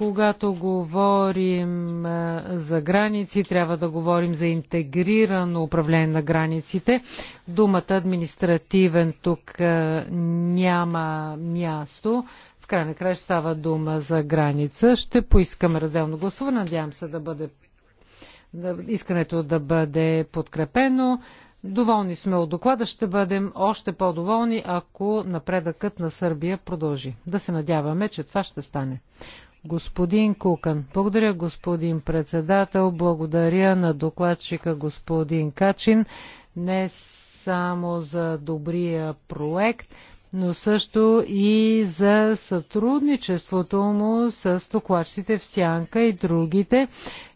когато говорим за граници, трябва да говорим за интегрирано управление на границите. Думата административен тук няма място. В край на края става дума за граница. Ще поискаме разделно гласуване. Надявам се да бъде да, искането да бъде подкрепено. Доволни сме от доклада, ще бъдем още по-доволни, ако напредъкът на Сърбия продължи. Да се надяваме, че това ще стане. Господин Кукан. Благодаря, господин председател. Благодаря на докладчика господин Качин. Не само за добрия проект, но също и за сътрудничеството му с докладчите в Сянка и другите,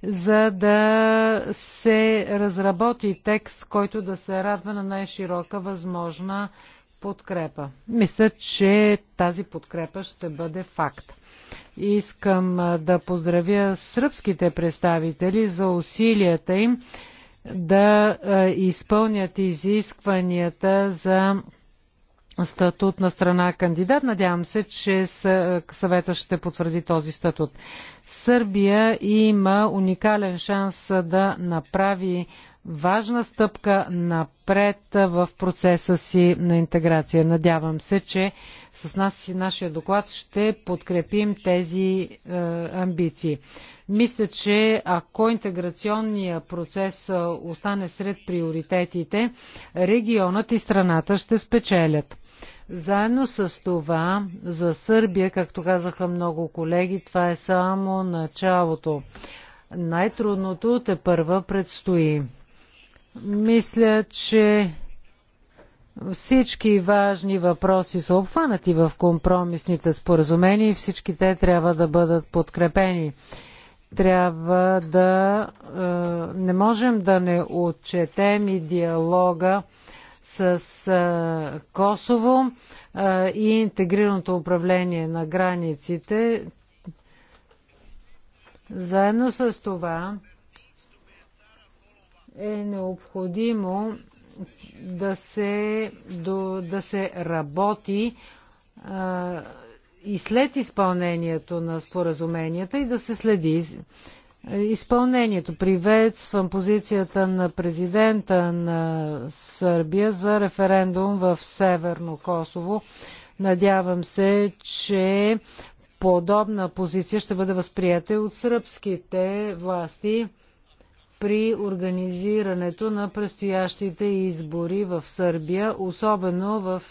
за да се разработи текст, който да се радва на най-широка възможна подкрепа. Мисля, че тази подкрепа ще бъде факт. Искам да поздравя сръбските представители за усилията им да изпълнят изискванията за статут на страна кандидат. Надявам се, че съвета ще потвърди този статут. Сърбия има уникален шанс да направи важна стъпка напред в процеса си на интеграция. Надявам се, че с нас и нашия доклад ще подкрепим тези е, амбиции. Мисля, че ако интеграционният процес е, остане сред приоритетите, регионът и страната ще спечелят. Заедно с това, за Сърбия, както казаха много колеги, това е само началото. Най-трудното те първа предстои. Мисля, че всички важни въпроси са обхванати в компромисните споразумения и всички те трябва да бъдат подкрепени. Трябва да. Е, не можем да не отчетем и диалога с е, Косово е, и интегрираното управление на границите. Заедно с това е необходимо да се, до, да се работи а, и след изпълнението на споразуменията и да се следи изпълнението. Приветствам позицията на президента на Сърбия за референдум в Северно Косово. Надявам се, че подобна позиция ще бъде възприята от сръбските власти при организирането на предстоящите избори в Сърбия, особено в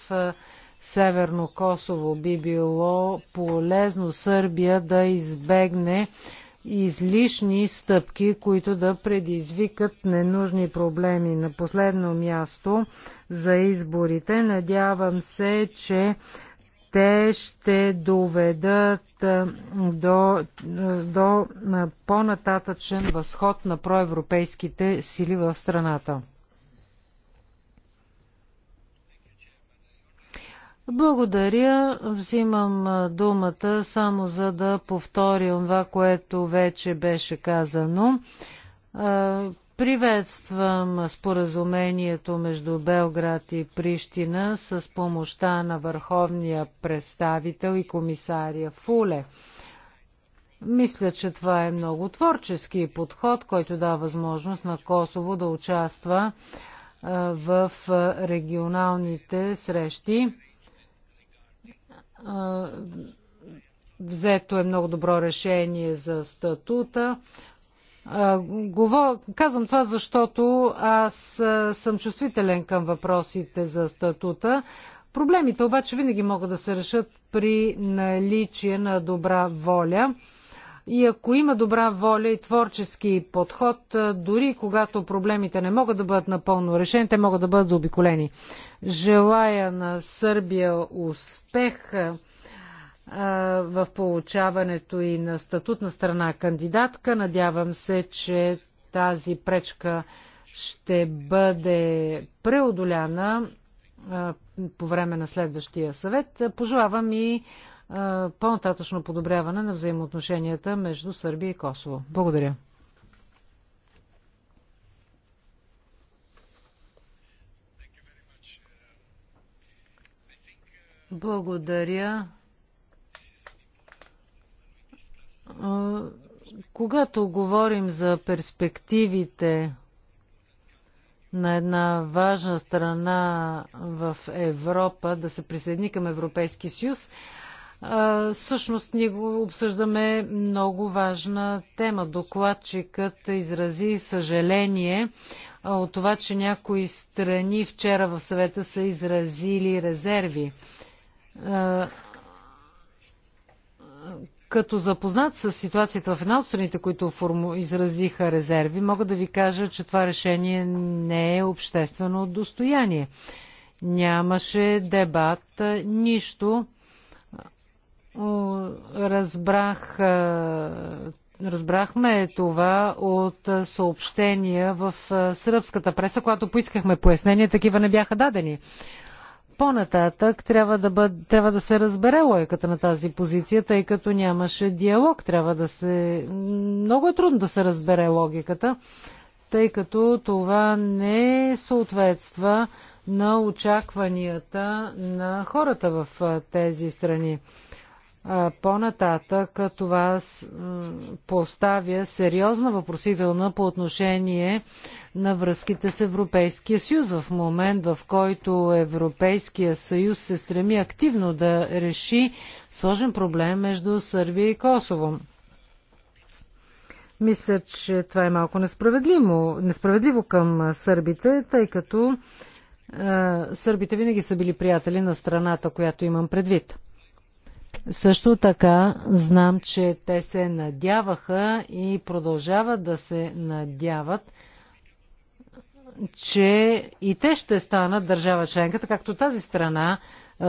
Северно Косово. Би било полезно Сърбия да избегне излишни стъпки, които да предизвикат ненужни проблеми. На последно място за изборите надявам се, че те ще доведат до, до по-нататъчен възход на проевропейските сили в страната. Благодаря. Взимам думата само за да повторя това, което вече беше казано. Приветствам споразумението между Белград и Прищина с помощта на върховния представител и комисария Фуле. Мисля, че това е много творчески подход, който дава възможност на Косово да участва в регионалните срещи. Взето е много добро решение за статута. Казвам това, защото аз съм чувствителен към въпросите за статута. Проблемите обаче винаги могат да се решат при наличие на добра воля. И ако има добра воля и творчески подход, дори когато проблемите не могат да бъдат напълно решени, те могат да бъдат заобиколени. Желая на Сърбия успех в получаването и на статут на страна кандидатка. Надявам се, че тази пречка ще бъде преодоляна по време на следващия съвет. Пожелавам и по-нататъчно подобряване на взаимоотношенията между Сърбия и Косово. Благодаря. Благодаря. Когато говорим за перспективите на една важна страна в Европа да се присъедини към Европейски съюз, всъщност ние го обсъждаме много важна тема. Докладчикът изрази съжаление от това, че някои страни вчера в съвета са изразили резерви. Като запознат с ситуацията в една от страните, които изразиха резерви, мога да ви кажа, че това решение не е обществено достояние. Нямаше дебат, нищо. Разбрах, разбрахме това от съобщения в сръбската преса, когато поискахме пояснения, такива не бяха дадени. По-нататък трябва да, бъд, трябва да се разбере лойката на тази позиция, тъй като нямаше диалог. Трябва да се... Много е трудно да се разбере логиката, тъй като това не съответства на очакванията на хората в тези страни. По-нататък това поставя сериозна въпросителна по отношение на връзките с Европейския съюз. В момент, в който Европейския съюз се стреми активно да реши сложен проблем между Сърбия и Косово. Мисля, че това е малко несправедливо, несправедливо към сърбите, тъй като сърбите винаги са били приятели на страната, която имам предвид. Също така знам, че те се надяваха и продължават да се надяват, че и те ще станат държава членката, както тази страна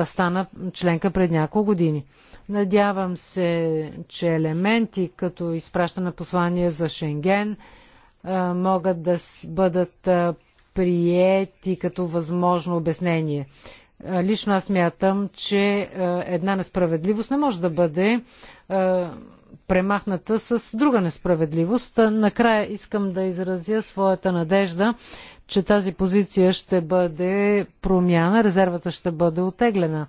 стана членка пред няколко години. Надявам се, че елементи като изпращане послания за Шенген могат да бъдат приети като възможно обяснение. Лично аз мятам, че една несправедливост не може да бъде премахната с друга несправедливост. Накрая искам да изразя своята надежда, че тази позиция ще бъде промяна, резервата ще бъде отеглена.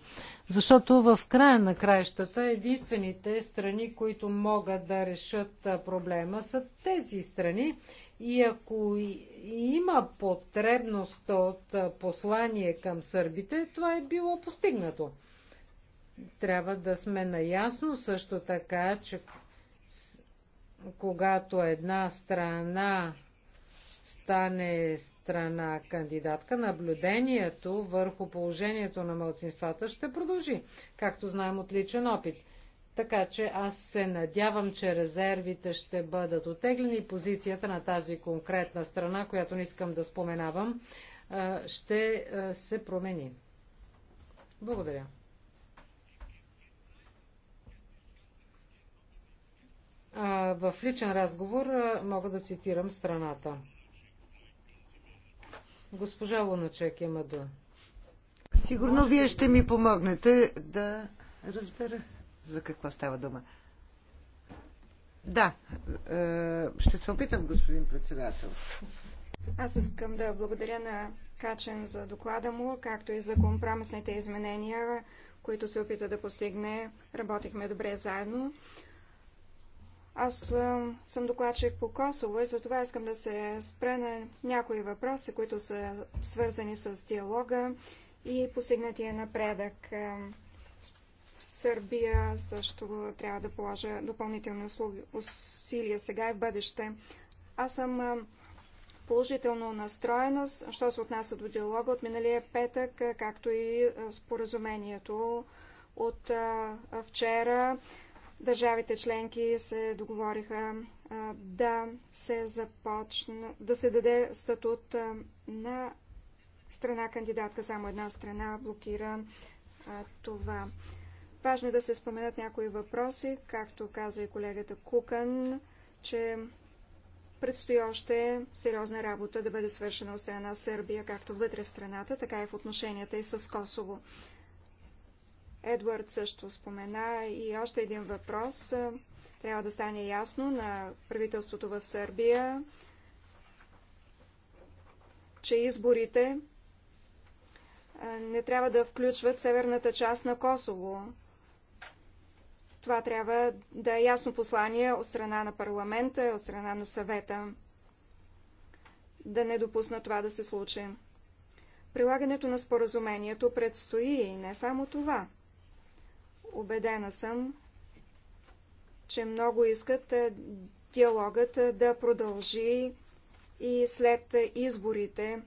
Защото в края на краищата единствените страни, които могат да решат проблема, са тези страни и ако има потребност от послание към сърбите, това е било постигнато. Трябва да сме наясно също така, че когато една страна стане страна кандидатка, наблюдението върху положението на мълцинствата ще продължи, както знаем от личен опит – така че аз се надявам, че резервите ще бъдат отеглени и позицията на тази конкретна страна, която не искам да споменавам, ще се промени. Благодаря. В личен разговор мога да цитирам страната. Госпожа Луначек има да. Сигурно вие ще ми помогнете да разбера за какво става дума. Да, е, ще се опитам, господин председател. Аз искам да благодаря на Качен за доклада му, както и за компромисните изменения, които се опита да постигне. Работихме добре заедно. Аз е, съм докладчик по Косово и затова искам да се спре на някои въпроси, които са свързани с диалога и постигнатия напредък. Е, Сърбия също трябва да положа допълнителни услуги, усилия сега и в бъдеще. Аз съм положително настроена, що се отнася до диалога от миналия петък, както и споразумението от вчера. Държавите членки се договориха да се започне, да се даде статут на страна кандидатка. Само една страна блокира това. Важно е да се споменат някои въпроси, както каза и колегата Кукан, че предстои още сериозна работа да бъде свършена от страна Сърбия, както вътре в страната, така и в отношенията и с Косово. Едвард също спомена и още един въпрос. Трябва да стане ясно на правителството в Сърбия, че изборите не трябва да включват северната част на Косово. Това трябва да е ясно послание от страна на парламента и от страна на съвета. Да не допусна това да се случи. Прилагането на споразумението предстои и не само това. Обедена съм, че много искат е, диалогът е, да продължи и след е, изборите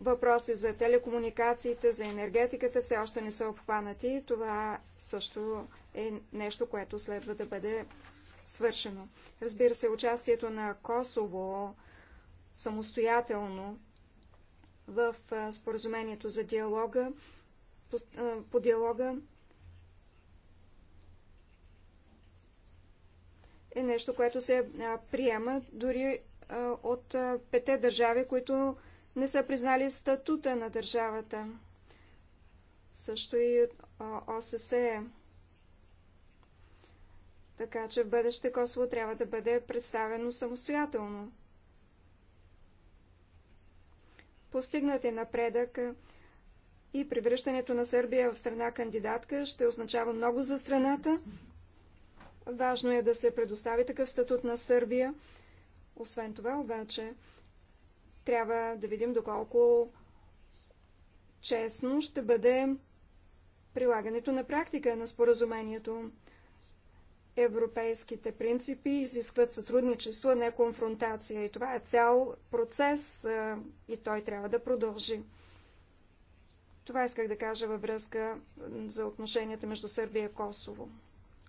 Въпроси за телекомуникациите, за енергетиката все още не са обхванати. Това също е нещо, което следва да бъде свършено. Разбира се, участието на Косово самостоятелно в споразумението за диалога, по, по диалога е нещо, което се приема дори от пете държави, които не са признали статута на държавата. Също и ОССЕ. Така че в бъдеще Косово трябва да бъде представено самостоятелно. Постигнат е напредък и превръщането на Сърбия в страна кандидатка ще означава много за страната. Важно е да се предостави такъв статут на Сърбия. Освен това, обаче, трябва да видим доколко честно ще бъде прилагането на практика на споразумението. Европейските принципи изискват сътрудничество, не конфронтация. И това е цял процес и той трябва да продължи. Това исках да кажа във връзка за отношенията между Сърбия и Косово.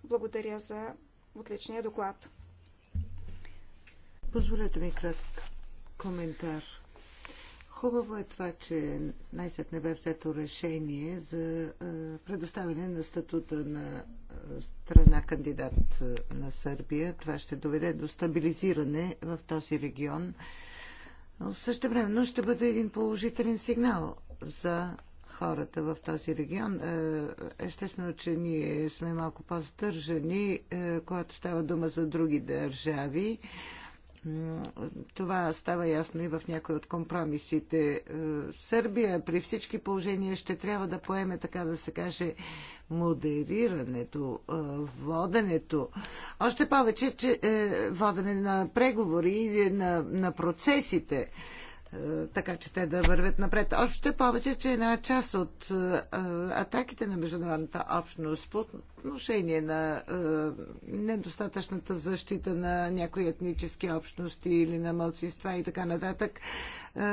Благодаря за отличния доклад. Позволете ми кратко коментар. Хубаво е това, че най-сетне бе взето решение за е, предоставяне на статута на е, страна кандидат е, на Сърбия. Това ще доведе до стабилизиране в този регион. Но в също времено ще бъде един положителен сигнал за хората в този регион. Естествено, че ние сме малко по-задържани, когато става дума за други държави. Това става ясно и в някои от компромисите. Е, Сърбия при всички положения ще трябва да поеме, така да се каже, модерирането, е, воденето. Още повече, че е, водене на преговори и на, на процесите е, така че те да вървят напред. Още повече, че една част от е, атаките на международната общност по отношение на е, недостатъчната защита на някои етнически общности или на мълцинства и така нататък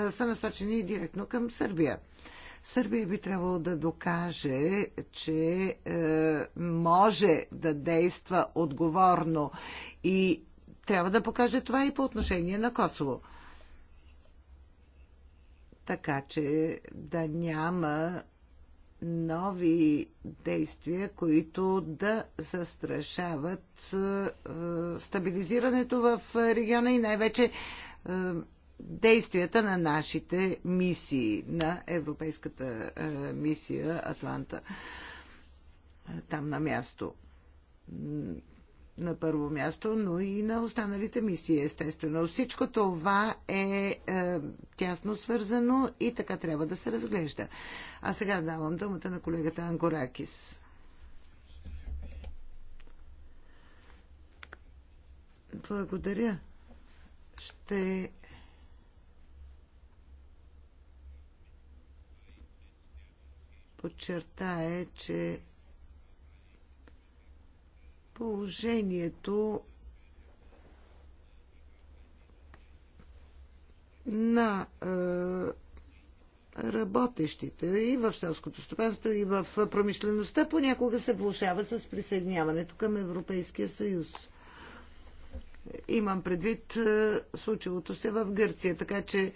са насочени директно към Сърбия. Сърбия би трябвало да докаже, че е, може да действа отговорно и трябва да покаже това и по отношение на Косово така че да няма нови действия, които да застрашават е, стабилизирането в региона и най-вече е, действията на нашите мисии, на Европейската е, мисия Атланта там на място на първо място, но и на останалите мисии, естествено. Всичко това е, е тясно свързано и така трябва да се разглежда. А сега давам думата на колегата Анкоракис. Благодаря. Ще подчертае, че положението на работещите и в селското стопанство, и в промишлеността понякога се влушава с присъединяването към Европейския съюз. Имам предвид случилото се в Гърция, така че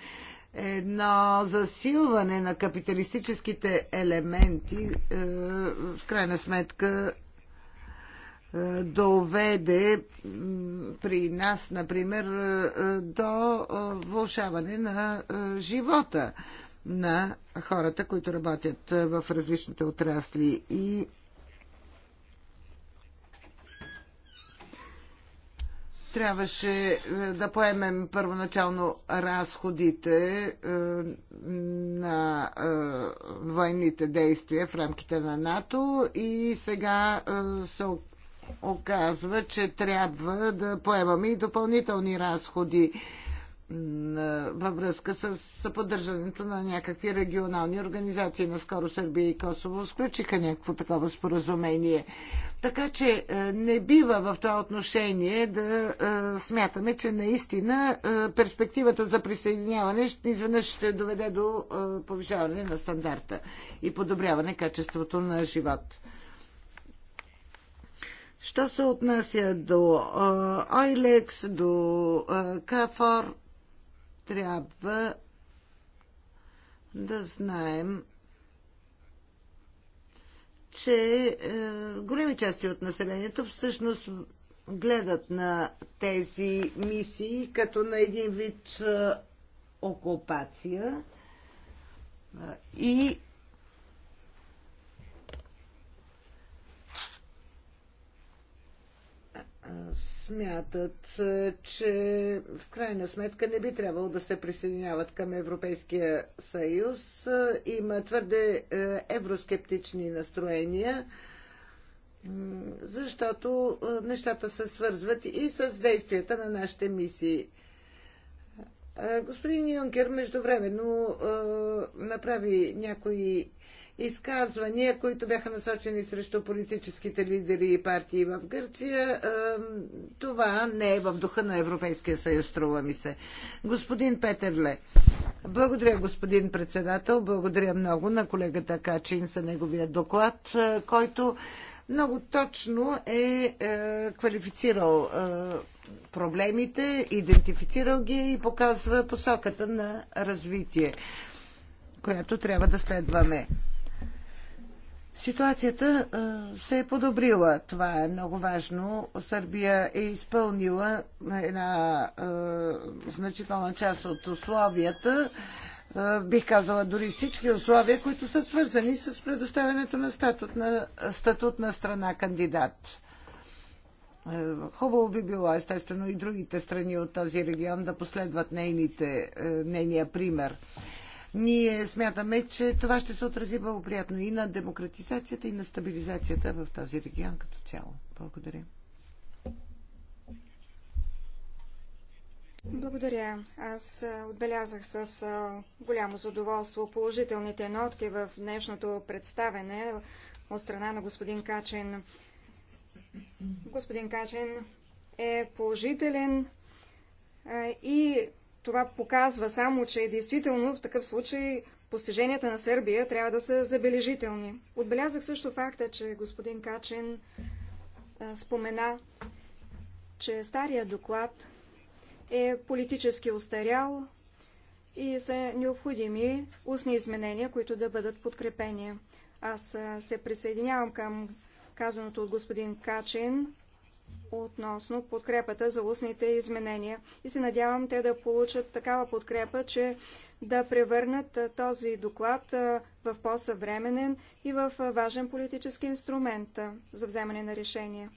едно засилване на капиталистическите елементи в крайна сметка доведе при нас, например, е, до е, влушаване на е, живота на хората, които работят в различните отрасли. И трябваше да поемем първоначално разходите на военните действия в рамките на НАТО и сега се оказва, че трябва да поемаме и допълнителни разходи във връзка с поддържането на някакви регионални организации. Наскоро Сърбия и Косово сключиха някакво такова споразумение. Така че е, не бива в това отношение да е, смятаме, че наистина е, перспективата за присъединяване изведнъж ще доведе до повишаване на стандарта и подобряване качеството на живот. Що се отнася до Ойлекс, до Кафор, трябва да знаем, че е, големи части от населението всъщност гледат на тези мисии като на един вид е, окупация и смятат, е, че в крайна сметка не би трябвало да се присъединяват към Европейския съюз. Е, има твърде е, евроскептични настроения, защото нещата се свързват и с действията на нашите мисии. Господин Юнкер междувременно направи някои изказвания, които бяха насочени срещу политическите лидери и партии в Гърция. Това не е в духа на Европейския съюз, струва ми се. Господин Петерле, благодаря господин председател, благодаря много на колегата Качин за неговия доклад, който много точно е, е квалифицирал проблемите, идентифицирал ги и показва посоката на развитие, която трябва да следваме. Ситуацията се е подобрила. Това е много важно. Сърбия е изпълнила една значителна част от условията, бих казала дори всички условия, които са свързани с предоставянето на статут на, статут на страна кандидат. Хубаво би било, естествено, и другите страни от този регион да последват нейните, нейния пример. Ние смятаме, че това ще се отрази благоприятно и на демократизацията, и на стабилизацията в този регион като цяло. Благодаря. Благодаря. Аз отбелязах с голямо задоволство положителните нотки в днешното представене от страна на господин Качен. Господин Качен е положителен и това показва само, че действително в такъв случай постиженията на Сърбия трябва да са забележителни. Отбелязах също факта, че господин Качин спомена, че стария доклад е политически устарял и са необходими устни изменения, които да бъдат подкрепени. Аз се присъединявам към казаното от господин Качин относно подкрепата за устните изменения и се надявам те да получат такава подкрепа, че да превърнат този доклад в по-съвременен и в важен политически инструмент за вземане на решения.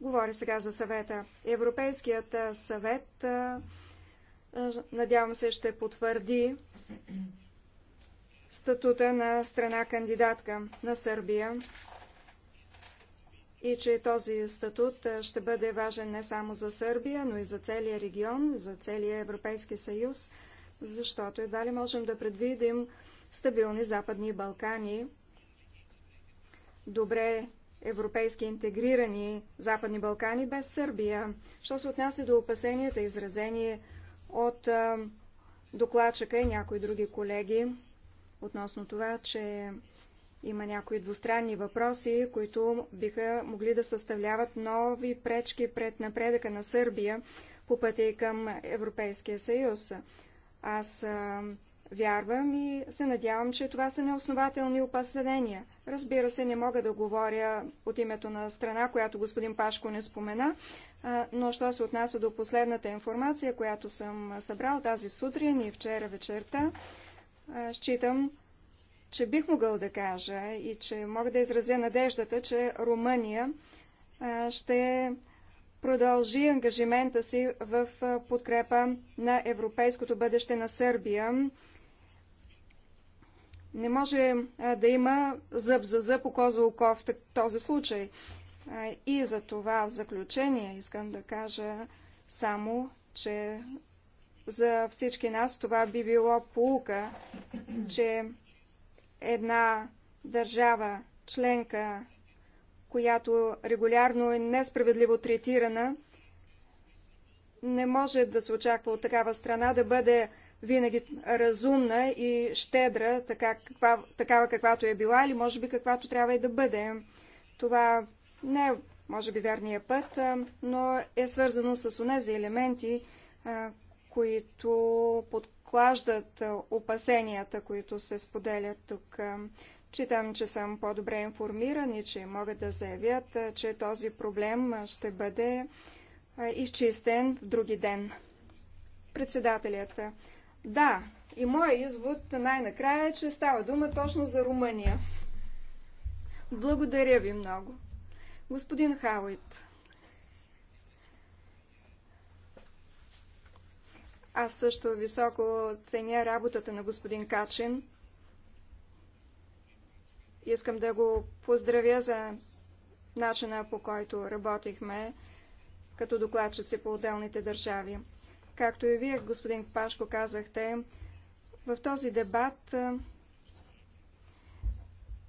Говоря сега за съвета. Европейският съвет, надявам се, ще потвърди статута на страна кандидатка на Сърбия и че този статут ще бъде важен не само за Сърбия, но и за целия регион, за целия Европейски съюз, защото едва ли можем да предвидим стабилни Западни Балкани, добре европейски интегрирани Западни Балкани без Сърбия. Що се отнася до опасенията, изразени от докладчика и някои други колеги, относно това, че има някои двустранни въпроси, които биха могли да съставляват нови пречки пред напредъка на Сърбия по пътя към Европейския съюз. Аз а, вярвам и се надявам, че това са неоснователни опасения. Разбира се, не мога да говоря от името на страна, която господин Пашко не спомена, а, но що се отнася до последната информация, която съм събрал тази сутрин и вчера вечерта, а, считам, че бих могъл да кажа и че мога да изразя надеждата, че Румъния ще продължи ангажимента си в подкрепа на европейското бъдеще на Сърбия. Не може да има зъб за зъб, око за око в този случай. И за това в заключение искам да кажа само, че за всички нас това би било полука, че една държава членка, която регулярно е несправедливо третирана, не може да се очаква от такава страна да бъде винаги разумна и щедра, така, каква, такава каквато е била или може би каквато трябва и да бъде. Това не е, може би, верния път, но е свързано с онези елементи, които под подклаждат опасенията, които се споделят тук. Читам, че съм по-добре информиран и че могат да заявят, че този проблем ще бъде изчистен в други ден. Председателят. Да, и моят извод най-накрая е, че става дума точно за Румъния. Благодаря ви много. Господин Хауит. Аз също високо ценя работата на господин Качин. Искам да го поздравя за начина по който работихме като докладчици по отделните държави. Както и вие, господин Пашко, казахте, в този дебат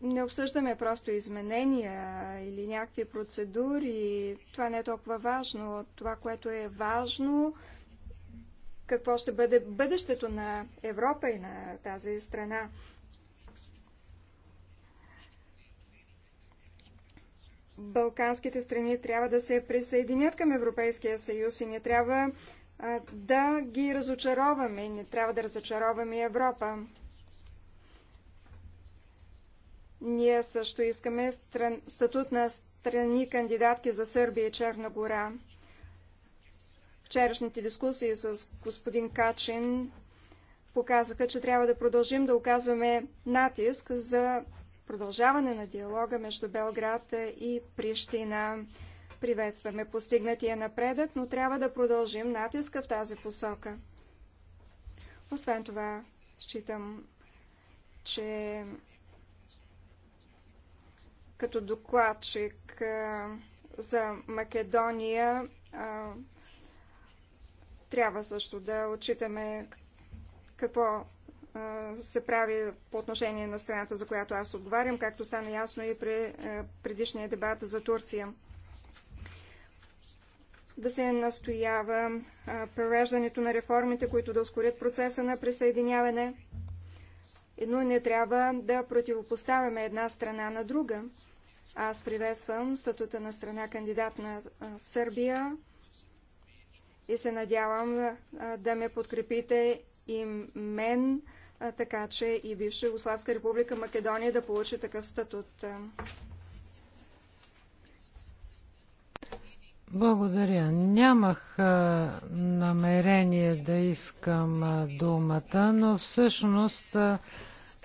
не обсъждаме просто изменения или някакви процедури. Това не е толкова важно. Това, което е важно, какво ще бъде бъдещето на Европа и на тази страна. Балканските страни трябва да се присъединят към Европейския съюз и не трябва а, да ги разочароваме, не трябва да разочароваме Европа. Ние също искаме стран... статут на страни кандидатки за Сърбия и Черна гора. Вчерашните дискусии с господин Качин показаха, че трябва да продължим да оказваме натиск за продължаване на диалога между Белград и Прищина. Приветстваме постигнатия напредък, но трябва да продължим натиска в тази посока. Освен това, считам, че като докладчик за Македония трябва също да отчитаме какво се прави по отношение на страната, за която аз отговарям, както стана ясно и при предишния дебат за Турция. Да се настоява превеждането на реформите, които да ускорят процеса на присъединяване, но не трябва да противопоставяме една страна на друга. Аз приветствам статута на страна кандидат на Сърбия, и се надявам да ме подкрепите и мен, така че и бивша Югославска република Македония да получи такъв статут. Благодаря. Нямах намерение да искам думата, но всъщност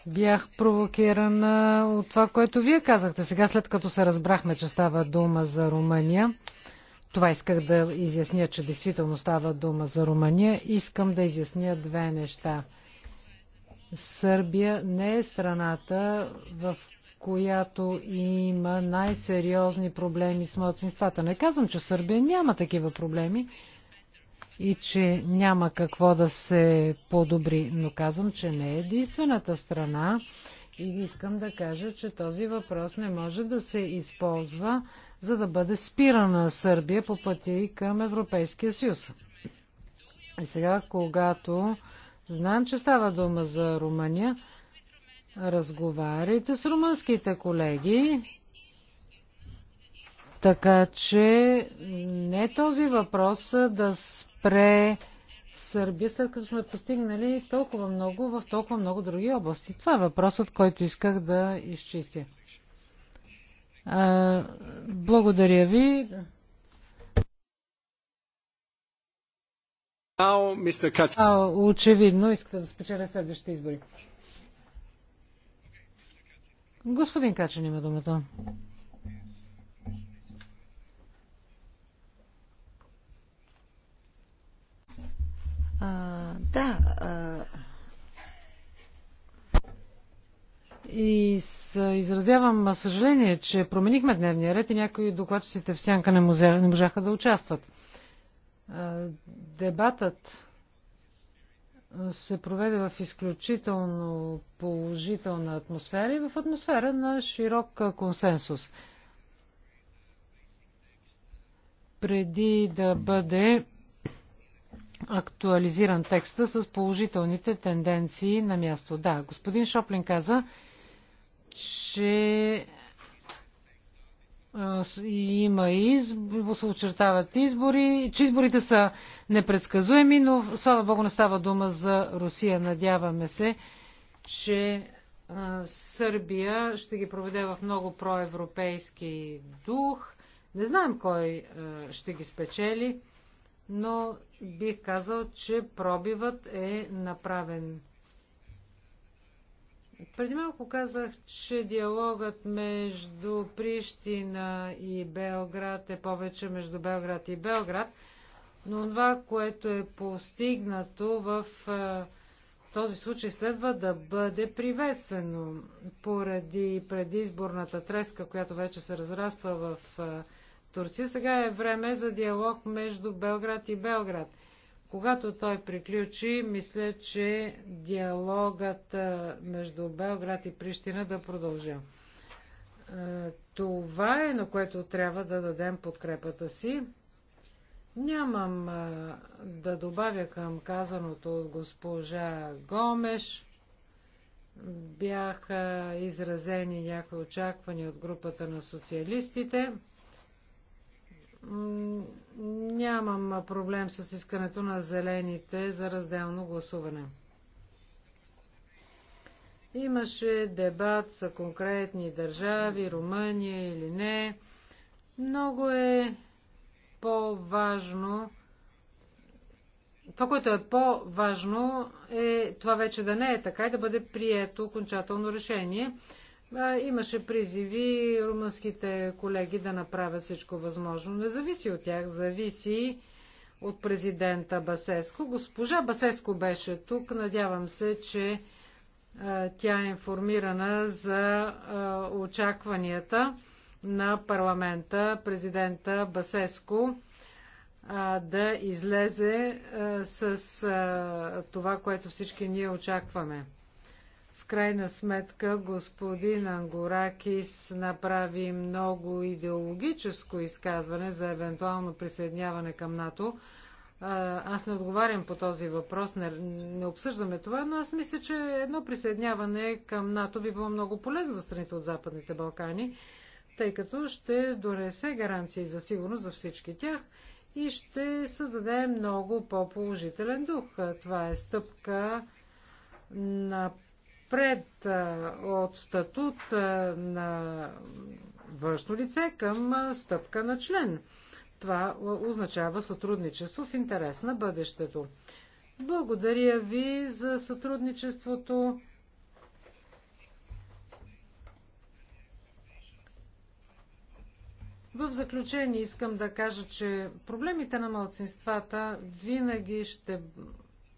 бях провокирана от това, което вие казахте. Сега, след като се разбрахме, че става дума за Румъния, това исках да изясня, че действително става дума за Румъния. Искам да изясня две неща. Сърбия не е страната, в която има най-сериозни проблеми с младсинствата. Не казвам, че Сърбия няма такива проблеми и че няма какво да се подобри, но казвам, че не е единствената страна и искам да кажа, че този въпрос не може да се използва за да бъде спирана Сърбия по пътя и към Европейския съюз. И сега, когато знаем, че става дума за Румъния, разговаряйте с румънските колеги, така че не този въпрос да спре Сърбия, след като сме постигнали толкова много в толкова много други области. Това е въпросът, който исках да изчистя. А, благодаря ви. очевидно, искате да спечеля следващите избори. Господин Качен има думата. А, да, а, И изразявам съжаление, че променихме дневния ред и някои докладчиците в сянка не, музе... не можаха да участват. Дебатът се проведе в изключително положителна атмосфера и в атмосфера на широк консенсус. Преди да бъде актуализиран текста с положителните тенденции на място. Да, господин Шоплин каза, че има избор, се очертават избори, че изборите са непредсказуеми, но слава Богу не става дума за Русия. Надяваме се, че Сърбия ще ги проведе в много проевропейски дух. Не знаем кой ще ги спечели, но бих казал, че пробивът е направен преди малко казах, че диалогът между Прищина и Белград е повече между Белград и Белград, но това, което е постигнато в е, този случай следва да бъде приветствено поради предизборната треска, която вече се разраства в е, Турция. Сега е време за диалог между Белград и Белград – когато той приключи, мисля, че диалогът между Белград и Прищина да продължи. Това е, на което трябва да дадем подкрепата си. Нямам да добавя към казаното от госпожа Гомеш. Бяха изразени някои очаквания от групата на социалистите. Нямам проблем с искането на зелените за разделно гласуване. Имаше дебат за конкретни държави, Румъния или не. Много е по-важно. Това, което е по-важно, е това вече да не е така и да бъде прието окончателно решение. Имаше призиви румънските колеги да направят всичко възможно. Не зависи от тях, зависи от президента Басеско. Госпожа Басеско беше тук. Надявам се, че тя е информирана за очакванията на парламента, президента Басеско да излезе с това, което всички ние очакваме крайна сметка господин Ангоракис направи много идеологическо изказване за евентуално присъединяване към НАТО. Аз не отговарям по този въпрос, не, не обсъждаме това, но аз мисля, че едно присъединяване към НАТО би било много полезно за страните от Западните Балкани, тъй като ще донесе гаранции за сигурност за всички тях и ще създаде много по-положителен дух. Това е стъпка на пред от статут на външно лице към стъпка на член. Това означава сътрудничество в интерес на бъдещето. Благодаря ви за сътрудничеството. В заключение искам да кажа, че проблемите на малцинствата винаги ще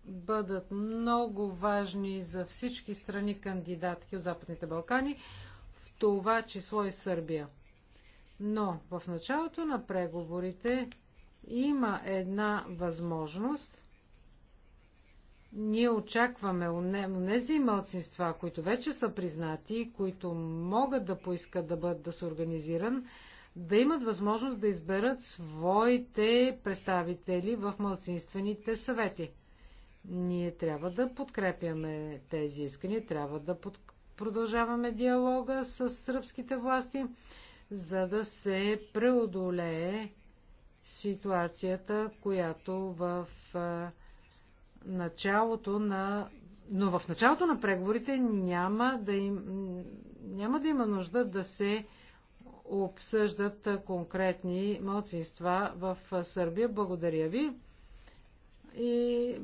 бъдат много важни за всички страни кандидатки от Западните Балкани, в това число и Сърбия. Но в началото на преговорите има една възможност. Ние очакваме нези мълцинства, които вече са признати, които могат да поискат да бъдат да се организиран, да имат възможност да изберат своите представители в мълцинствените съвети. Ние трябва да подкрепяме тези искания, трябва да под... продължаваме диалога с сръбските власти, за да се преодолее ситуацията, която в началото на. Но в началото на преговорите няма да, им, няма да има нужда да се обсъждат конкретни младсинства в Сърбия. Благодаря ви. И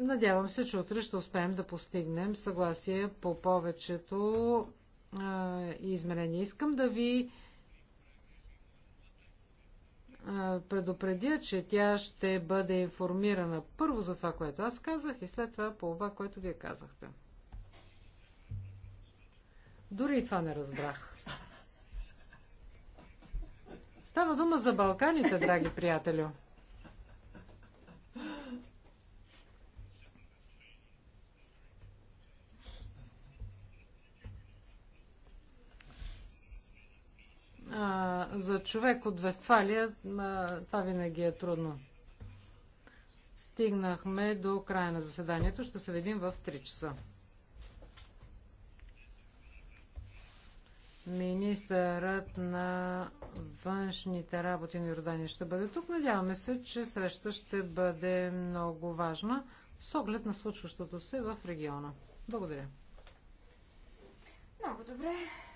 Надявам се, че утре ще успеем да постигнем съгласие по повечето а, изменения. Искам да ви а, предупредя, че тя ще бъде информирана първо за това, което аз казах и след това по това, което вие казахте. Дори и това не разбрах. Става дума за Балканите, драги приятелю. а, за човек от Вестфалия а, това винаги е трудно. Стигнахме до края на заседанието. Ще се видим в 3 часа. Министърът на външните работи на Йордания ще бъде тук. Надяваме се, че среща ще бъде много важна с оглед на случващото се в региона. Благодаря. Много добре.